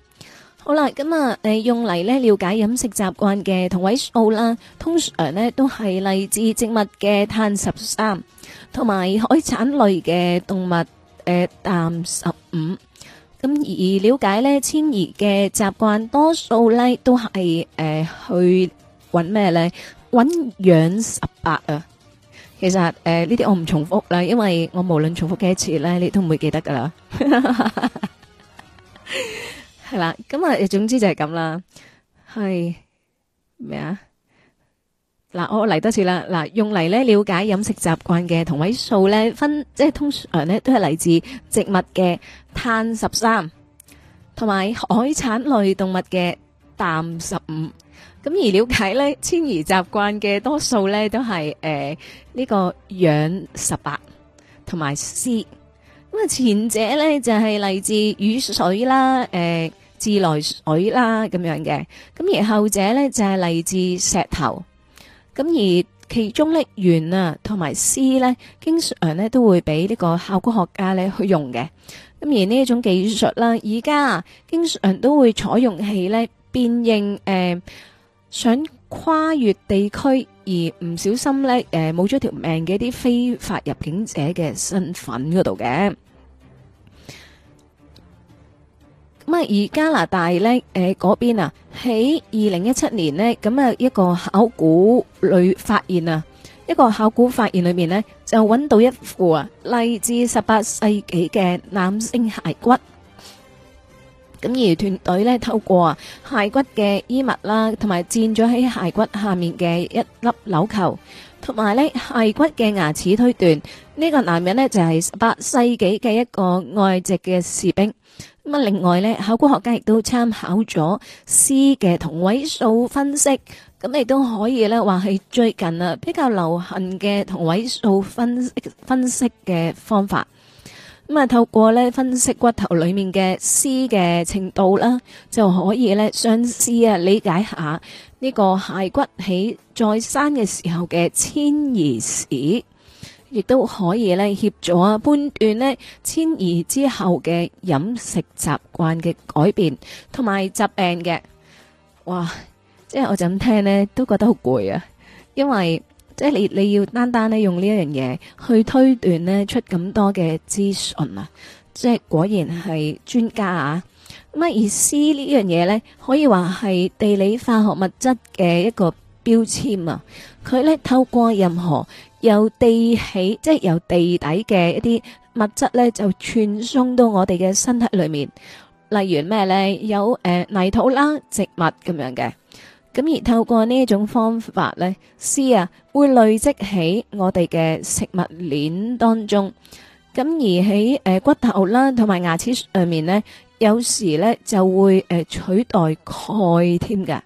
好啦，咁啊，誒，用嚟咧了解飲食習慣嘅同位素啦，通常咧都係嚟自植物嘅碳十三，同埋海產類嘅動物誒氮十五。咁而了解咧遷移嘅習慣，多數呢都係誒去搵咩咧？搵氧十八啊！其實誒呢啲我唔重複啦，因為我無論重複幾多次咧，你都唔會記得噶啦。係啦，咁啊，總之就係咁啦。係咩啊？嗱，我嚟多次啦。嗱，用嚟咧了解飲食習慣嘅同位素咧，分即係通常咧都係嚟自植物嘅碳十三，同埋海產類動物嘅氮十五。咁而了解咧，遷移習慣嘅多數咧都係誒呢個氧十八同埋 C。咁啊，前者咧就係、是、嚟自雨水啦、誒、呃、自來水啦咁樣嘅。咁而後者咧就係、是、嚟自石頭。咁而其中咧，鉛啊同埋 C 咧，經常咧都會俾呢個考古學家咧去用嘅。咁而呢一種技術啦，而家經常都會採用係咧辨認誒。呃想跨越地區而唔小心咧，誒、呃，冇咗條命嘅啲非法入境者嘅身份嗰度嘅。咁啊，而加拿大呢，誒、呃，嗰邊啊，喺二零一七年呢，咁啊，一個考古裏發現啊，一個考古發現裏面呢，就搵到一副啊，嚟自十八世紀嘅男性骸骨。咁而團隊咧透過啊骸骨嘅衣物啦，同埋墊咗喺骸骨下面嘅一粒紐球，同埋咧骸骨嘅牙齒推斷，呢個男人咧就係十八世紀嘅一個外籍嘅士兵。咁啊，另外咧考古學家亦都參考咗屍嘅同位素分析，咁亦都可以咧話係最近啊比較流行嘅同位素分分析嘅方法。咁啊，透過咧分析骨頭裏面嘅鍶嘅程度啦，就可以咧相思啊，理解下呢個骸骨喺在生嘅時候嘅遷移史，亦都可以咧協助啊判斷咧遷移之後嘅飲食習慣嘅改變同埋疾病嘅。哇！即係我就咁聽咧，都覺得好攰啊，因為。即係你你要單單咧用呢一樣嘢去推斷咧出咁多嘅資訊啊！即係果然係專家啊！咁而 C 呢樣嘢咧可以話係地理化學物質嘅一個標籤啊！佢咧透過任何由地起，即係由地底嘅一啲物質咧就傳送到我哋嘅身體裏面，例如咩呢？有誒、呃、泥土啦、植物咁樣嘅。咁而透過呢一種方法咧，鍶啊會累積喺我哋嘅食物鏈當中。咁而喺誒骨頭啦，同埋牙齒上面咧，有時咧就會誒取代鈣添嘅。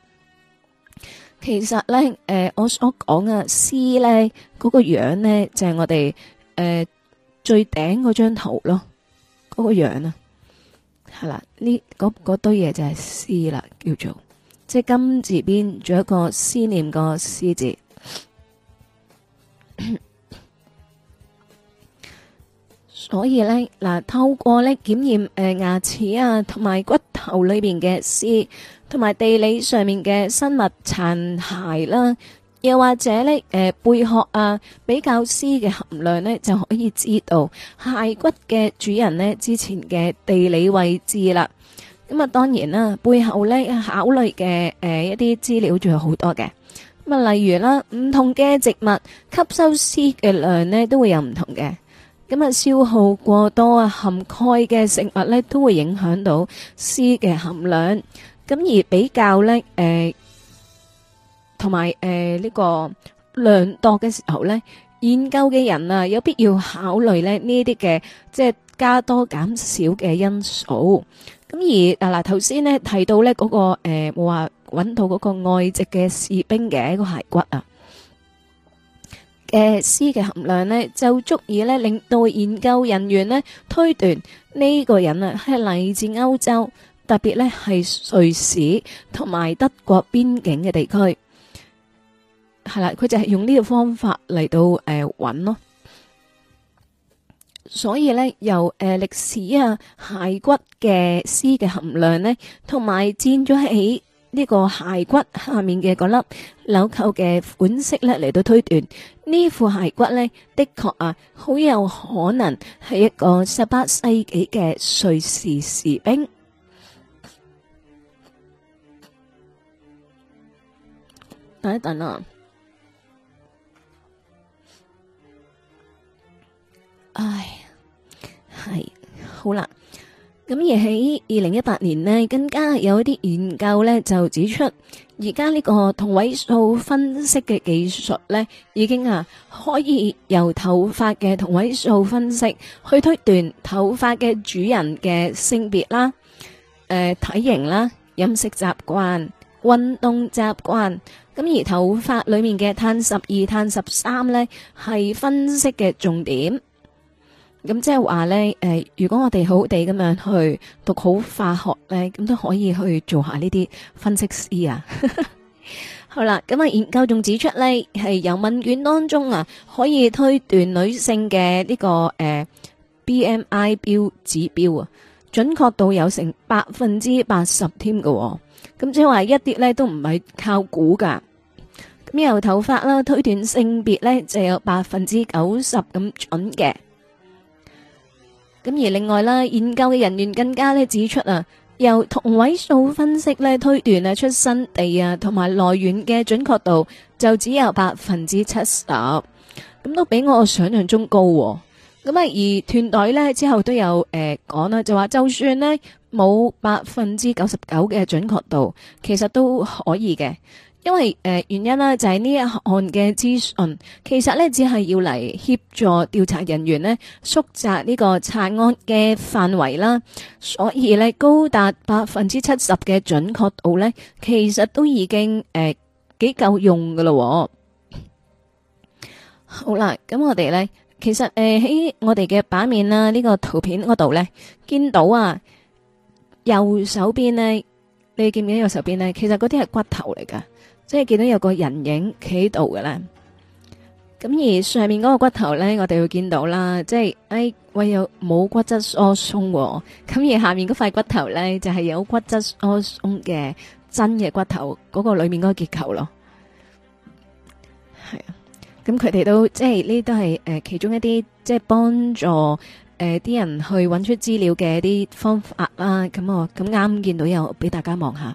其實咧，誒我所講嘅，鍶咧嗰個樣咧就係我哋誒最頂嗰張圖咯，嗰個樣啊，係啦，呢嗰嗰堆嘢就係鍶啦，叫做。即係金字邊，仲有一個思念個思字，所以呢，嗱、啊，透過呢檢驗誒牙齒啊，同埋骨頭裏邊嘅鍶，同埋地理上面嘅生物殘骸啦，又或者呢，誒貝殼啊，比較鍶嘅含量呢，就可以知道骸骨嘅主人呢之前嘅地理位置啦。咁啊，當然啦，背後咧考慮嘅誒一啲資料仲有好多嘅。咁啊，例如啦，唔同嘅植物吸收絲嘅量咧都會有唔同嘅。咁啊，消耗過多啊，含鈣嘅食物咧都會影響到絲嘅含量。咁而比較咧，誒同埋誒呢個量度嘅時候咧，研究嘅人啊，有必要考慮咧呢啲嘅即係加多減少嘅因素。咁而嗱嗱，頭先呢提到呢嗰個誒，話揾到嗰個外籍嘅士兵嘅一個骸骨啊，嘅鍶嘅含量呢就足以呢令到研究人員呢推斷呢個人啊係嚟自歐洲，特別呢係瑞士同埋德國邊境嘅地區，係啦，佢就係用呢個方法嚟到誒揾咯。所以呢，由誒歷史啊，骸骨嘅絲嘅含量呢，同埋粘咗喺呢個骸骨下面嘅嗰粒紐扣嘅款式呢嚟到推斷，呢副骸骨呢的確啊，好有可能係一個十八世紀嘅瑞士士兵。等一等啊，唉。係好啦，咁而喺二零一八年呢，更加有一啲研究呢就指出，而家呢個同位素分析嘅技術呢，已經啊可以由頭髮嘅同位素分析去推斷頭髮嘅主人嘅性別啦、誒體型啦、飲食習慣、運動習慣，咁而頭髮裏面嘅碳十二、碳十三呢係分析嘅重點。咁即係話咧，誒、呃，如果我哋好好地咁樣去讀好化學咧，咁都可以去做一下呢啲分析師啊。 好啦，咁啊，研究仲指出咧，係由問卷當中啊，可以推斷女性嘅呢、這個誒、呃、B M I 標指標啊，準確度有成百分之八十添㗎。咁即係話一啲咧都唔係靠估噶。咁由頭髮啦推斷性別咧，就有百分之九十咁準嘅。咁而另外啦，研究嘅人員更加咧指出啊，由同位素分析咧推斷啊出生地啊同埋來源嘅準確度就只有百分之七十，咁都比我想象中高喎。咁啊，而團隊咧之後都有誒講啦，就話就算呢冇百分之九十九嘅準確度，其實都可以嘅。因為誒、呃、原因咧、啊，就係、是、呢一項嘅資訊，其實呢，只係要嚟協助調查人員呢，縮窄呢個查案嘅範圍啦。所以呢，高達百分之七十嘅準確度呢，其實都已經誒幾、呃、夠用噶咯、哦。好啦，咁我哋呢，其實誒喺、呃、我哋嘅版面啦、啊，呢、這個圖片嗰度呢，見到啊，右手邊呢，你見唔見右手邊呢？其實嗰啲係骨頭嚟噶。即係見到有個人影企喺度嘅咧，咁而上面嗰個骨頭呢，我哋會見到啦，即係誒、哎，喂有冇骨質疏鬆？咁而下面嗰塊骨頭呢，就係、是、有骨質疏鬆嘅真嘅骨頭嗰、那個裏面嗰個結構咯。係啊，咁佢哋都即係呢，都係誒、呃、其中一啲即係幫助誒啲、呃、人去揾出資料嘅一啲方法啦。咁我咁啱見到有俾大家望下。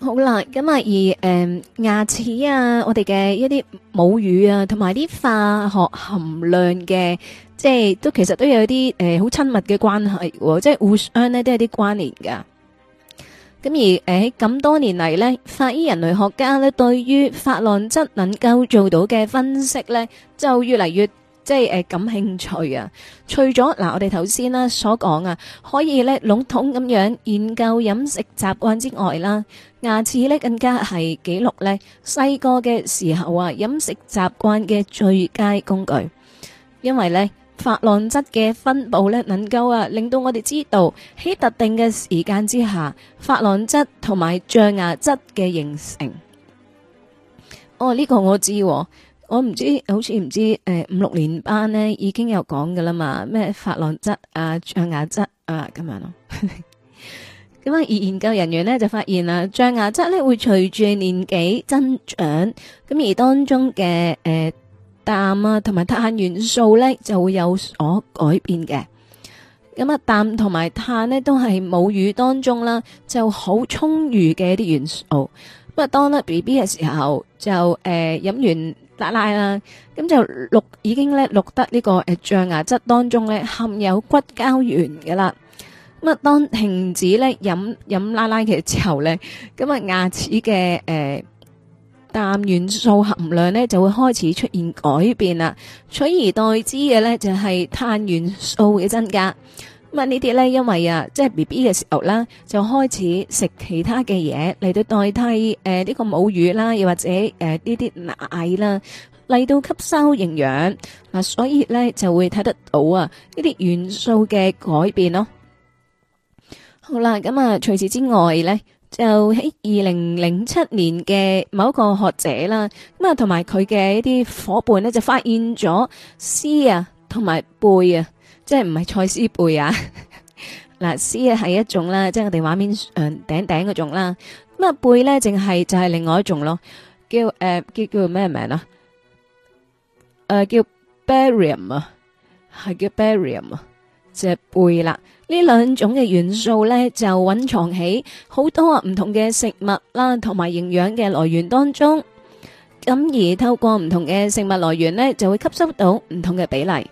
好啦，咁啊，而、嗯、誒牙齒啊，我哋嘅一啲母乳啊，同埋啲化學含量嘅，即係都其實都有啲誒好親密嘅關係，哦，即係互相呢都有啲關聯噶。咁而誒咁、欸、多年嚟呢，法醫人類學家呢，對於琺瑯質能夠做到嘅分析呢，就越嚟越。即係感興趣啊！除咗嗱，我哋頭先啦，所講啊，可以呢籠統咁樣研究飲食習慣之外啦，牙齒呢更加係記錄呢細個嘅時候啊飲食習慣嘅最佳工具，因為呢琺瑯質嘅分布呢能夠啊令到我哋知道喺特定嘅時間之下，琺瑯質同埋象牙質嘅形成。哦，呢、這個我知道。我唔知，好似唔知，誒五六年班咧已經有講嘅啦嘛，咩琺瑯質啊、象牙質啊咁樣咯。咁啊，今 而研究人員咧就發現啦，象牙質咧會隨住年紀增長，咁而當中嘅誒氮啊同埋碳元素咧就會有所改變嘅。咁、呃、啊，氮同埋碳呢，都係母乳當中啦就好充裕嘅啲元素。咁啊，當咧 B B 嘅時候就誒、呃、飲完。拉拉啦，咁就錄已經咧錄得呢個誒，象牙質當中咧含有骨膠原嘅啦。咁啊，當停止咧飲飲奶奶嘅之後咧，咁啊牙齒嘅誒氮元素含量咧就會開始出現改變啦。取而代之嘅咧就係碳元素嘅增加。咁啊呢啲咧，因為啊，即係 B B 嘅時候啦，就開始食其他嘅嘢，嚟到代替誒呢個母乳啦，又或者誒呢啲奶啦，嚟到吸收營養嗱，所以咧就會睇得到啊呢啲元素嘅改變咯。好啦，咁啊，除此之外咧，就喺二零零七年嘅某一個學者啦，咁啊同埋佢嘅一啲伙伴咧就發現咗 C 啊同埋 B 啊。即係唔係铯絲貝啊？嗱，铯係一種啦，即係我哋畫面上頂頂嗰種啦。咁啊，貝呢，淨係就係、是、另外一種咯。叫誒、呃，叫叫咩名啊？誒、呃，叫 barium 啊，係叫 barium 啊，即係貝啦。呢兩種嘅元素咧，就隱藏喺好多啊唔同嘅食物啦，同埋營養嘅來源當中。咁而透過唔同嘅食物來源咧，就會吸收到唔同嘅比例。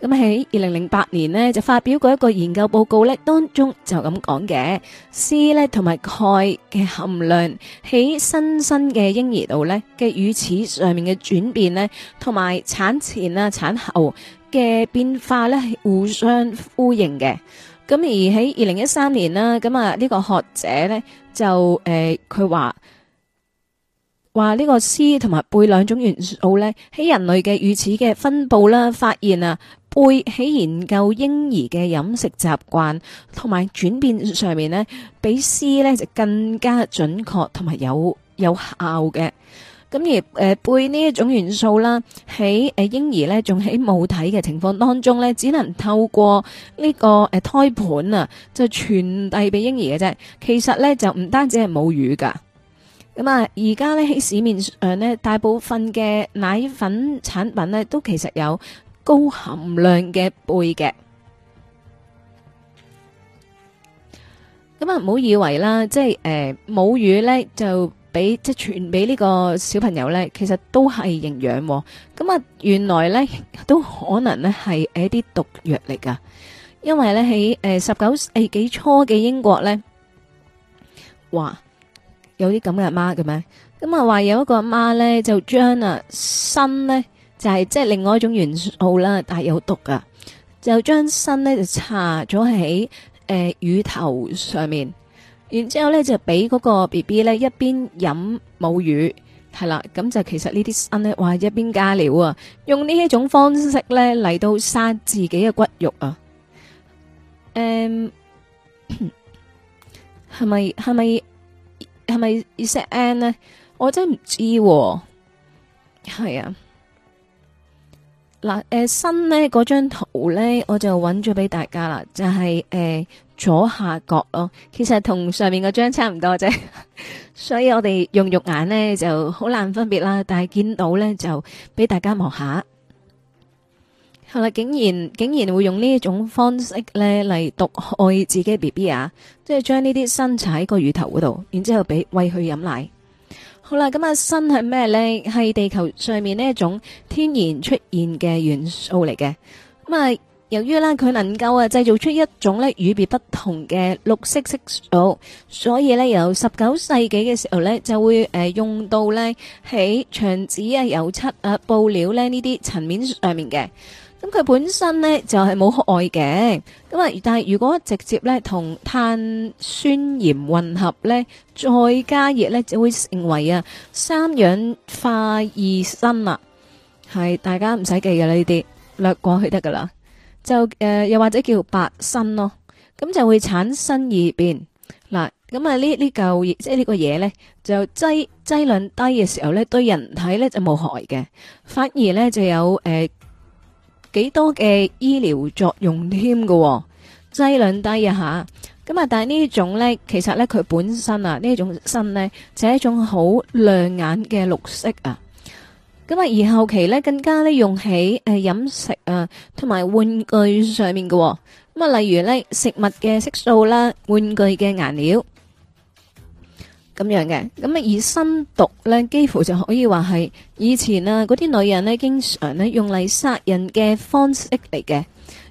咁喺二零零八年呢，就發表過一個研究報告呢，當中就咁講嘅，硒呢，同埋鈣嘅含量喺新生嘅嬰兒度呢嘅乳齒上面嘅轉變呢同埋產前啊產後嘅變化呢係互相呼應嘅。咁而喺二零一三年啦，咁啊呢個學者呢，就誒佢話。呃話呢、個鍶同埋鋇兩種元素咧，喺人類嘅乳齒嘅分布啦，發現啊，鋇喺研究嬰兒嘅飲食習慣同埋轉變上面呢，比鍶呢就更加準確同埋有有效嘅。咁而誒，鋇呢、呃、一種元素啦，喺誒嬰兒仲喺母體嘅情況當中呢，只能透過呢、個誒、呃、胎盤啊，就傳遞俾嬰兒嘅啫。其實呢，就唔單止係母乳噶。咁啊，而家咧喺市面上咧，大部分嘅奶粉產品咧，都其實有高含量嘅鋇嘅。咁啊，唔好以為啦，即係誒母乳咧就俾即傳俾呢個小朋友咧，其實都係營養。咁啊，原來咧都可能咧係誒一啲毒藥嚟噶，因為咧喺誒十九世紀初嘅英國咧話。有啲咁嘅阿媽嘅咩？咁啊話有一個阿媽咧，就將啊砷咧就係即係另外一種元素啦，但係有毒噶，就將砷呢，就擦咗喺誒乳頭上面，然之後咧就俾嗰個 B B 呢一邊飲母乳，係啦，咁就其實呢啲砷呢，話一邊加料啊，用呢一種方式呢，嚟到殺自己嘅骨肉啊，誒、嗯，係咪？係咪？係咪 Zn 呢？我真係唔知，係啊。嗱、啊，誒、呃、新呢嗰張圖咧，我就揾咗俾大家啦，就係、是、誒、呃、左下角咯。其實同上面嗰張差唔多啫， 所以我哋用肉眼咧就好難分別啦。但係見到咧就俾大家望下。係啦，竟然竟然會用呢一種方式咧，嚟毒害自己 B B 啊！即係將呢啲砷踩喺個乳頭嗰度，然之後俾餵佢飲奶。好啦，咁啊，砷係咩呢？係地球上面呢一種天然出現嘅元素嚟嘅。咁啊，由於啦佢能夠啊製造出一種呢與別不同嘅綠色色素，所以呢，由十九世紀嘅時候呢，就會誒、啊、用到呢喺牆紙啊、油漆啊、布料呢啲層面上面嘅。咁佢本身咧就係、是、冇害嘅，咁啊但係如果直接咧同碳酸鹽混合咧再加熱咧就會成為啊三氧化二砷啦，係大家唔使記㗎啦呢啲，略過去得噶啦，就誒、呃、又或者叫白砷咯，咁就會產生異變，嗱，咁啊、這個就是，呢呢嚿即係呢個嘢咧就劑劑量低嘅時候咧對人體咧就冇害嘅，反而咧就有誒。呃幾多嘅醫療作用添嘅，劑量低啊吓，咁啊但係呢一種咧，其實咧佢本身啊呢一種新咧，就係一種好亮眼嘅綠色啊，咁啊而後期咧更加咧用喺誒飲食啊同埋玩具上面嘅，咁啊例如咧食物嘅色素啦，玩具嘅顏料。咁樣嘅，咁啊以砷毒咧，幾乎就可以話係以前啊嗰啲女人呢，經常呢用嚟殺人嘅方式嚟嘅，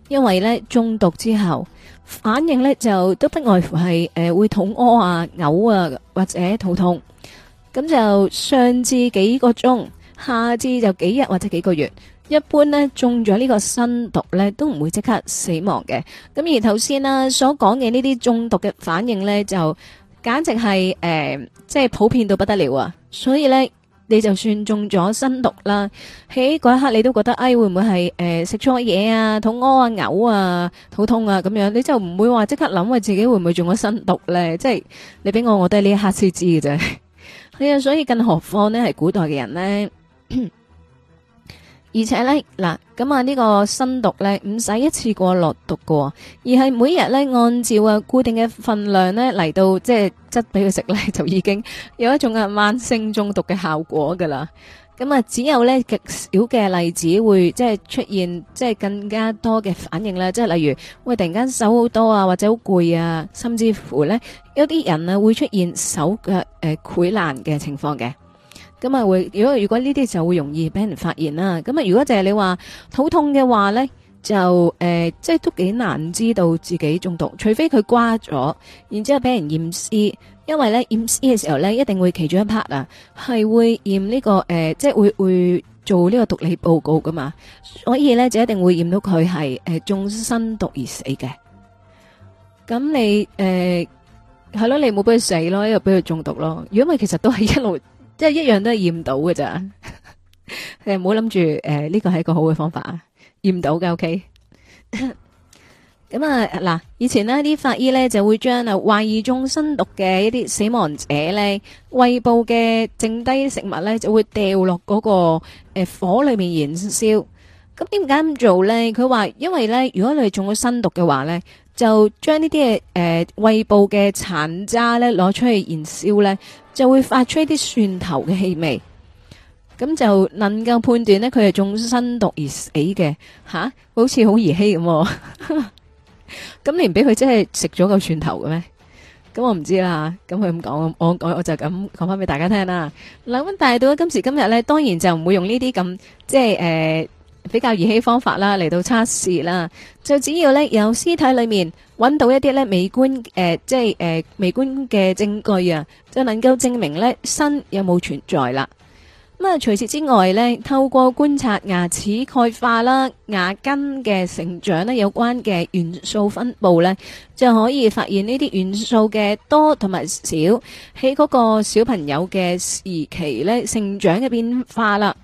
因為呢，中毒之後反應呢，就都不外乎係誒、呃、會肚屙啊、嘔、呃、啊或者肚痛，咁就上至幾個鐘，下至就幾日或者幾個月，一般呢，中咗呢個砷毒呢，都唔會即刻死亡嘅，咁而頭先啊所講嘅呢啲中毒嘅反應呢，就。簡直係誒、呃，即係普遍到不得了啊！所以咧，你就算中咗新毒啦，喺嗰一刻你都覺得哎，會唔會係誒食錯嘢啊？肚屙啊、嘔啊、肚痛啊咁、啊、樣，你就唔會話即刻諗為自己會唔會中咗新毒咧？即係你俾我，我都係呢一刻先知嘅啫。係啊，所以更何況呢？係古代嘅人咧。 而且呢，嗱，咁啊呢個新毒呢，唔使一次過落毒噶，而係每日呢，按照啊固定嘅份量呢嚟到即係執俾佢食呢，就已經有一種啊慢性中毒嘅效果噶啦。咁啊只有呢極少嘅例子會即係出現即係更加多嘅反應啦，即係例如會突然間瘦好多啊，或者好攰啊，甚至乎呢，有啲人啊會出現手腳誒潰爛嘅情況嘅。咁啊會如果如果呢啲就會容易俾人發現啦。咁啊如果就係你話肚痛嘅話咧，就誒、呃、即係都幾難知道自己中毒，除非佢瓜咗，然之後俾人驗屍，因為咧驗屍嘅時候咧一定會其中一 part 啊係會驗呢、這個誒、呃、即係會會做呢個毒理報告噶嘛。所以呢，咧就一定會驗到佢係誒中砷毒而死嘅。咁你誒係咯，你冇俾佢死咯，因為俾佢中毒咯。因為其實都係一路。即係一樣都係驗到嘅咋？誒， 唔好諗住誒、呢、這個係一個好嘅方法、OK？ 啊！驗到嘅，OK。咁啊，嗱，以前呢啲法醫咧就會將啊懷疑中砷毒嘅一啲死亡者咧胃部嘅剩低食物咧就會掉落嗰個誒、呃、火裏面燃燒。咁點解咁做咧？佢話因為咧，如果你係中咗砷毒嘅話咧。就將呢啲嘅，誒，胃部嘅殘渣咧攞出去燃燒咧，就會發出一啲蒜頭嘅氣味，咁就能夠判斷咧佢係中砷毒而死嘅吓，好似好兒戲咁，啊。咁 你唔俾佢即係食咗嚿蒜頭嘅咩？咁我唔知啦，咁佢咁講，我我我就咁講翻俾大家聽啦。嗱，咁，但係到咗今時今日咧，當然就唔會用呢啲咁即係誒。呃比較儀器方法啦，嚟到測試啦，就只要呢，由屍體裏面揾到一啲呢，微觀、誒，即係誒、呃、微觀嘅證據啊，就能夠證明呢，身有冇存在啦。咁啊，除此之外呢，透過觀察牙齒鈣化啦、牙根嘅成長呢，有關嘅元素分布呢，就可以發現呢啲元素嘅多同埋少喺嗰個小朋友嘅時期呢，成長嘅變化啦。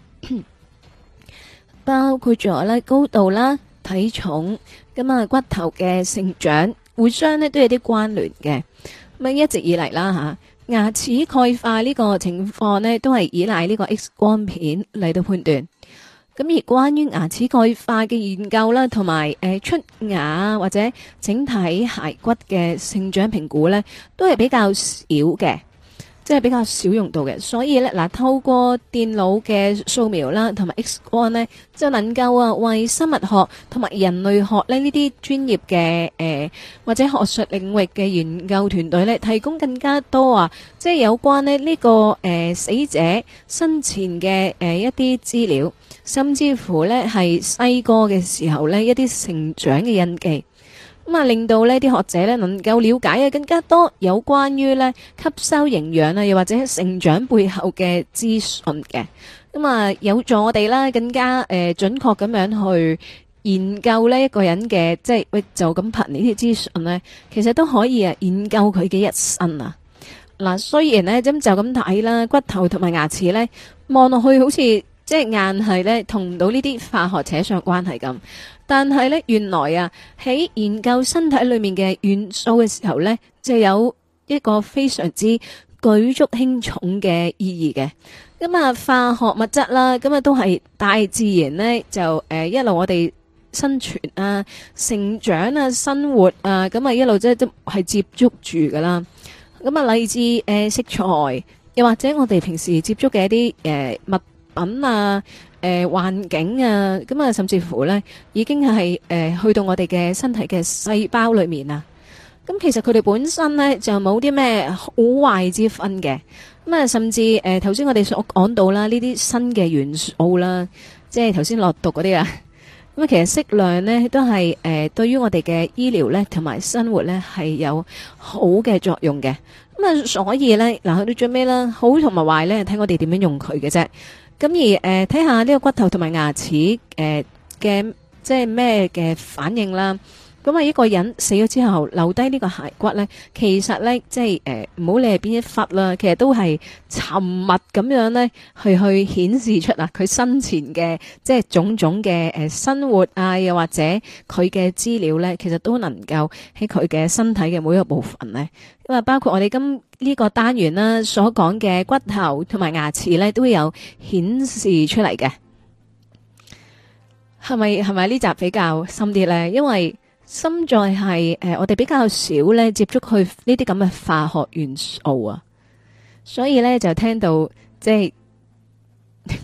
包括咗咧高度啦、體重，咁啊，骨頭嘅成長，互相呢都有啲關聯嘅。咁一直以嚟啦嚇，牙齒鈣化呢個情況呢都係依賴呢個 X 光片嚟到判斷。咁而關於牙齒鈣化嘅研究啦，同埋誒出牙或者整體骸骨嘅成長評估呢，都係比較少嘅。即係比較少用到嘅，所以呢，嗱，透過電腦嘅掃描啦，同埋 X 光呢，就能夠啊為生物學同埋人類學呢呢啲專業嘅、呃、或者學術領域嘅研究團隊呢，提供更加多啊，即係有關呢呢、呢個、呃、死者生前嘅、呃、一啲資料，甚至乎呢，係細個嘅時候呢，一啲成長嘅印記。咁啊，令到呢啲學者呢能夠了解啊更加多有關於呢吸收營養啊，又或者成長背後嘅資訊嘅。咁啊，有助我哋啦更加誒準確咁樣去研究呢一個人嘅，即係喂就咁憑呢啲資訊呢，其實都可以啊研究佢嘅一生啊。嗱，雖然呢，咁就咁睇啦，骨頭同埋牙齒呢，望落去好似。即係硬係咧，同唔到呢啲化學扯上關係咁。但係咧，原來啊，喺研究身體裏面嘅元素嘅時候咧，就有一個非常之舉足輕重嘅意義嘅。咁、嗯、啊，化學物質啦、啊，咁、嗯、啊都係大自然咧就、呃、一路我哋生存啊、成長啊、生活啊，咁、嗯、啊、嗯、一路即係接觸住噶啦。咁、嗯、啊，例如色彩，又或者我哋平時接觸嘅一啲誒、呃、物。品啊，誒、呃、環境啊，咁啊，甚至乎呢已經係誒、呃、去到我哋嘅身體嘅細胞裏面啊。咁其實佢哋本身呢就冇啲咩好壞之分嘅。咁啊，甚至誒頭先我哋所講到啦，呢啲新嘅元素啦，即係頭先落毒嗰啲啊。咁啊，其實適量呢都係誒、呃、對於我哋嘅醫療呢同埋生活呢係有好嘅作用嘅。咁啊，所以呢，嗱去到最尾啦，好同埋壞呢，睇我哋點樣用佢嘅啫。咁而誒睇下呢個骨頭同埋牙齒誒嘅，即係咩嘅反應啦。咁、嗯、啊！一個人死咗之後，留低呢個骸骨咧，其實咧，即係誒，唔好理係邊一忽啦，其實都係沉默咁樣咧，去去顯示出啦、啊、佢生前嘅即係種種嘅誒、呃、生活啊，又或者佢嘅資料咧，其實都能夠喺佢嘅身體嘅每一個部分咧，咁啊，包括我哋今呢個單元啦，所講嘅骨頭同埋牙齒咧，都有顯示出嚟嘅。係咪係咪呢集比較深啲咧？因為心在係誒、呃，我哋比較少咧接觸去呢啲咁嘅化學元素啊，所以咧就聽到即係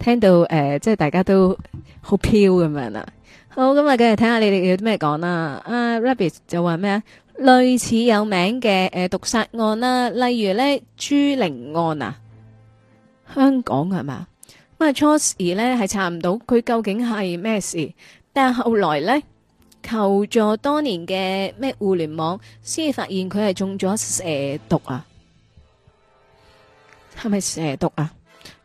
聽到誒、呃，即係大家都好飄咁樣啦。好咁啊，繼續睇下你哋有啲咩講啦。啊，Rabbit 就話咩啊？類似有名嘅誒、呃、毒殺案啦、啊，例如咧朱令案啊，香港係嘛咁啊。初時咧係查唔到佢究竟係咩事，但係後來咧。求助多年嘅咩互聯網，先至發現佢係中咗蛇毒啊？係咪蛇毒啊？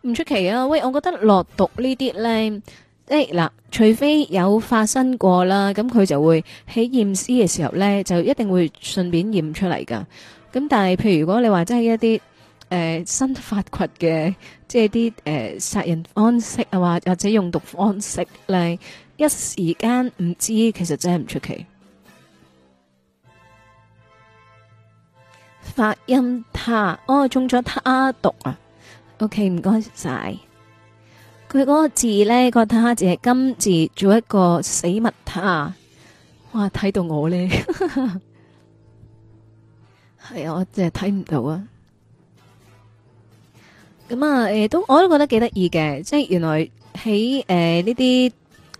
唔出奇啊！喂，我覺得落毒這些呢啲咧，誒、哎、嗱，除非有發生過啦，咁佢就會喺驗屍嘅時候咧，就一定會順便驗出嚟噶。咁但係，譬如，如果你話真係一啲誒、呃、新發掘嘅，即係啲誒殺人方式啊，或或者用毒方式咧、啊。一時間唔知，其實真係唔出奇。發音他，哦中咗他讀啊！OK，唔該晒。佢嗰個字呢，個他字係金字，做一個死物他。哇，睇到我呢，係啊，我真係睇唔到啊！咁啊，誒，都我都覺得幾得意嘅，即係原來喺誒呢啲。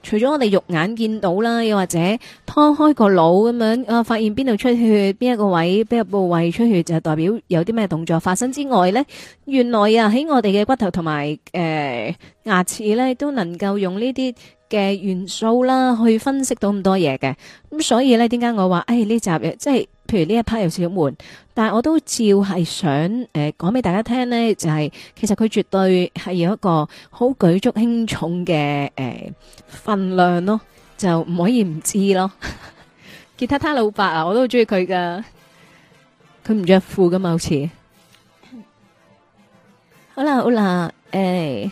除咗我哋肉眼見到啦，又或者拖開個腦咁樣啊，發現邊度出血，邊一個位邊個部位出血，就代表有啲咩動作發生之外咧，原來啊喺我哋嘅骨頭同埋誒牙齒咧，都能夠用呢啲，嘅元素啦，去分析到咁多嘢嘅，咁所以咧，點解我話，誒、哎、呢集又即係，譬如呢一 part 有少少悶，但係我都照係想誒講俾大家聽呢，就係、是、其實佢絕對係有一個好舉足輕重嘅誒、呃、分量咯，就唔可以唔知道咯。 吉他他老伯啊，我都好中意佢噶，佢唔着褲噶嘛，好似。 好啦好啦，誒、欸。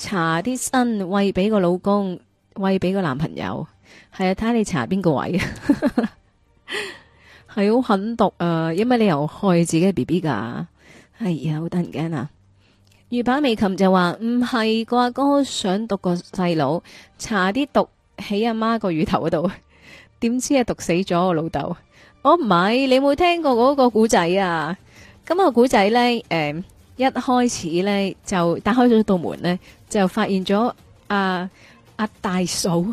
查啲身餵俾個老公，餵俾個男朋友，係啊，睇下你搽邊個位，啊。係好狠毒啊！因為你又害自己 B B 噶？哎呀，好突然間啊！魚板未琴就話唔係，個阿哥，哥想毒個細佬，搽啲毒喺阿媽個乳頭嗰度，點 知係毒死咗我老豆？我唔係，你冇聽過嗰個古仔啊？咁、個古仔咧，誒、嗯。一開始咧就打開咗道門咧，就發現咗阿阿大嫂，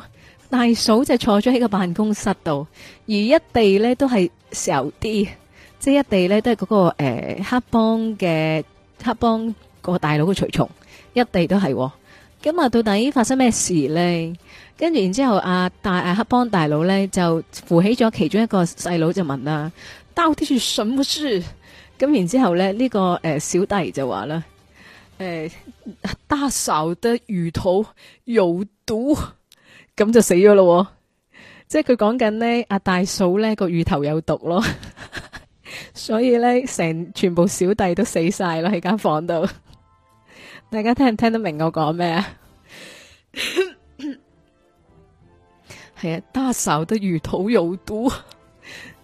大嫂就坐咗喺個辦公室度，而一地咧都係仇啲，即係一地咧都係嗰、那個誒、呃、黑幫嘅黑幫個大佬嘅隨從，一地都係、哦。咁啊，到底發生咩事咧？跟住然之後，啊大黑幫大佬咧就扶起咗其中一個細佬，就問啦：到底係乜嘢事？咁然之後咧，呢、這個誒、呃、小弟就話啦，誒、呃、大嫂的魚肚有毒，咁就死咗咯。即係佢講緊呢，阿、啊、大嫂咧個魚頭有毒咯，所以咧成全部小弟都死晒啦喺間房度。大家聽唔聽得明我講咩啊？係 啊，大嫂的魚肚有毒。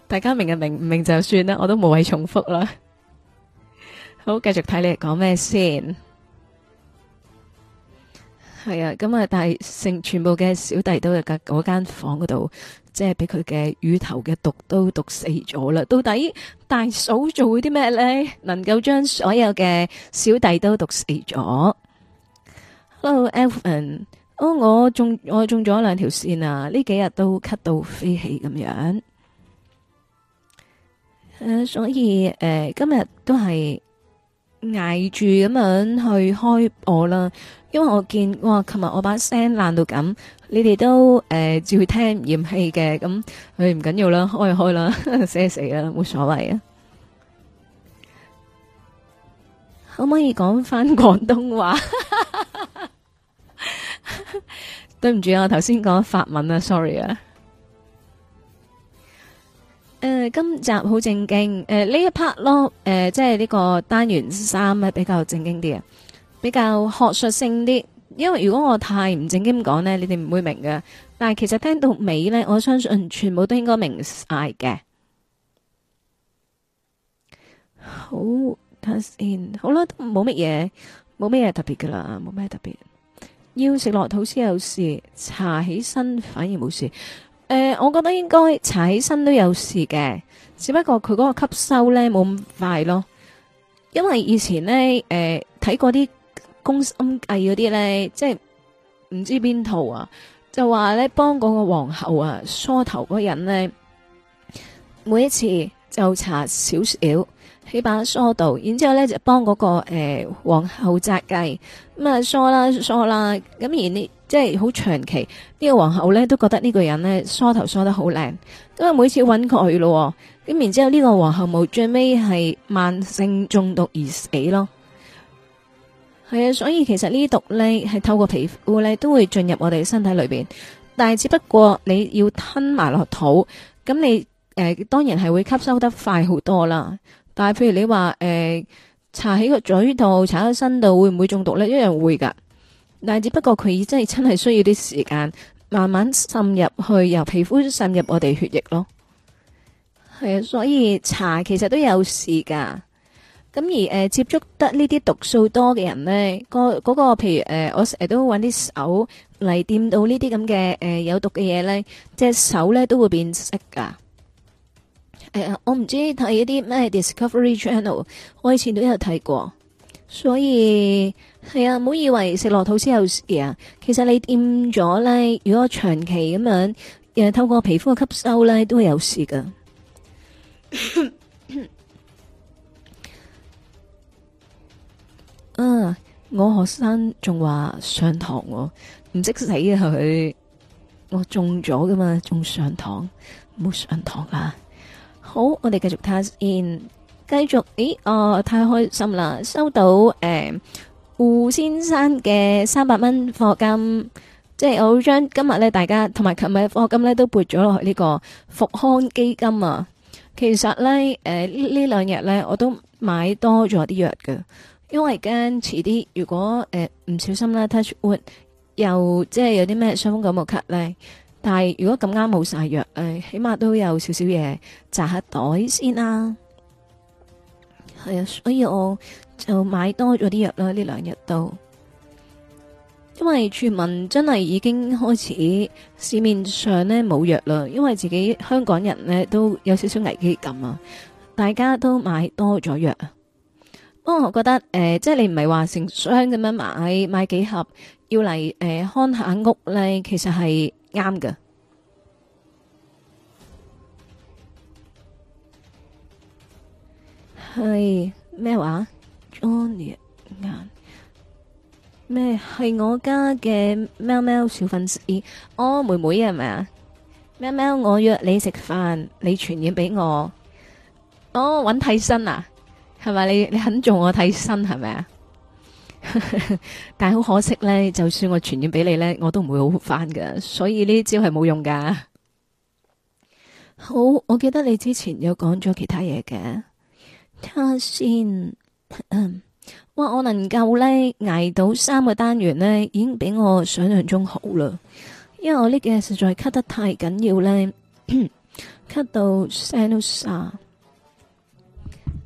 大家明唔明？唔明就算啦，我都冇謂重複啦。好，繼續睇你哋講咩先？係啊，咁啊，大成全部嘅小弟都喺嗰間房嗰度，即係俾佢嘅乳頭嘅毒都毒死咗啦。到底大嫂做啲咩咧？能夠將所有嘅小弟都毒死咗？Hello，Elvin，我、哦、我中我中咗兩條線啊！呢幾日都咳到飛起咁樣。誒、呃，所以誒、呃，今日都係。捱住咁樣去開我啦，因為我見哇，琴日我把聲爛到咁，你哋都誒、呃、照聽嫌棄嘅，咁佢唔緊要啦，開就開啦，死就死啦，冇所謂啊！ 可唔可以講返廣東話？ 對唔住啊，我頭先講法文啊，sorry 啊。誒、呃，今集好正經，誒、呃、呢一 part 咯，誒、呃、即係呢個單元三比較正經啲啊，比較學術性啲。因為如果我太唔正經講呢，你哋唔會明嘅。但係其實聽到尾呢，我相信全部都應該明晒嘅。好，睇先好啦，冇乜嘢，冇咩特別噶啦，冇咩特別。要食落肚先有事，查起身反而冇事。誒、呃，我覺得應該搽起身都有事嘅，只不過佢嗰個吸收咧，冇咁快咯。因為以前咧，誒、呃、睇過啲宮心計嗰啲咧，即係唔知邊套啊，就話咧幫嗰個皇后啊梳頭嗰人咧，每一次就搽少少喺把梳度，然之後咧就幫嗰、那個誒皇、呃、后紮髻，咁啊梳啦梳啦，咁、嗯、而呢。即係好長期，呢、這個皇后咧都覺得呢個人咧梳頭梳得好靚，咁係每次揾佢咯。咁然之後呢個皇后冇最尾係慢性中毒而死咯。係啊，所以其實呢啲毒咧係透過皮膚咧都會進入我哋身體裏邊，但係只不過你要吞埋落肚，咁你誒、呃、當然係會吸收得快好多啦。但係譬如你話誒，搽喺個嘴度，搽喺身度，會唔會中毒咧？一樣會噶。但只不過佢真係真係需要啲時間，慢慢滲入去，由皮膚滲入我哋血液咯。係啊，所以茶其實都有事噶。咁而誒、呃，接觸得呢啲毒素多嘅人咧，那個嗰個譬如誒、呃，我成日都揾啲手嚟掂到呢啲咁嘅誒有毒嘅嘢咧，隻手咧都會變色噶。誒、呃，我唔知睇一啲咩 Discovery Channel，我以前都有睇過，所以。係啊，唔好以為食落肚先有事啊！其實你掂咗咧，如果長期咁樣，誒透過皮膚嘅吸收咧，都會有事噶。 啊！我學生仲話上堂、哦，唔識死佢、啊，我中咗噶嘛，仲上堂，唔好上堂啊！好，我哋繼續 test 先，繼續，咦？哦、啊，太開心啦！收到誒。嗯胡先生嘅三百蚊課金，即係我將今日咧大家同埋琴日嘅課金咧都撥咗落去呢個復康基金啊。其實咧，誒、呃、呢兩日咧我都買多咗啲藥嘅，因為驚遲啲如果誒唔、呃、小心啦 touch wood，又即係有啲咩傷風感冒咳咧。但係如果咁啱冇晒藥，誒、呃、起碼都有少少嘢扎下袋先啦。係啊，所以我。就買多咗啲藥啦，呢兩日都因為全民真係已經開始，市面上呢冇藥啦，因為自己香港人呢都有少少危機感啊，大家都買多咗藥啊，不過我覺得誒、呃，即係你唔係話成箱咁樣買，買幾盒要嚟誒、呃、看下屋呢，其實係啱㗎。係咩話？ 哦，你啊，咩係我家嘅喵喵小粉絲？哦，妹妹係咪啊？喵喵，我約你食飯，你傳染俾我。哦，揾替身啊？係咪你你肯做我替身係咪啊？ 但係好可惜呢，就算我傳染俾你呢，我都唔會好翻噶，所以呢招係冇用噶。好，我記得你之前有講咗其他嘢嘅，睇下先。嗯， 哇！我能夠呢，捱到三個單元呢已經比我想象中好啦。因為我呢幾日實在咳得太緊要咧，咳到聲都沙。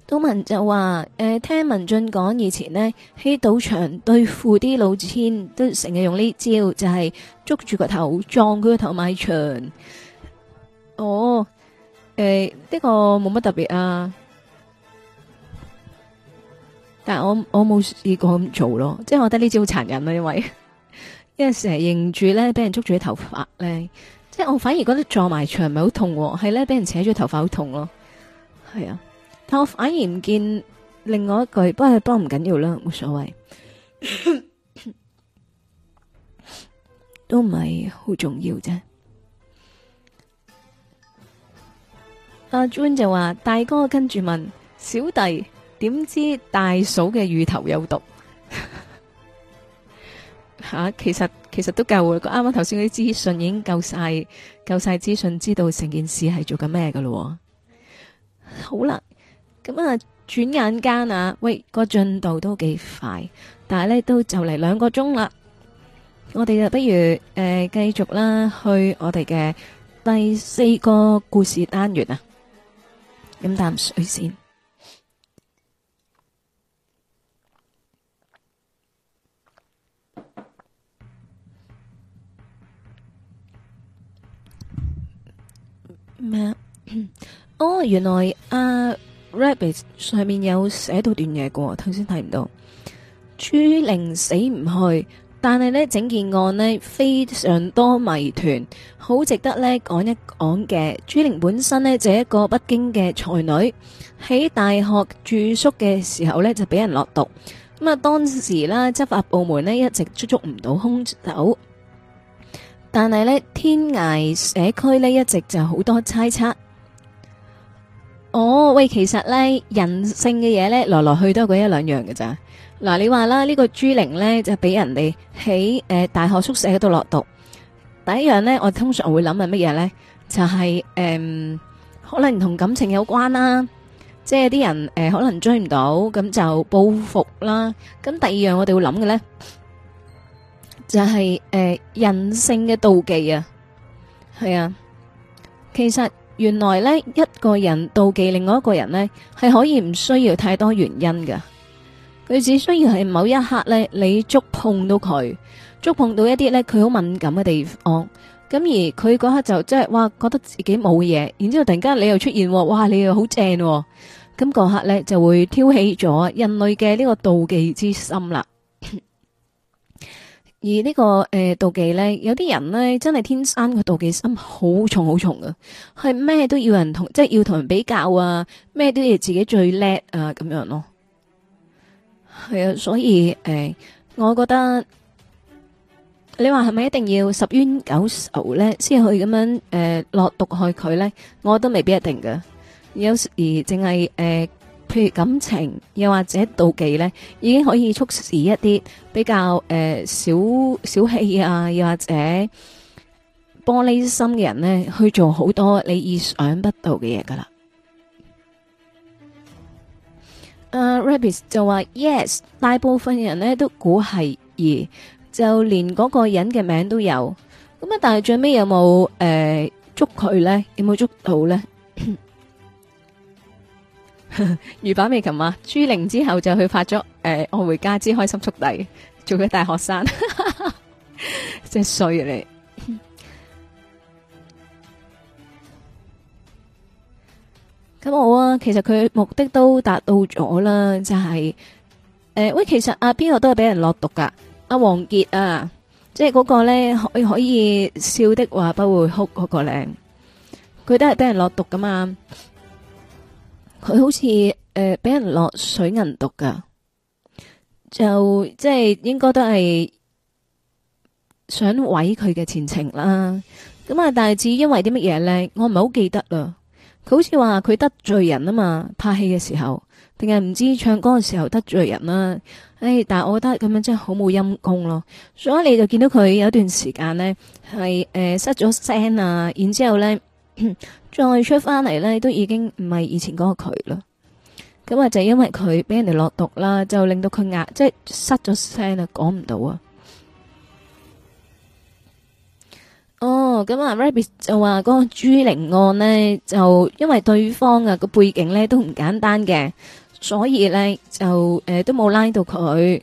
東文就話：誒、呃，聽文進講以前呢，喺賭場對付啲老千，都成日用呢招就，就係捉住個頭撞佢個頭埋牆。哦，誒、呃，呢、這個冇乜特別啊。但我我冇試過咁做咯，即係我覺得呢招好殘忍啊，因為因為成日認住咧，俾人捉住啲頭髮咧，即係我反而覺得撞埋牆唔係好痛、啊，係咧俾人扯住頭髮好痛咯、啊，係啊！但我反而唔見另外一句，不過不過唔緊要啦，冇所謂， 都唔係好重要啫。阿 Jun 就話大哥跟住問小弟。點知大嫂嘅乳頭有毒吓、 啊？其實其實都夠啦，啱啱頭先嗰啲資訊已經夠晒，夠晒資訊，知道成件事係做緊咩噶啦？好啦，咁、嗯、啊，轉眼間啊，喂，個進度都幾快，但係呢都就嚟兩個鐘啦。我哋就不如誒繼、呃、續啦，去我哋嘅第四個故事單元啊，飲啖水先。咩？ 哦，原來啊，Rabbit 上面有寫到段嘢嘅，頭先睇唔到。朱玲死唔去，但係呢整件案呢，非常多謎團，好值得呢講一講嘅。朱玲本身呢，就一個北京嘅才女，喺大學住宿嘅時候呢，就俾人落毒。咁啊，當時呢執法部門呢，一直捉捉唔到凶手。但係咧，天涯社區呢一直就好多猜測。哦，喂，其實呢人性嘅嘢呢來來去都係嗰一兩樣㗎。咋。嗱，你話啦，這個、豬呢個朱玲呢就俾人哋喺誒大學宿舍度落毒。第一樣呢，我通常會諗係乜嘢呢？就係、是、誒、呃，可能同感情有關啦。即係啲人誒、呃，可能追唔到，咁就報復啦。咁第二樣我哋會諗嘅呢。就係誒人性嘅妒忌啊，係啊，其實原來咧一個人妒忌另外一個人咧，係可以唔需要太多原因噶，佢只需要係某一刻咧，你觸碰到佢，觸碰到一啲咧佢好敏感嘅地方，咁而佢嗰刻就即係哇覺得自己冇嘢，然之後突然間你又出現，哇你又好正，咁嗰刻咧就會挑起咗人類嘅呢個妒忌之心啦。而呢、這個誒、呃、妒忌咧，有啲人咧真係天生個妒忌心好重好重嘅，係咩都要人同，即、就、係、是、要同人比較啊，咩都要自己最叻啊咁樣咯。係啊，所以誒、呃，我覺得你話係咪一定要十冤九仇咧，先、呃、可以咁樣誒落毒害佢咧？我都未必一定嘅，有時淨係誒。呃譬如感情，又或者妒忌呢，已經可以促使一啲比較誒小小氣啊，又或者玻璃心嘅人呢，去做好多你意想不到嘅嘢噶啦。啊、uh，Rabbit 就話 yes，大部分人呢都估係二，而就連嗰個人嘅名都有，咁啊，但係最尾有冇誒捉佢呢？有冇捉到呢？ 余 把未琴啊！朱玲之後就去拍咗誒《愛、呃、回家之開心速遞》，做佢大學生， 真衰啊你！咁 好啊，其實佢目的都達到咗啦，就係、是、誒、呃、喂，其實阿邊個都係俾人落毒噶，阿、啊、王傑啊，即係嗰個咧可，可以笑的話不會哭嗰、那個靚，佢都係俾人落毒噶嘛。佢好似誒俾人落水銀毒噶，就即係應該都係想毀佢嘅前程啦。咁啊，但致因為啲乜嘢呢？我唔係好記得啦。佢好似話佢得罪人啊嘛，拍戲嘅時候，定係唔知唱歌嘅時候得罪人啦、啊。誒、哎，但係我覺得咁樣真係好冇陰功咯。所以你就見到佢有一段時間呢，係誒、呃、失咗聲啊，然之後呢再出翻嚟咧，都已經唔係以前嗰個佢啦。咁啊，就因為佢俾人哋落毒啦，就令到佢壓，即係失咗聲啦，講唔到啊。哦，咁啊，Rabbit 就話嗰個朱玲案呢，就因為對方啊個背景呢都唔簡單嘅，所以呢，就誒、呃、都冇拉到佢，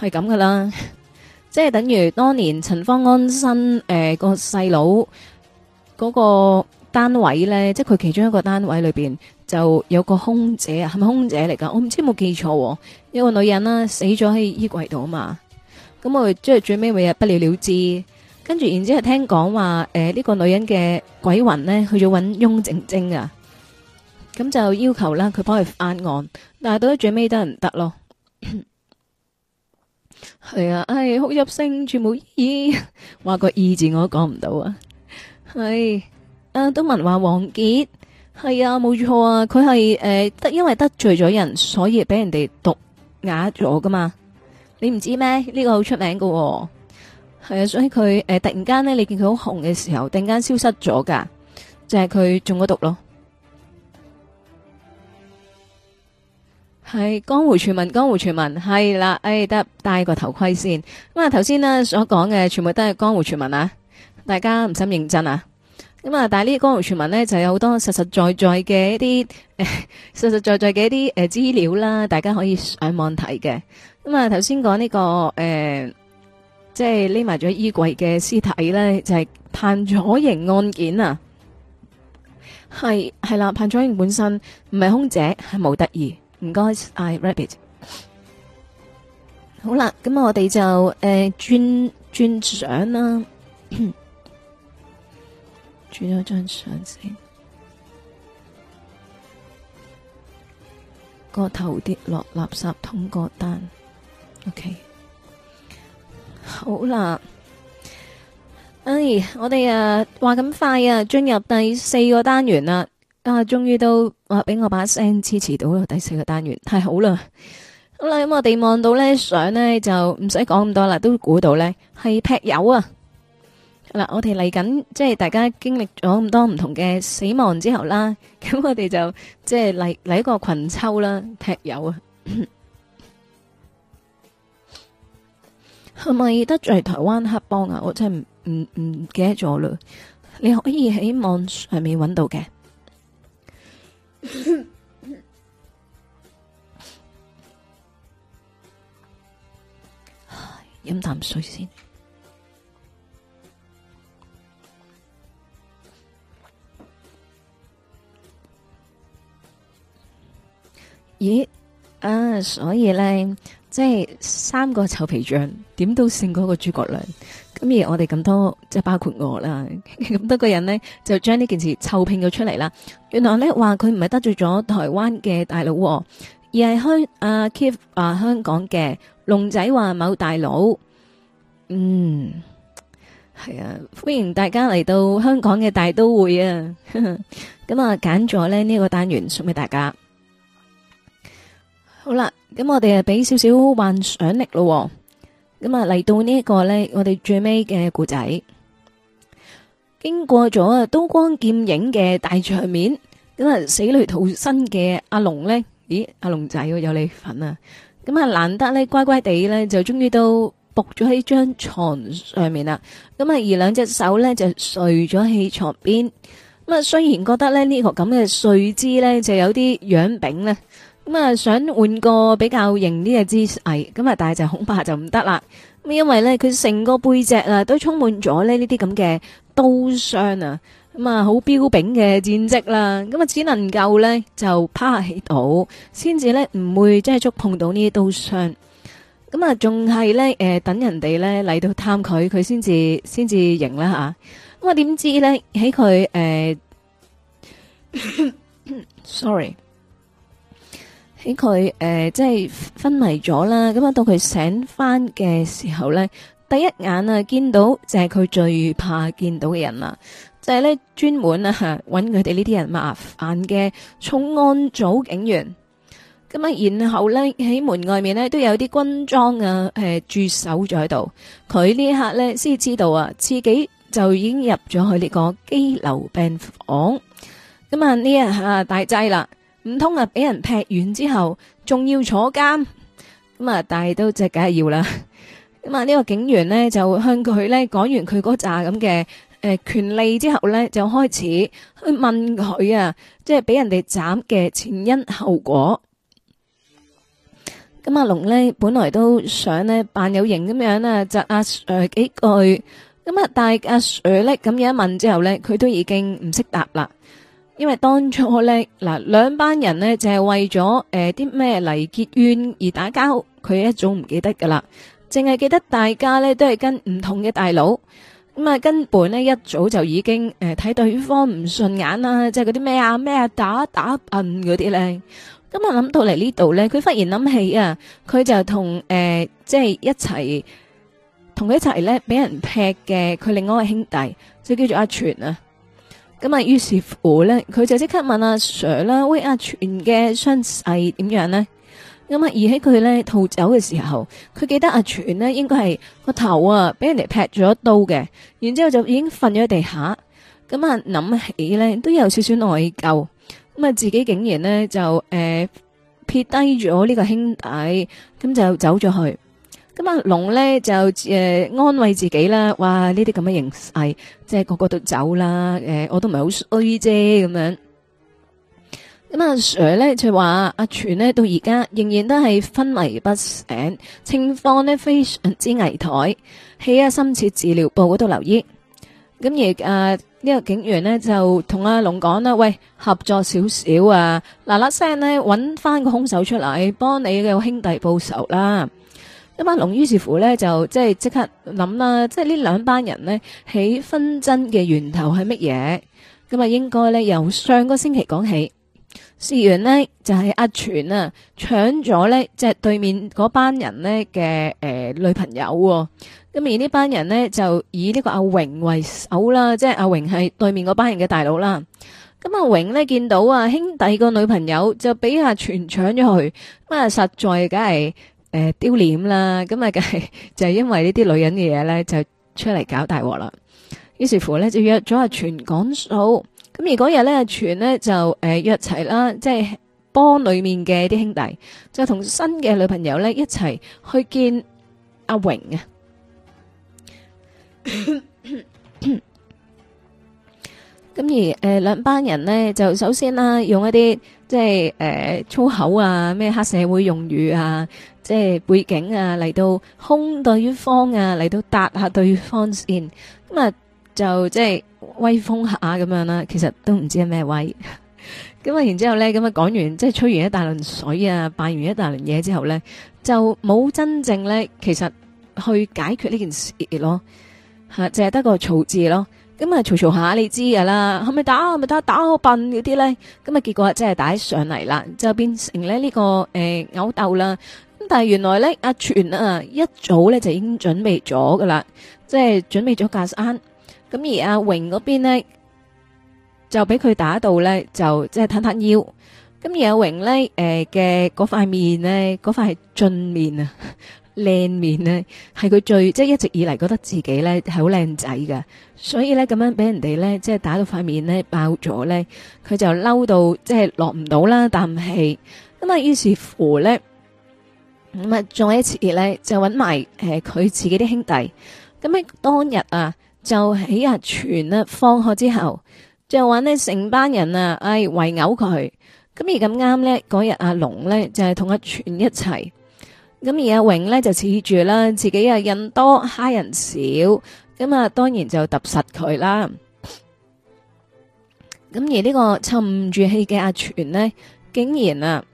係咁噶啦。 即係等於當年陳方安生誒、呃嗰個細佬嗰個。單位咧，即係佢其中一個單位裏邊就有個空姐啊，係咪空姐嚟噶？我唔知有冇記錯、哦，有個女人啦、啊、死咗喺衣櫃度啊嘛。咁我即係最尾咪又不了了之，跟住然之後聽講話誒、呢、呃這個女人嘅鬼魂呢，去咗揾雍正精啊，咁、嗯、就要求啦佢幫佢翻案，但係到咗最尾得人唔得咯。係 啊，唉、哎，哭泣聲全無咦？義，話個義字我都講唔到啊，係、哎。誒、啊，都聞話王傑係啊，冇錯啊，佢係誒得因為得罪咗人，所以俾人哋毒啞咗噶嘛？你唔知咩？呢、這個好出名噶、哦，係啊！所以佢誒、呃、突然間呢，你見佢好紅嘅時候，突然間消失咗噶，就係、是、佢中咗毒咯。係江湖傳聞，江湖傳聞係啦，誒、啊哎、得戴個頭盔先。咁啊，頭先呢所講嘅全部都係江湖傳聞啊！大家唔使認真啊！咁啊！但係呢江湖傳聞咧，就有好多實實在在嘅一啲誒， 實實在在嘅一啲誒資料啦，大家可以上網睇嘅。咁啊，這個，頭先講呢個誒，即係匿埋咗衣櫃嘅屍體咧，就係判阻型案件啊，係係啦，判阻型本身唔係空姐，係冇得意。唔該，I rabbit。好啦，咁我哋就誒專專上啦。 轉咗張相先，個頭跌落垃圾桶個單，OK，好啦，哎，我哋啊話咁快啊，進入第四個單元啦，啊，終於都話俾、啊、我把聲支持到啦，第四個單元太好啦，好啦，咁、嗯、我哋望到呢相呢，就唔使講咁多啦，都估到呢，係劈友啊！嗱，我哋嚟緊，即係大家經歷咗咁多唔同嘅死亡之後啦，咁我哋就即係嚟嚟一個群抽啦，踢友啊，係 咪得罪台灣黑幫啊？我真係唔唔唔記得咗嘞。你可以喺網上面揾到嘅，飲 啖水先。咦啊！所以咧，即係三個臭皮匠，點都勝過個諸葛亮。咁而我哋咁多，即係包括我啦，咁多個人呢，就將呢件事湊拼咗出嚟啦。原來呢，話佢唔係得罪咗台灣嘅大佬，而係香啊 Keep 啊香港嘅龍仔話某大佬。嗯，係啊！歡迎大家嚟到香港嘅大都會啊！咁 啊、嗯，揀咗呢個單元送俾大家。好啦，咁我哋啊俾少少幻想力咯，咁啊嚟到呢一個呢我哋最尾嘅故仔，經過咗刀光劍影嘅大場面，咁啊死裏逃生嘅阿龍呢，咦阿龍仔有你份啊，咁啊難得呢，乖乖地呢，就終於都仆咗喺張床上面啦，咁啊而兩隻手呢，就睡咗喺床邊，咁啊雖然覺得呢呢、這個咁嘅睡姿呢，就有啲樣柄呢。咁啊，想換個比較型啲嘅姿勢，咁啊，但係就恐怕就唔得啦。咁因為咧，佢成個背脊啊，都充滿咗咧呢啲咁嘅刀傷啊。咁啊，好彪炳嘅戰績啦。咁啊，只能夠咧就趴喺度，先至咧唔會即係觸碰到呢啲刀傷。咁啊，仲係咧誒等人哋咧嚟到探佢，佢先至先至型啦吓。咁啊，點知咧喺佢誒，sorry。喺佢誒，即係昏迷咗啦。咁啊，到佢醒翻嘅時候咧，第一眼啊，見到就係佢最怕見到嘅人啦，就係咧專門啊揾佢哋呢啲人麻煩嘅重案組警員。咁啊，然後咧喺門外面呢都有啲軍裝啊，誒駐守咗喺度。佢呢一刻咧先知道啊，自己就已經入咗去呢個羈留病房。咁啊，呢一下大劑啦。唔通啊！俾人劈完之後，仲要坐監咁啊！但係都即係梗係要啦。咁啊，呢個警員呢，就向佢呢講完佢嗰拃咁嘅誒權利之後呢，就開始去問佢啊，即係俾人哋斬嘅前因後果。 咁啊，龍呢，本來都想呢扮有型咁樣啊，窒阿 Sir 幾句。咁啊，但係阿 Sir 呢，咁樣一問之後呢，佢都已經唔識答啦。因為當初咧，嗱兩班人呢，就係、是、為咗誒啲咩嚟結怨而打交，佢一早唔記得噶啦，淨係記得大家呢都係跟唔同嘅大佬，咁啊根本呢，一早就已經誒睇、呃、對方唔順眼啦，即係嗰啲咩啊咩啊打打噴嗰啲咧，咁啊諗到嚟呢度咧，佢忽然諗起啊，佢就同誒、呃、即係一齊同佢一齊咧俾人劈嘅，佢另外一個兄弟就叫做阿全啊。咁啊，於是乎咧，佢就即刻問阿 Sir 啦，喂，阿全嘅傷勢點樣呢？咁啊，而喺佢咧逃走嘅時候，佢記得阿全咧應該係個頭啊，俾人哋劈咗一刀嘅，然之後就已經瞓咗喺地下。咁啊，諗起咧都有少少內疚，咁啊自己竟然咧就誒、呃、撇低咗呢個兄弟，咁就走咗去。咁阿龍咧就誒、呃、安慰自己啦。哇，呢啲咁嘅形勢，即係個個都走啦。誒、呃，我都唔係好衰啫，咁樣。咁阿 Sir 咧就話阿全呢到而家仍然都係昏迷不醒，情況呢非常之危殆，喺啊深切治療部嗰度留醫。咁而誒呢、啊這個警員呢就同阿龍講啦：，喂，合作少少啊，嗱嗱聲呢，搵翻個凶手出嚟，幫你嘅兄弟報仇啦。咁阿龍於是乎咧就即係即刻諗啦，即係呢兩班人呢，起紛爭嘅源頭係乜嘢？咁啊應該咧由上個星期講起。事緣呢，就係、是、阿全啊搶咗咧即係對面嗰班人呢嘅誒、呃、女朋友喎、哦。咁而呢班人呢，就以呢個阿榮為首啦，即係阿榮係對面嗰班人嘅大佬啦。咁阿榮呢，見到啊兄弟個女朋友就俾阿全搶咗去，咁啊實在梗係。誒、呃，丟臉啦！咁咪就係、是、就係、是、因為呢啲女人嘅嘢咧，就出嚟搞大鑊啦。於是乎咧，就約咗阿全講數。咁而嗰日咧，阿全呢，就誒約齊啦，即係幫裏面嘅啲兄弟，就同新嘅女朋友咧一齊去見阿榮啊。咁 而誒兩、呃、班人呢，就首先啦，用一啲即係誒、呃、粗口啊，咩黑社會用語啊。即係背景啊，嚟到空對方啊，嚟到搭下對方先咁啊，就即係威風下咁樣啦。其實都唔知係咩威。咁 啊，然之後咧，咁啊講完，即係吹完一大輪水啊，扮完一大輪嘢之後咧，就冇真正咧，其實去解決呢件事咯。吓、啊，淨係得個嘈字咯。咁啊嘈嘈下你知噶啦，係咪打咪打，打，打我笨嗰啲咧。咁啊結果即係打上嚟啦，就變成咧呢、這個誒毆鬥啦。呃咁但係原來咧，阿全啊一早咧就已經準備咗噶啦，即係準備咗架生。咁而阿榮嗰邊咧就俾佢打到咧，就即係褪褪腰。咁而阿榮咧，誒嘅嗰塊面咧，嗰塊係俊面啊，靚面咧，係佢最即係一直以嚟覺得自己咧係好靚仔嘅。所以咧咁樣俾人哋咧，即係打到塊面咧爆咗咧，佢就嬲到即係落唔到啦啖氣。咁啊，於是乎咧。咁啊，再一次咧就搵埋誒佢自己啲兄弟。咁喺當日啊，就喺阿全啊放學之後，就搵呢成班人啊，哎圍毆佢。咁而咁啱呢，嗰日阿龍呢，就係同阿全一齊。咁而阿榮呢，就恃住啦，自己啊人多蝦人少，咁啊當然就揼實佢啦。咁而呢個沉住氣嘅阿全呢，竟然啊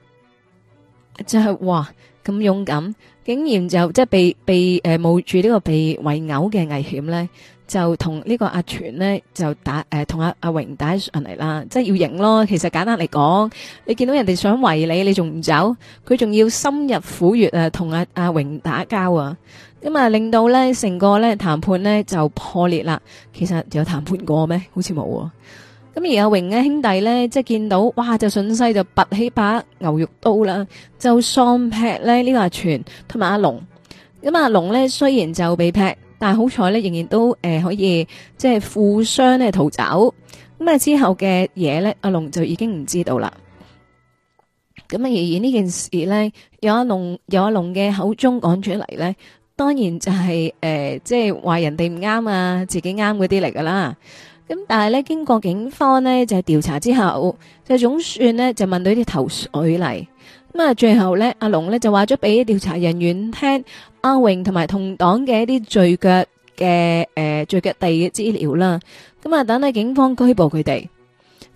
就係哇！咁勇敢，竟然就即係被被誒、呃、冒住呢個被圍毆嘅危險咧，就同呢個阿全咧就打誒同、呃、阿阿榮打上嚟啦，即係要贏咯。其實簡單嚟講，你見到人哋想圍你，你仲唔走？佢仲要深入虎穴啊，同阿阿榮打交啊，咁啊令到咧成個咧談判咧就破裂啦。其實有談判過咩？好似冇、啊。咁而阿榮嘅兄弟咧，即係見到，哇！就瞬息就拔起把牛肉刀啦，就喪劈咧呢、這個阿全同埋阿龍。咁阿龍咧雖然就被劈，但係好彩咧仍然都誒、呃、可以即係負傷咧逃走。咁啊之後嘅嘢咧，阿龍就已經唔知道啦。咁而呢件事咧，有阿龍由阿龍嘅口中講出嚟咧，當然就係、是、誒、呃、即係話人哋唔啱啊，自己啱嗰啲嚟噶啦。咁但係咧，經過警方呢就係調查之後，就總算呢就問到啲頭緒嚟咁啊。最後呢阿龍呢就話咗俾調查人員聽阿榮同埋同黨嘅一啲聚腳嘅誒聚腳地嘅資料啦。咁啊，等啲警方拘捕佢哋。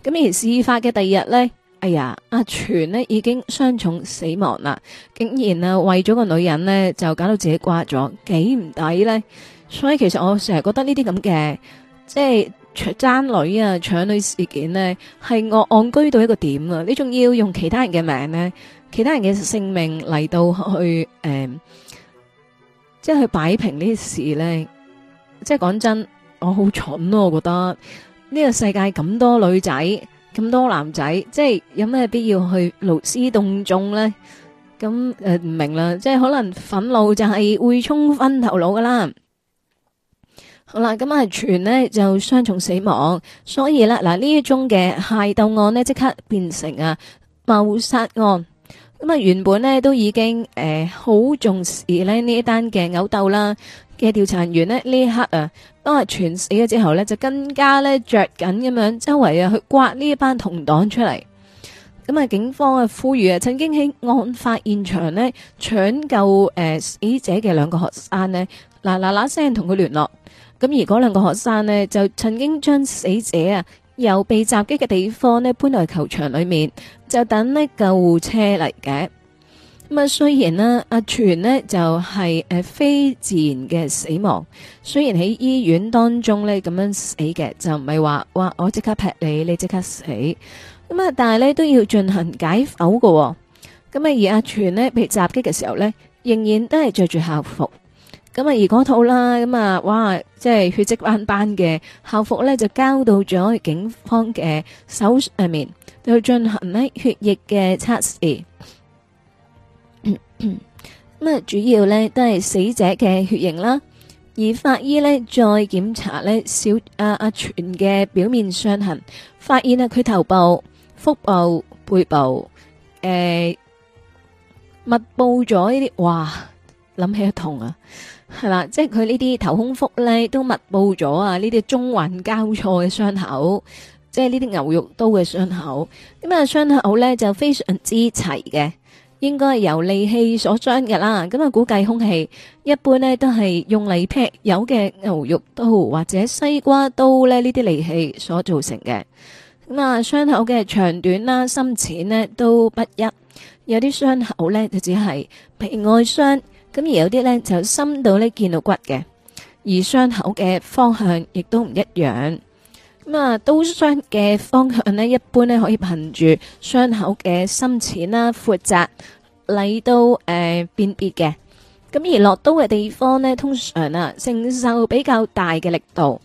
咁而事發嘅第二日呢，哎呀，阿全呢已經傷重死亡啦，竟然啊為咗個女人呢就搞到自己掛咗幾唔抵呢。所以其實我成日覺得呢啲咁嘅即係。爭女啊！搶女事件呢，係我安居到一個點啊！你仲要用其他人嘅名呢，其他人嘅性命嚟到去誒、呃，即係去擺平呢啲事呢。即係講真，我好蠢咯！我覺得呢、啊，這個世界咁多女仔，咁多男仔，即係有咩必要去勞師動眾呢？咁誒，唔明啦。即係可能憤怒就係會衝昏頭腦噶啦。好啦，咁啊，全呢就雙重死亡，所以啦嗱呢一宗嘅械鬥案呢，即刻變成啊謀殺案。咁、嗯、啊，原本呢，都已經誒好、呃、重視呢呢一單嘅毆鬥啦嘅調查員呢呢一刻啊，當係全死咗之後呢，就更加呢着緊咁樣周圍啊去刮呢一班同黨出嚟。咁、嗯、啊，警方啊呼籲啊，曾經喺案發現場呢搶救誒、呃、死者嘅兩個學生呢，嗱嗱嗱聲同佢聯絡。咁而嗰兩個學生呢，就曾經將死者啊由被襲擊嘅地方呢搬到球場裏面，就等呢救護車嚟嘅。咁啊，雖然呢，阿全呢就係、是、誒非自然嘅死亡，雖然喺醫院當中呢咁樣死嘅，就唔係話哇我即刻劈你，你即刻死。咁啊，但係呢，都要進行解剖喎、哦。咁啊，而阿全呢，被襲擊嘅時候呢，仍然都係着住校服。咁啊，而嗰套啦，咁啊，哇，即係血迹斑斑嘅校服咧，就交到咗警方嘅手上面，去進行咧血液嘅測試。咁啊，主要咧都係死者嘅血型啦。而法醫咧再檢查咧小阿阿全嘅表面傷痕，發現啊佢頭部、腹部、背部，誒，密布咗呢啲，哇，諗起都痛啊！係啦，即係佢呢啲頭胸腹呢都密佈咗啊！呢啲縱橫交錯嘅傷口，即係呢啲牛肉刀嘅傷口。咁啊，傷口呢就非常之齊嘅，應該係由利器所傷嘅啦。咁啊，估計兇器一般呢都係用嚟劈友嘅牛肉刀或者西瓜刀呢呢啲利器所造成嘅。咁啊，傷口嘅長短啦、深淺呢都不一，有啲傷口呢，就只係皮外傷。咁而有啲呢，就深到呢見到骨嘅，而傷口嘅方向亦都唔一樣。咁啊，刀傷嘅方向呢，一般呢可以憑住傷口嘅深淺啦、啊、闊窄嚟到誒、呃、辨別嘅。咁而落刀嘅地方呢，通常啊承受比較大嘅力度，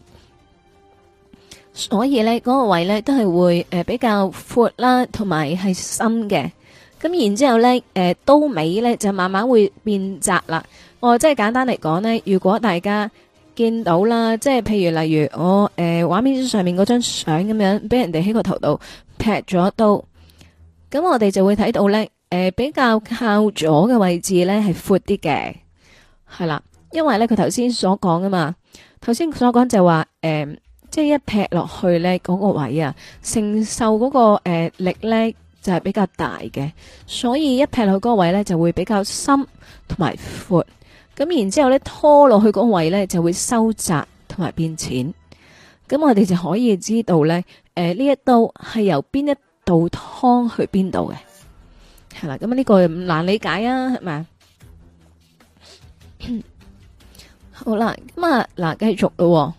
所以呢嗰、嗰個位呢都係會誒、呃、比較闊啦、啊，同埋係深嘅。咁然之後咧，誒、呃、刀尾咧就慢慢會變窄啦。我、哦、即係簡單嚟講咧，如果大家見到啦，即係譬如例如我誒、呃、畫面上面嗰張相咁樣，俾人哋喺個頭度劈咗一刀，咁我哋就會睇到咧，誒、呃、比較靠左嘅位置咧係闊啲嘅，係啦，因為咧佢頭先所講啊嘛，頭先所講就話，誒、呃、即係一劈落去咧嗰、那個位啊，承受嗰、那個誒、呃、力咧。就係、是、比較大嘅，所以一劈落去嗰位呢，就會比較深同埋闊，咁然之後呢，拖落去嗰位呢就會收窄同埋變淺，咁我哋就可以知道呢，誒呢一刀係由邊一道湯去邊度嘅，係啦，咁呢個唔難理解啊，係咪？ 好啦，咁啊嗱，繼續咯。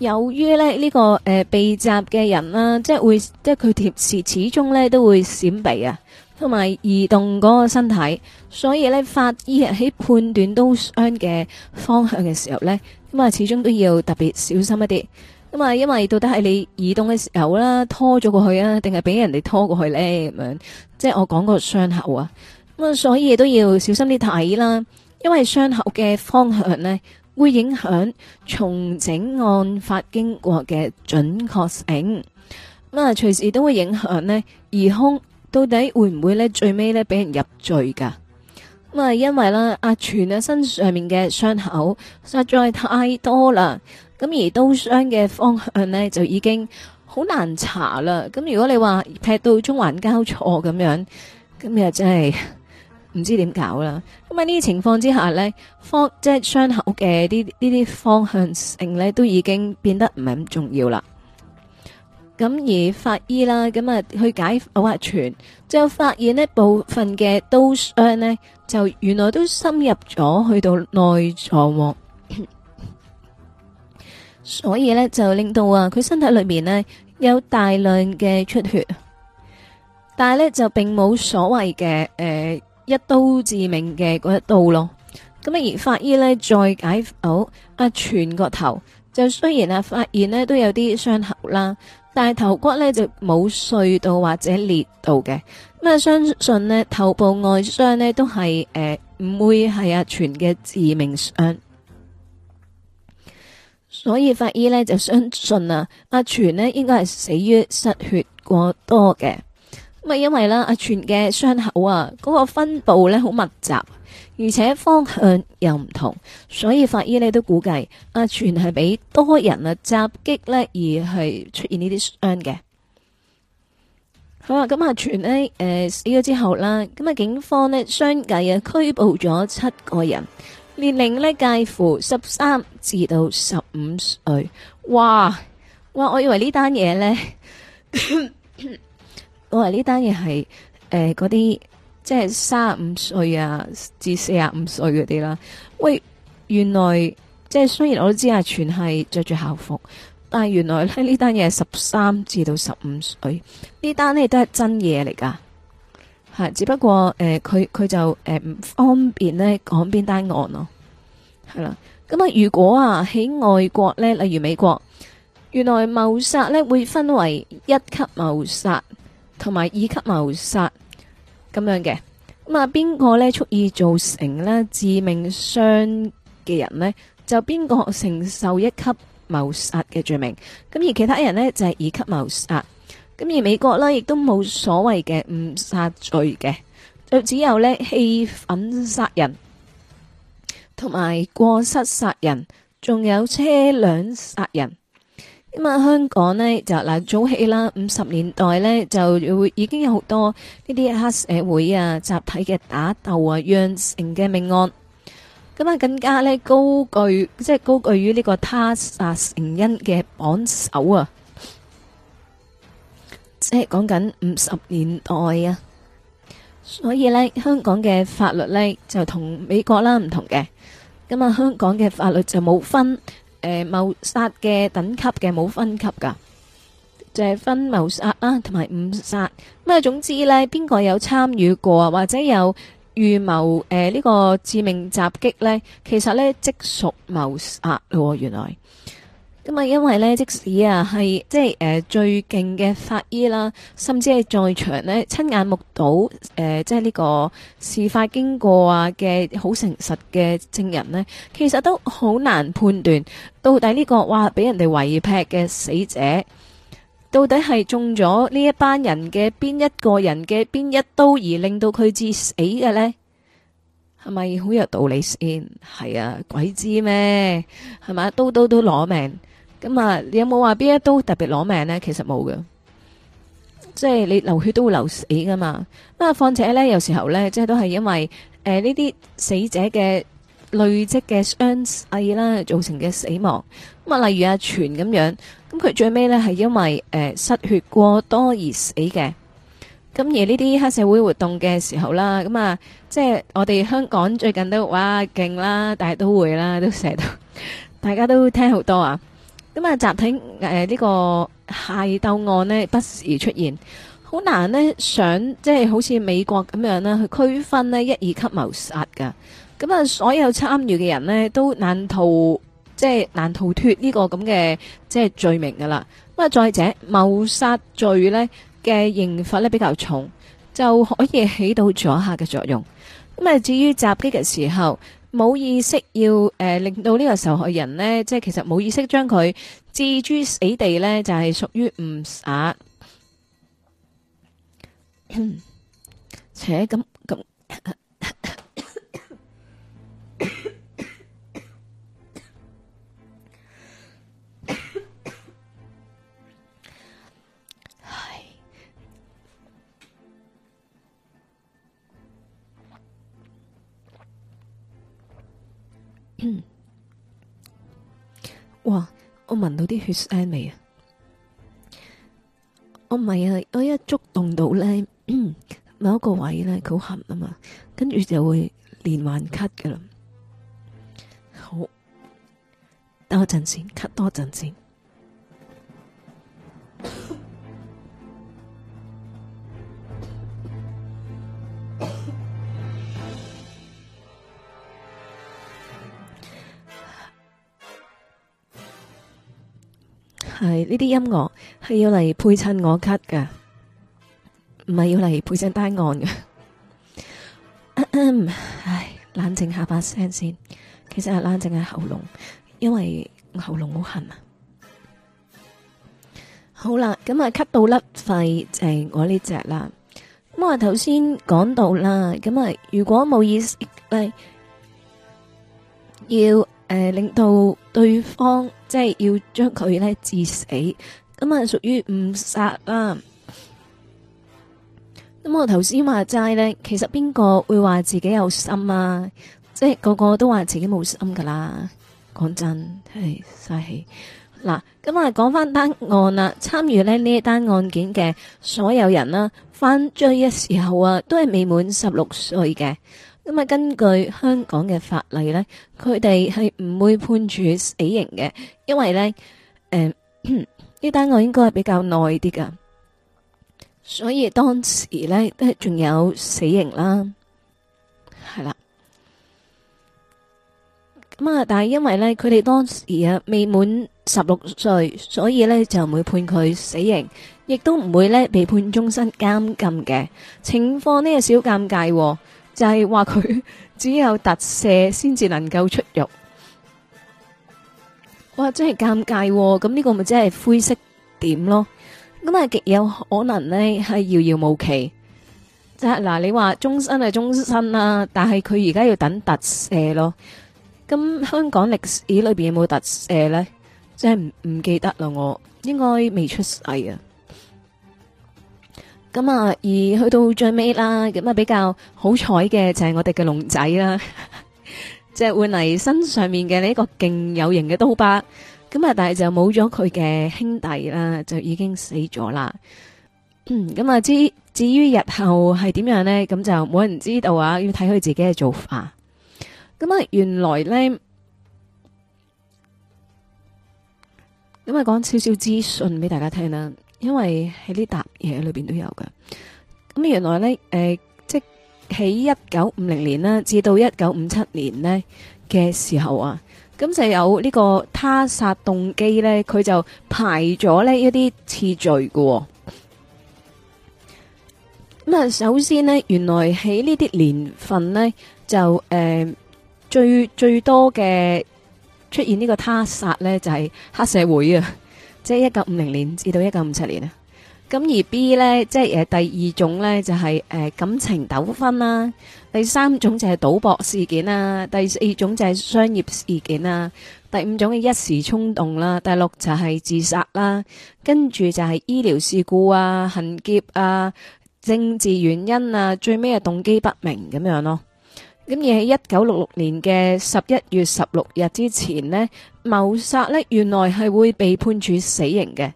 由於咧呢、這個誒、呃、被襲嘅人啦、啊，即係會即係佢貼時始終咧都會閃避啊，同埋移動嗰個身體，所以咧法醫喺判斷刀傷嘅方向嘅時候咧，咁啊始終都要特別小心一啲。咁啊，因為到底係你移動嘅時候啦，拖咗過去啊，定係俾人哋拖過去咧咁樣？即係我講個傷口啊，咁啊，所以都要小心啲睇啦，因為傷口嘅方向咧。會影響重整案發經過嘅準確性，咁啊，隨時都會影響呢疑兇到底會唔會呢？最尾呢俾人入罪噶？咁啊，因為啦，阿、啊、全啊身上面嘅傷口實在太多啦，咁而刀傷嘅方向呢就已經好難查啦。咁如果你話劈到縱橫交錯咁樣，今日真係。唔知點搞啦，咁啊呢啲情況之下呢，方即係傷口嘅呢呢啲方向性呢，都已經變得唔係咁重要啦。咁而法醫啦，咁啊去解剖完就發現呢部分，嘅刀傷呢，就原來都深入咗去到內臟， 所以呢，就令到啊佢身體裏面呢，有大量嘅出血，但係呢，就並冇所謂嘅誒。呃一刀致命嘅嗰一刀咯，咁而法醫呢，再解剖阿、哦啊、全個頭，就雖然啊發現呢都有啲傷口啦，但係頭骨呢就冇碎到或者裂到嘅，咁啊相信呢頭部外傷呢都係誒唔會係阿、啊、全嘅致命傷，所以法醫呢就相信啊阿、啊、全呢應該係死於失血過多嘅。咪因為啦阿全嘅傷口啊，嗰、那個分布呢好密集，而且方向又唔同，所以法醫呢都估計阿全係俾多人啊襲擊呢而係出現呢啲傷嘅。好啦，咁、嗯、阿全呢，誒、呃、死咗之後啦，咁、嗯、啊警方呢相繼啊拘捕咗七個人，年齡呢介乎十三至到十五歲。哇哇，我以為呢單嘢呢。我話呢單嘢，係誒，嗰啲，呃、即係三十五歲啊，至四十五歲嗰啲啦。喂，原來即係雖然我都知係全係着住校服，但係原來咧呢單嘢係十三至到十五歲呢單咧都係真嘢嚟噶，係只不過誒，佢，呃、佢就誒唔，呃、方便咧講邊單案咯，係啦。咁啊，如果啊喺外國咧，例如美國，原來謀殺咧會分為一級謀殺。同埋二級謀殺咁樣嘅，咁啊邊個呢？蓄意造成呢致命傷嘅人呢，就邊個承受一級謀殺嘅罪名？咁而其他人呢，就係、是、二級謀殺。咁而美國呢，亦都冇所謂嘅誤殺罪嘅，就只有呢氣憤殺人、同埋過失殺人，仲有車輛殺人。咁啊，香港呢就嗱，早期啦，五十年代呢就會已經有好多呢啲黑社會啊、集體嘅打鬥啊、釀成嘅命案，咁啊更加呢高居，即係高居於呢個他殺成因嘅榜首啊！即係講緊五十年代啊，所以呢香港嘅法律呢就同美國啦唔同嘅，咁啊香港嘅法律就冇分。誒、呃，謀殺嘅等級嘅冇分級㗎，就係、是、分謀殺啊，同埋誤殺。咁啊，總之呢，邊個有參與過或者有預謀誒，呢、呃這個致命襲擊呢，其實呢，即屬謀殺咯，原來。咁啊，因為咧，即使啊，係即係、呃、最勁嘅法醫啦，甚至係在場呢親眼目睹誒、呃，即係呢個事發經過啊嘅好誠實嘅證人呢，其實都好難判斷到底呢、這個哇俾人哋圍劈嘅死者，到底係中咗呢一班人嘅邊一個人嘅邊一刀而令到佢致死嘅呢？係咪好有道理先？係啊，鬼知咩？係咪啊，刀刀都攞命。咁啊，你有冇話邊一刀特別攞命呢？其實冇㗎，即係你流血都會流死噶嘛。啊，況且呢，有時候呢，即係都係因為誒呢啲死者嘅累積嘅傷勢啦，造成嘅死亡。咁啊，例如阿全咁樣，咁佢最尾呢，係因為誒、呃、失血過多而死嘅。咁而呢啲黑社會活動嘅時候啦，咁啊，即係我哋香港最近都哇勁啦，但係都會啦，都成日都大家都聽好多啊。咁啊，集體誒呢、呃呢個械鬥案呢，不時出現，好難呢想即係好似美國咁樣呢去區分呢一、二級謀殺噶。咁啊，所有參與嘅人呢，都難逃即係難逃脫呢個咁嘅即係罪名噶啦。咁啊，再者謀殺罪呢嘅刑罰呢，比較重，就可以起到阻嚇嘅作用。咁啊，至於襲擊嘅時候，冇意識要誒令到呢個受害人呢，即係其實冇意識將佢置諸死地呢，就係屬於誤殺。且咁咁。哇！我聞到啲血腥味啊！我唔係啊，我一觸動到呢，某一個位呢，佢好痕啊嘛，跟住就會連環咳噶啦。好，等我陣先，咳多陣先。 係呢啲音樂係要嚟配襯我咳嘅，唔係要嚟配襯單案嘅。嗯，唉，冷靜下把聲先，其實係冷靜下喉嚨，因為喉嚨好痕啊。好啦，咁啊，咳到甩肺就係我呢隻啦。咁啊，我頭先講到啦，咁啊，如果冇意思嚟要。誒，令到對方即係要將佢自致死，咁啊屬於誤殺啦。咁我頭先話齋呢，其實邊個會話自己有心啊？即係個個都話自己冇心噶啦。講真係嘥氣。嗱，咁啊講翻單案啦，參與呢呢一單案件嘅所有人啦，犯罪嘅時候啊，都係未滿十六歲嘅。咁啊，根據香港嘅法例呢，佢哋係唔會判處死刑嘅，因為咧，呃，呢單案應該係比較耐啲噶，所以當時呢都係仲有死刑啦，係啦。咁啊，但係因為呢，佢哋當時啊未滿十六歲，所以呢就唔會判佢死刑，亦都唔會咧被判終身監禁嘅情況呢，係小尷尬啊。就係話佢只有特赦先至能夠出獄，哇！真係尷尬，哦，咁呢個咪真係灰色點咯？咁係極有可能呢係遙遙無期。就係嗱，你話終身係終身啦，啊，但係佢而家要等特赦咯。咁，嗯、香港歷史裏邊有冇特赦呢？真係唔唔記得啦，我應該未出世啊。咁啊，而去到最尾啦，咁啊比較好彩嘅就係我哋嘅龍仔啦，即係換嚟，身上面嘅呢個勁有型嘅刀疤，咁啊但係就冇咗佢嘅兄弟啦，就已經死咗啦。咁啊， 至於日後係點樣呢？咁就冇人知道啊，要睇佢自己嘅做法。咁啊，原來呢，咁啊講少少資訊俾大家聽啦。因為喺呢沓嘢裏邊都有嘅。咁原來呢，誒、呃，即喺一九五零年啦，至到一九五七年呢嘅時候啊，咁就有呢個他殺動機呢，佢就排咗呢一啲次序㗎喎。咁啊，首先呢，原來喺呢啲年份呢，就誒、呃、最最多嘅出現呢個他殺呢，就係、是、黑社會啊。即係一九五零年至到一九五七年啊，咁而 B 呢，即係誒第二種呢，就係誒感情糾紛啦，第三種就係賭博事件啦，第四種就係商業事件啦，第五種嘅一時衝動啦，第六就係自殺啦，跟住就係醫療事故啊、行劫啊、政治原因啊，最尾係動機不明咁樣咯。咁而喺一九六六年嘅十一月十六日之前呢，謀殺呢，原來係會被判處死刑嘅。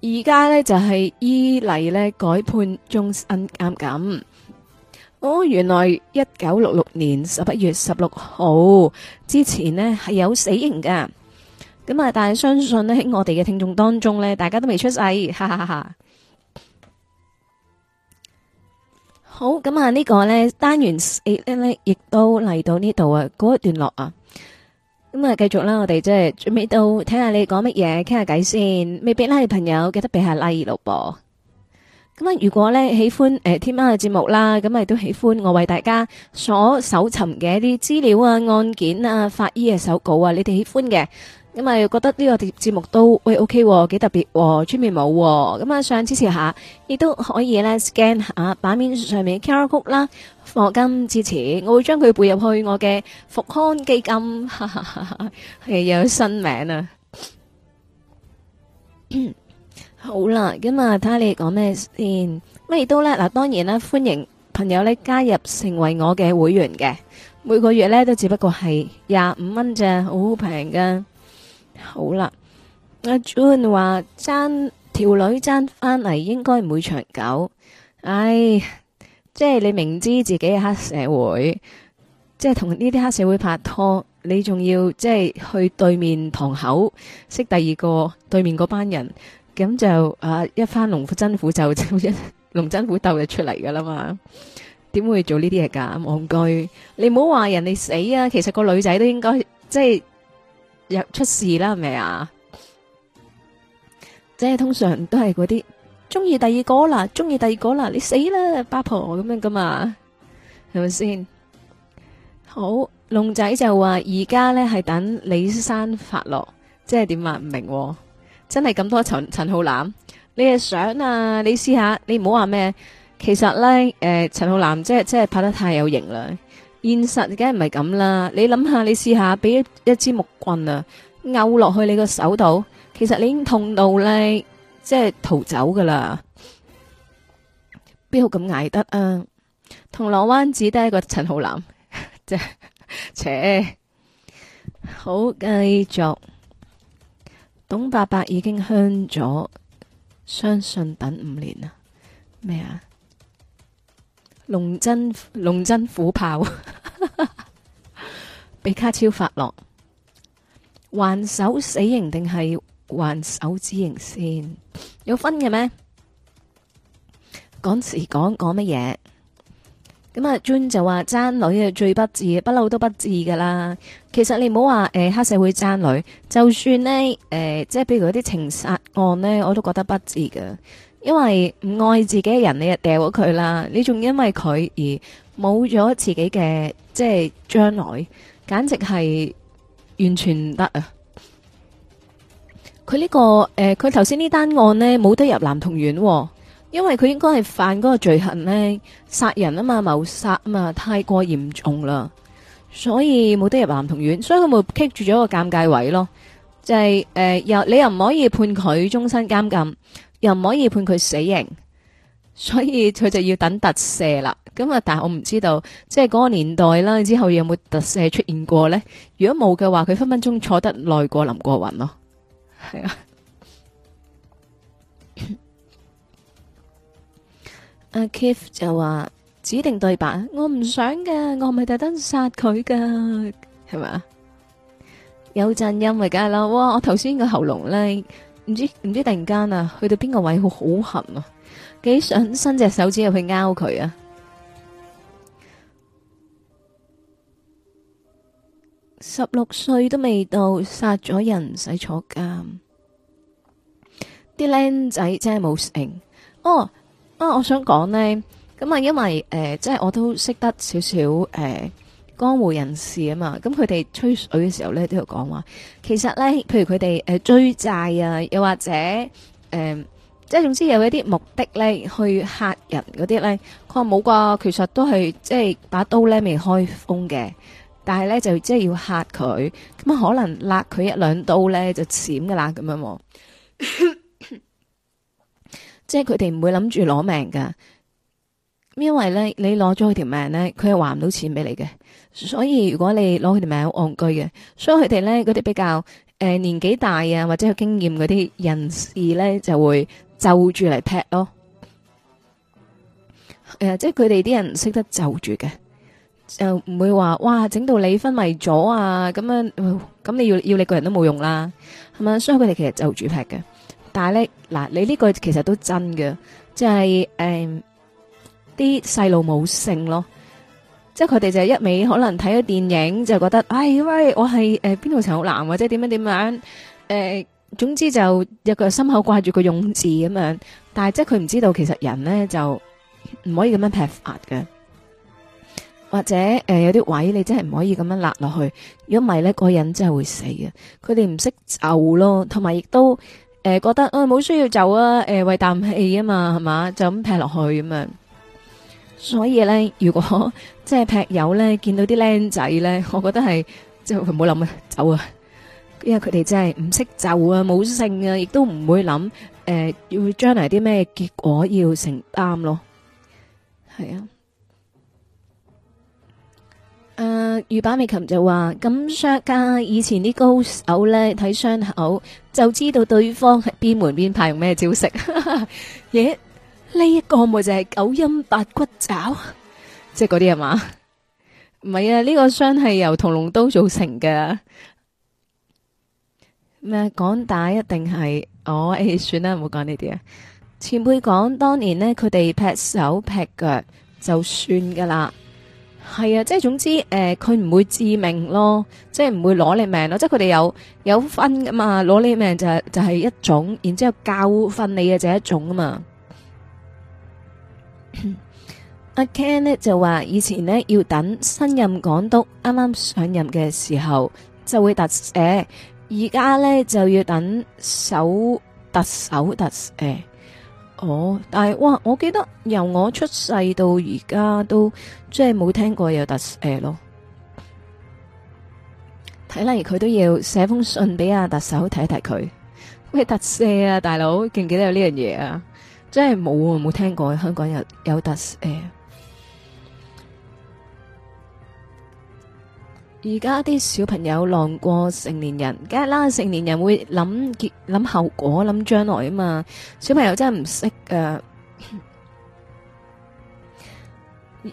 而家呢，就係依例呢，改判終身監禁。哦，原來一九六六年十一月十六號之前呢，係有死刑噶。咁啊，但係相信呢，喺我哋嘅聽眾當中呢，大家都未出世，哈哈哈哈。好，咁啊呢個呢單元咧亦都嚟到呢度啊，嗰、那、一、個、段落啊，咁啊繼續啦，我哋即係準備到聽下你講乜嘢，傾下偈先，未必、like like、啦，朋友記得俾下拉二六噃。咁啊，如果呢，喜歡誒天喵嘅節目啦，咁啊都喜歡我為大家所搜尋嘅一啲資料啊、案件啊、法醫嘅手稿啊，你哋喜歡嘅。因為，覺得呢個節目都喂 OK，幾、哦、特別、喎，出面冇咁啊，想支持下，亦都可以咧 scan 下版面上面嘅 QR code 啦，課金支持，我會將佢背入去我嘅復康基金，係哈哈哈哈有新名啊。 好啦，咁啊，睇下你講咩先，乜都咧嗱，當然啦，歡迎朋友咧加入成為我嘅會員嘅，每個月咧都只不過係廿五蚊啫，好平噶。好啦，阿 John 話爭條女爭翻嚟應該唔會長久。唉，即係你明知自己係黑社會，即係同呢啲黑社會拍拖，你仲要即係去對面堂口識第二個對面嗰班人，咁就啊一翻龍爭虎就一龍爭虎鬥就出嚟噶啦嘛，點會做呢啲嘢噶？戇居，你唔好話人哋死啊，其實個女仔都應該即係。出事啦，係咪啊？即係通常都係嗰啲中意第二個啦，中意第二個啦，你死啦，八婆咁樣噶嘛？係咪先？好，龍仔就話而家咧係等李珊發落，即係點啊？唔明白，哦，真係咁多陳陳浩南，你係想啊？你試下，你唔好話咩？其實咧，誒、呃，陳浩南即係即係拍得太有型啦。現實梗係唔係咁啦，你諗下，你試下俾一支木棍啊，拗落去你個手度，其實你已經痛到嚟，即係逃走噶啦，邊度咁挨得啊？銅鑼灣只得一個陳浩南，即係，切，好繼續，董伯伯已經香咗，相信等五年啊，咩啊？龍真龍針虎炮， 俾卡超發落，還手死刑定係還是手指刑先？有分嘅咩？講時講，講乜嘢？咁啊，專就話爭女啊，最不智，不嬲都不智噶啦。其實你唔好話誒黑社會爭女，就算呢，誒、呃，即係譬如啲情殺案呢，我都覺得不智噶。因為唔愛自己嘅人，你就掉咗佢啦，你仲因為佢而冇咗自己嘅即係將來，簡直係完全唔得啊！佢呢個誒，佢頭先呢單案呢，冇得入男同院喎，因為佢應該係犯嗰個罪行呢，殺人啊嘛，謀殺啊嘛，太過嚴重啦，所以冇得入男童院。所以佢咪棘住咗個尷尬位咯，就係誒又你又唔可以判佢終身監禁。又唔可以判佢死刑，所以佢就要等特赦啦。咁啊，但係我唔知道，即係嗰個年代啦，之後有冇特赦出現過呢？如果冇嘅話，佢分分鐘坐得耐過林過雲咯。係 啊。阿 Kif 就話指定對白，我唔想㗎，我唔係特登殺佢噶，係咪？有震音咪梗係啦。哇！我頭先個喉嚨咧～唔知唔知，突然間啊，去到邊個位好好痕啊！幾想伸隻手指入去咬佢啊！十六歲都未到，殺咗人唔使坐監，啲僆仔真係冇情哦。啊，我想講呢，咁啊，因為誒、呃，即係我都識得少少誒。呃江湖人士啊嘛，咁佢哋吹水嘅時候咧，都有講話。其實咧，譬如佢哋誒追債啊，又或者誒、嗯，即係總之有一啲目的咧，去嚇人嗰啲咧。佢話冇啩，其實都係即係把刀咧未開封嘅，但係咧就即係要嚇佢，咁啊可能勒佢一兩刀咧就閃噶啦咁樣、啊。 即係佢哋唔會諗住攞命噶，因為咧你攞咗佢條命咧，佢係還唔到錢俾你嘅。所以如果你攞佢哋名好戇居嘅，所以佢哋咧嗰啲比較誒、呃、年紀大啊或者有經驗嗰啲人士咧就會就住嚟劈咯，誒、呃、即係佢哋啲人識得就住嘅，就唔會話哇整到你昏迷咗啊咁樣，咁、呃、你要要你個人都冇用啦，係嘛？所以佢哋其實就住劈嘅，但係咧嗱你呢個其實都真嘅，即係誒啲細路冇性咯。即係佢哋就一味可能睇咗電影就覺得，哎喂，我係誒邊度陳浩南或者點樣點樣，誒、呃，總之就一個心口掛住個勇字咁樣，但係即係佢唔知道其實人咧就唔可以咁樣劈發嘅，或者誒、呃、有啲位你真係唔可以咁樣落落去，如果唔係咧個人真係會死嘅，佢哋唔識就咯，同埋亦都誒、呃、覺得啊冇、呃、需要就啊，誒、呃，喂啖氣啊嘛係嘛，就咁劈落去咁樣。所以咧，如果即係劈友咧，見到啲靚仔咧，我覺得係即係唔好諗啊，走啊，因為佢哋真係唔識就啊，冇性啊，亦都唔會諗誒，要將來啲咩結果要承擔咯。係啊，誒，御板美琴就話，咁削噶，以前啲高手咧，睇傷口就知道對方係邊門邊派用咩招式。耶！呢、這、一個咪就係九陰八骨爪， 即係嗰啲係嘛？唔 係啊，呢、這個傷係由屠龍刀造成嘅咩？講 打一定係哦。誒、哎，算啦，唔好講呢啲啊。前輩講當年呢，佢哋劈手劈腳就算噶啦。係啊，即係總之誒，佢、呃、唔會致命咯，即係唔會攞你命咯。即係佢哋有有分噶嘛，攞你命就係、是、就係、是、一種，然之後教訓你嘅就係一種啊嘛。阿 Ken 呢就話以前呢要等新任港督啱啱上任嘅時候就會特赦，而家呢就要等首特首特赦。哦，但係哇，我記得由我出世到而家都即係冇聽過有特赦咯，睇嚟佢都要寫封信俾阿特首睇睇佢。喂，特赦啊大佬，記唔記得有呢樣嘢啊？真係冇冇聽過香港人有特色，而家啲小朋友浪過成年人梗係啦，成年人會諗結諗後果諗將來啊嘛，小朋友真係唔識誒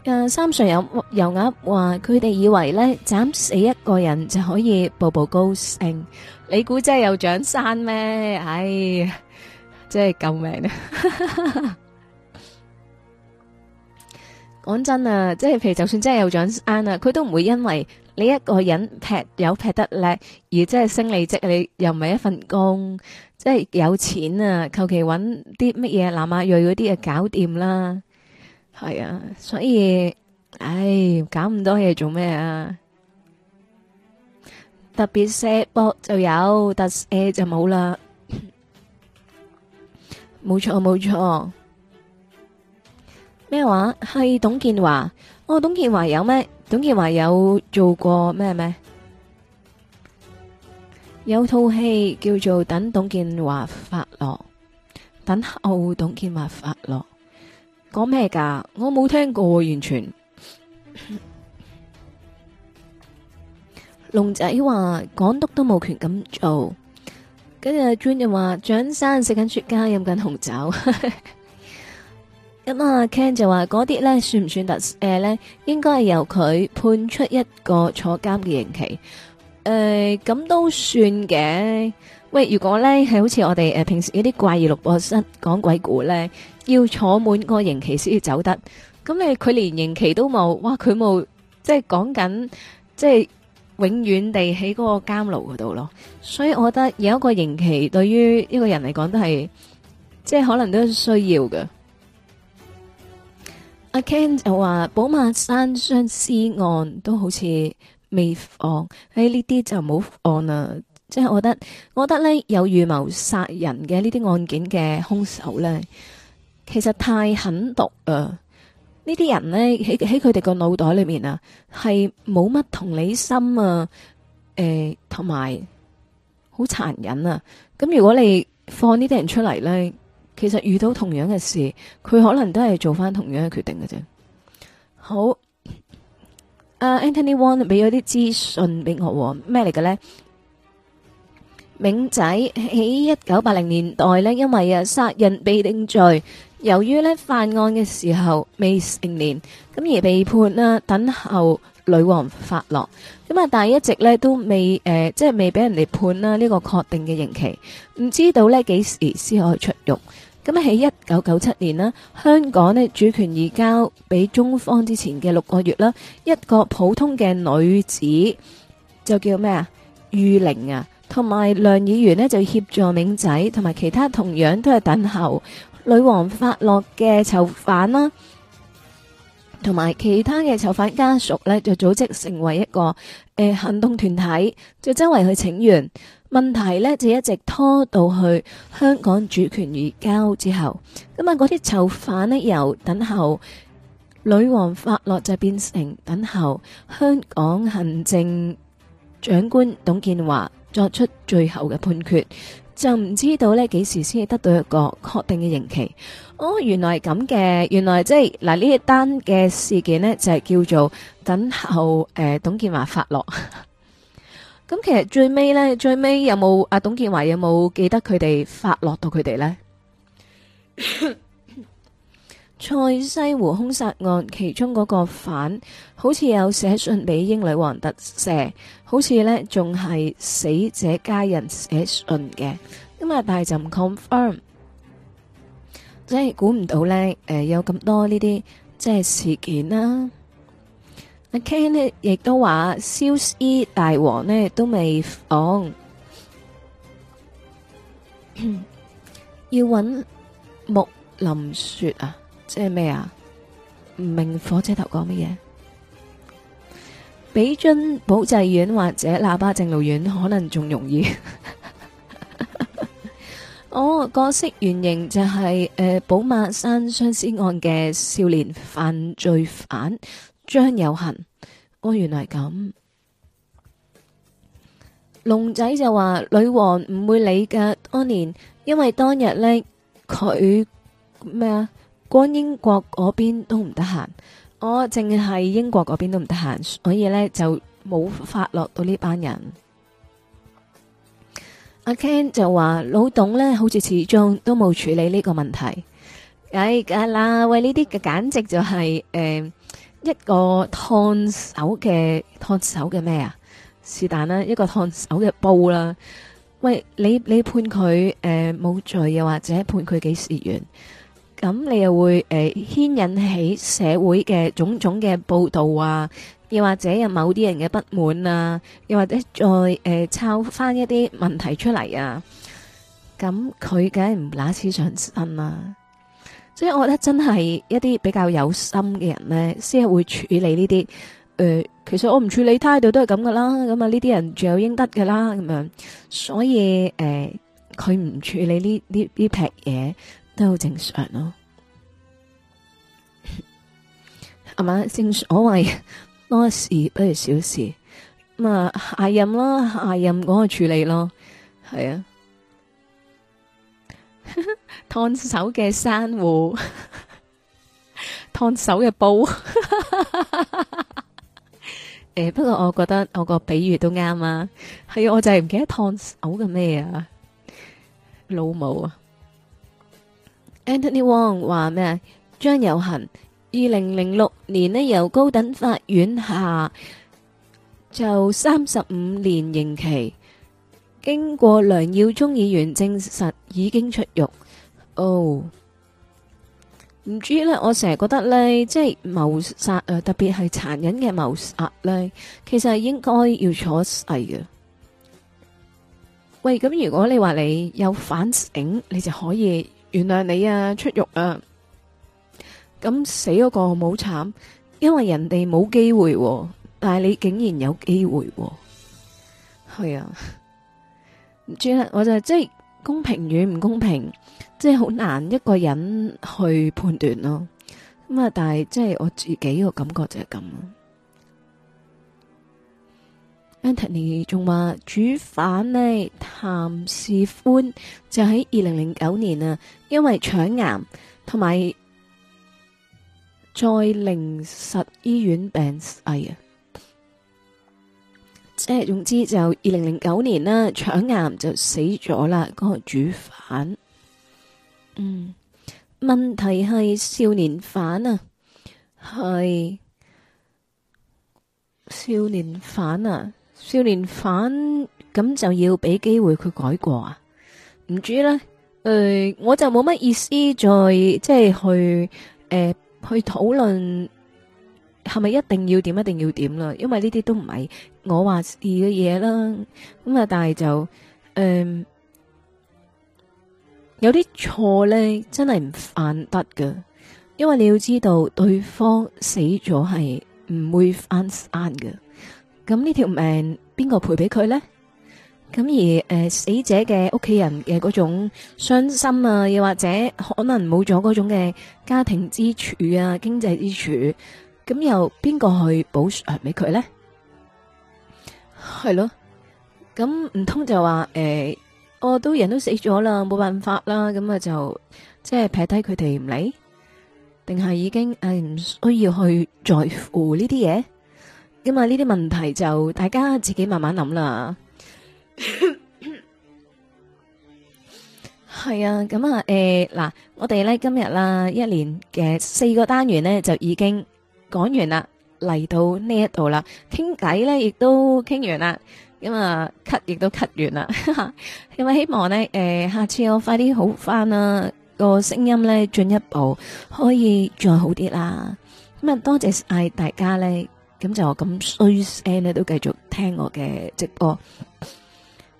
誒，三歲有油鴨話佢哋以為咧斬死一個人就可以步步高升，你估真係有獎山咩？唉！真係救命啊 的！講真啊，即係譬如，就算真係有獎單啊，佢都唔會因為你一個人劈友劈得叻而即係升你職。你又唔係一份工，即係有錢啊，求其搵啲乜嘢南亞裔嗰啲啊，搞掂啦。係啊，所以唉，搞咁多嘢做咩啊？特別石博就有，特石就冇啦。冇錯，冇錯。咩話？係董建華。哦，董建華有咩？董建華有，有做過咩咩？有套戲叫做《等董建華發落》，等后董建華發落。講咩噶？我冇聽過，完全。龍仔話：港督都冇權咁做。跟住阿 John 就話，蔣生食緊雪茄，飲緊紅酒。咁 啊 Ken 就話，嗰啲咧算唔算特誒咧？應該係由佢判出一個坐監嘅刑期。誒、呃，咁都算嘅。喂，如果咧係好似我哋誒、呃、平時嗰啲怪異錄播室講鬼故咧，要坐滿個刑期先至走得。咁你佢連刑期都冇，哇！佢冇即係講緊即係。永遠地喺嗰個監牢嗰度咯，所以我覺得有一個刑期對於呢個人嚟講都係，即係可能都需要嘅。阿 Ken 就話寶馬山雙屍案都好似未放，喺呢啲就冇放啦。即係我覺得，我覺得咧有預謀殺人嘅呢啲案件嘅兇手咧，其實太狠毒啊。呢啲人呢，喺喺佢哋個腦袋裏面啊，係冇乜同理心啊，誒、欸，同埋好殘忍啊！咁如果你放呢啲人出嚟呢，其實遇到同樣嘅事，佢可能都係做翻同樣嘅決定嘅啫。好，uh，Anthony One 俾咗啲資訊俾我，咩嚟嘅咧？明仔喺一九八零年代呢，因為啊殺人被定罪。由於咧犯案嘅時候未成年，咁而被判啦，等候女王發落咁啊，但係一直咧都未誒、呃，即係未俾人哋判啦呢個確定嘅刑期，唔知道咧幾時先可以出獄。咁喺一九九七年啦，香港咧主權移交俾中方之前嘅六個月啦，一個普通嘅女子就叫咩啊？玉玲啊，同埋梁議員咧就協助明仔同埋其他同樣都係等候女王發落嘅囚犯啦，同埋其他嘅囚犯家屬呢，就組織成為一個誒、呃、行動團體，就周圍去請願。問題呢，就一直拖到去香港主權移交之後，咁啊嗰啲囚犯呢，由等候女王發落，就變成等候香港行政長官董建華作出最後嘅判決。就唔知道呢幾時先至得到一個確定嘅刑期。哦，原來咁嘅，原來即係嗱呢一單嘅事件呢，就係叫做等候誒、呃、董建華發落。咁 其實最尾呢，最尾有冇阿、啊、董建華有冇記得佢哋發落到佢哋呢？ 塞西湖兇殺案其中嗰個犯，好似有寫信俾英女王特赦。好似呢仲係死者家人寫信嘅，咁啊大陣 confirm，真係估唔到呢，誒有咁多呢啲即係事件啦。阿 Ken 呢亦都話，消息大王呢都未講，要揾木林雪啊，即係咩啊？唔明火車頭講乜嘢？比進保濟院或者喇叭正路院，可能仲容易。 哦，角色原型就係、是、誒《寶、呃、馬山雙屍案》嘅少年犯罪犯張有恆。哦，原來咁。龍仔就話女王唔會理㗎，當年，因為當日呢，佢咩啊？關英國嗰邊都唔得閒。我淨係英國嗰邊都唔得閒，所以呢就冇法落到呢班人。阿 Ken 就話老董呢好似始終都冇處理呢個問題。哎，噶啦喂，呢啲嘅簡直就係誒一個燙手嘅燙手嘅咩啊？是但啦，一個燙手嘅煲啦。喂，你你判佢誒冇罪，又或者判佢幾時完？咁你又會誒、呃、牽引起社會嘅種種嘅報道啊，又或者有某啲人嘅不滿啊，又或者再誒、呃、抄翻一啲問題出嚟啊，咁佢梗係唔拿屎上身啦、啊。所以我覺得真係一啲比較有心嘅人呢，先係會處理呢啲。誒、呃，其實我唔處理態度都係咁噶啦，咁啊呢啲人自有應得噶啦，咁樣。所以誒，佢、呃、唔處理呢呢呢劈嘢。都好正常咯，係嘛？正所謂多事不如小事，咁啊，下任啦，下任嗰個處理咯，係啊，燙手嘅山芋，燙手嘅的煲， 誒、 欸，不過我覺得我個比喻都啱啊，係啊，我就係唔記得燙手嘅咩啊，老母啊！Anthony Wong 話咩？張有恒二零零六年咧由高等法院下就三十五年刑期，經過梁耀忠議員證實已經出獄。哦，唔知咧，我成日覺得咧，即係謀殺誒，特別係殘忍嘅謀殺咧，其實係應該要坐世嘅。喂，咁如果你話你有反省，你就可以。原諒你啊，出獄啊，咁死嗰個好慘，因為人哋冇機會、啊，但係你竟然有機會，係啊，轉啦、啊，我就即係、就是、公平與唔公平，即係好難一個人去判斷咯。咁啊，但係即係我自己個感覺就係咁。Anthony 仲話主犯呢，譚士歡就喺二零零九年啊，因為腸癌同埋在靈實醫院病逝啊，即係總之就二零零九年啦，腸癌就死咗啦，那個主犯。嗯，問題係少年犯啊，係少年犯啊。少年犯咁就要俾機會佢改過啊？唔知咧，誒、呃，我就冇乜意思再即係去誒、呃、去討論係咪一定要點一定要點啦？因為呢啲都唔係我話事嘅嘢啦。咁啊，但係就誒有啲錯咧，真係唔犯得噶。因為你要知道，對方死咗係唔會翻生噶。咁呢條命邊個賠俾佢呢？咁而誒、呃、死者嘅屋企人嘅嗰種傷心啊，又或者可能冇咗嗰種嘅家庭支柱啊、經濟支柱，咁又邊個去補償俾佢呢？係咯？咁唔通就話誒，我、呃、都人都死咗啦，冇辦法啦，咁啊就即係劈低佢哋唔理，定係已經誒唔需要去在乎呢啲嘢？咁啊！呢啲問題就大家自己慢慢諗啦。係啊，咁啊誒嗱，我哋咧今日啦，一年嘅四個單元咧就已經講完啦，嚟到呢一度啦，傾偈咧亦都傾完啦，咁啊咳亦都咳完啦。咁啊，希望咧誒，下次我快啲好翻啦，個聲音咧進一步可以再好啲啦。咁啊，多謝晒大家咧。咁就咁衰聲咧，都繼續聽我嘅直播。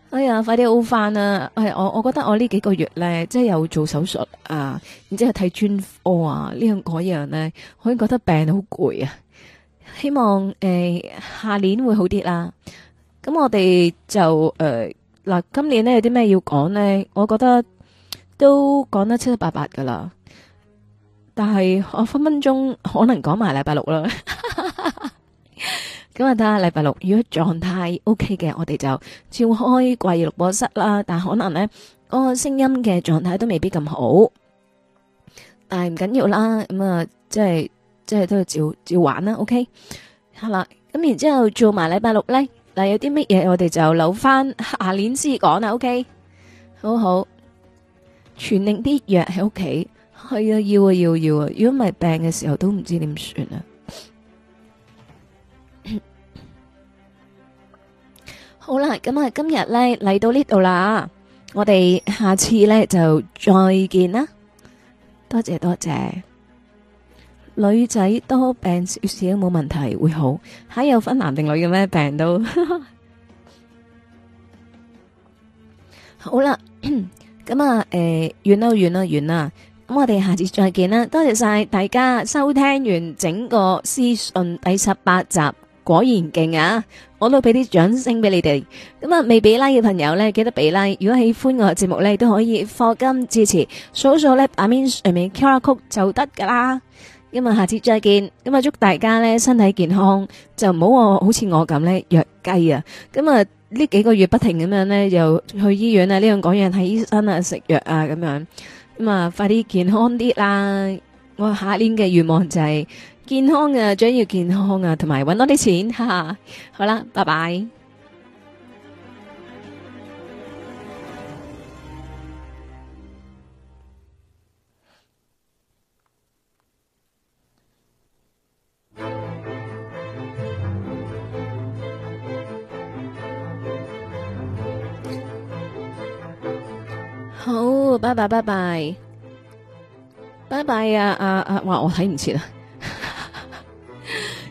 哎呀，快啲好翻啦！係我，我覺得我呢幾個月咧，即係有做手術啊，然之後睇專科啊，樣樣呢樣嗰樣咧，可以覺得病好攰啊。希望誒、呃、下年會好啲啦。咁我哋就誒嗱、呃呃，今年咧有啲咩要講咧？我覺得都講得七七八八噶啦。但係我分分鐘可能講埋禮拜六啦。 咁我睇下禮拜六，如果狀態 O K 嘅，我哋就照開怪異錄播室啦。但可能呢我聲、那個、音嘅狀態都未必咁好，但係唔緊要緊啦。咁、嗯、啊，即係即係都要照照玩啦。O K，係啦。咁、嗯、然之後做埋禮拜六呢，嗱、嗯，有啲乜嘢我哋就留翻下年先講啦。O、OK? K，好好。全令啲藥喺屋企，係、哎、啊，要啊，要要啊。如果唔係病嘅時候，都唔知點算啊。好啦，咁、嗯、啊，今日呢嚟到呢度啦，我哋下次呢就再見啦，多謝多謝。女仔多病少少冇問題會好，吓、哎、有分男定女嘅咩病到， 好啦，咁啊，誒、嗯，完啦完啦完啦，咁我哋下次再見啦，多謝晒大家收聽完整個屍訊第十八集，果然勁啊！我都俾啲掌聲俾你哋，咁啊未俾拉嘅朋友咧，記得俾拉。如果喜歡我嘅節目咧，都可以課金支持。數數咧，阿 Min 係咪敲一曲就得噶啦？咁啊，下次再見。咁啊，祝大家咧身體健康，就唔好我好似我咁咧藥雞啊。咁啊，呢幾個月不停咁樣咧，又去醫院啊，呢樣嗰樣睇醫生啊，食藥啊咁樣。咁啊，快啲健康啲啦！我下一年嘅願望就係。健康啊，最緊要健康啊，同埋揾多啲錢吓。好啦，拜拜。好，拜拜，拜拜，拜拜啊！啊啊，哇，我睇唔切啊！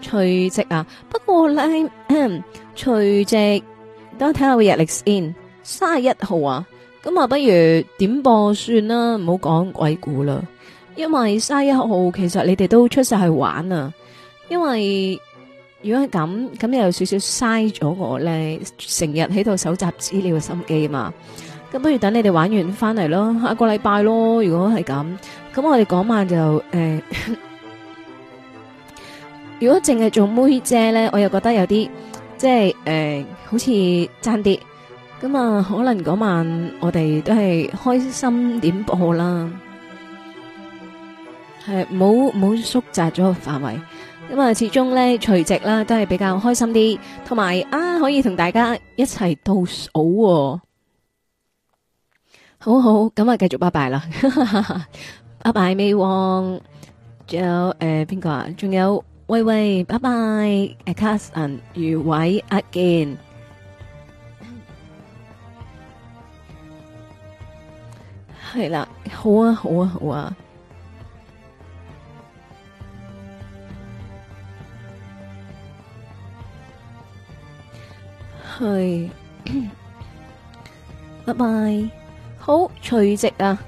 除夕啊，不過咧除夕，等我睇下個日曆先。三十一號啊，咁啊不如點播算啦，唔好講鬼故啦。因為三十一號其實你哋都出晒去玩啊。因為如果係咁，咁又有少少嘥咗我咧，成日喺度搜集資料嘅心機嘛。咁不如等你哋玩完翻嚟咯，下個禮拜咯。如果係咁，咁我哋講晚就誒。欸 如果淨係做妹姐咧，我又覺得有啲即係誒、呃，好似爭啲咁啊！可能嗰晚我哋都係開心點播啦，係冇冇縮窄咗個範圍。咁啊，始終咧除夕啦，都係比較開心啲，同埋啊，可以同大家一齊倒數，哦。好好咁啊，繼續拜拜啦， 拜拜未旺。仲有誒邊個啊？仲有。喂喂，拜拜，Eason，余偉，阿健，係啦，好啊，好啊，好啊，係，拜拜，好，除夕啊，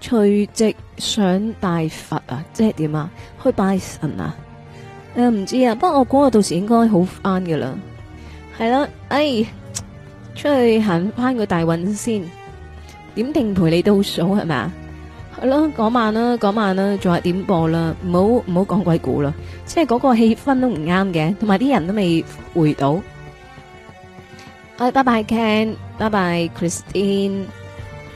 除夕上大佛啊，即係點啊，去拜神啊。誒，唔知啊，不過我估我到時應該好翻噶啦，係咯，哎，出去行翻個大運先，點定陪你倒數係咪啊？係咯，嗰晚啦，嗰晚啦，仲係點播啦，唔好唔好講鬼故啦，即係嗰個氣氛都唔啱嘅，同埋啲人都未回到。哎，拜拜，Ken，拜拜，Christine，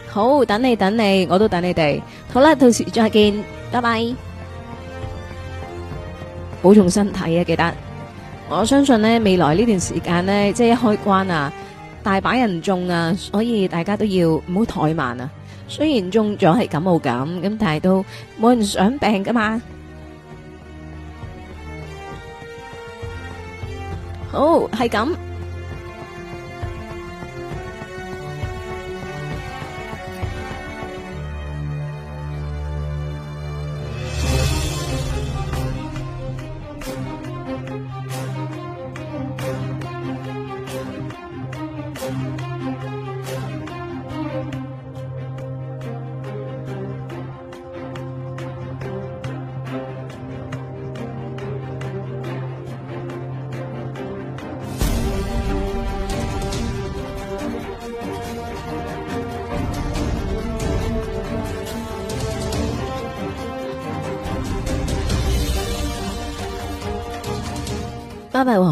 好，等你等你，我都等你哋，好啦，到時再見，拜拜。保重身體啊！記得，我相信呢，未來呢段時間呢，即係一開關啊，大把人中啊，所以大家都要唔好怠慢啊。雖然中咗係感冒咁，咁但係都冇人想病噶嘛。好，係咁。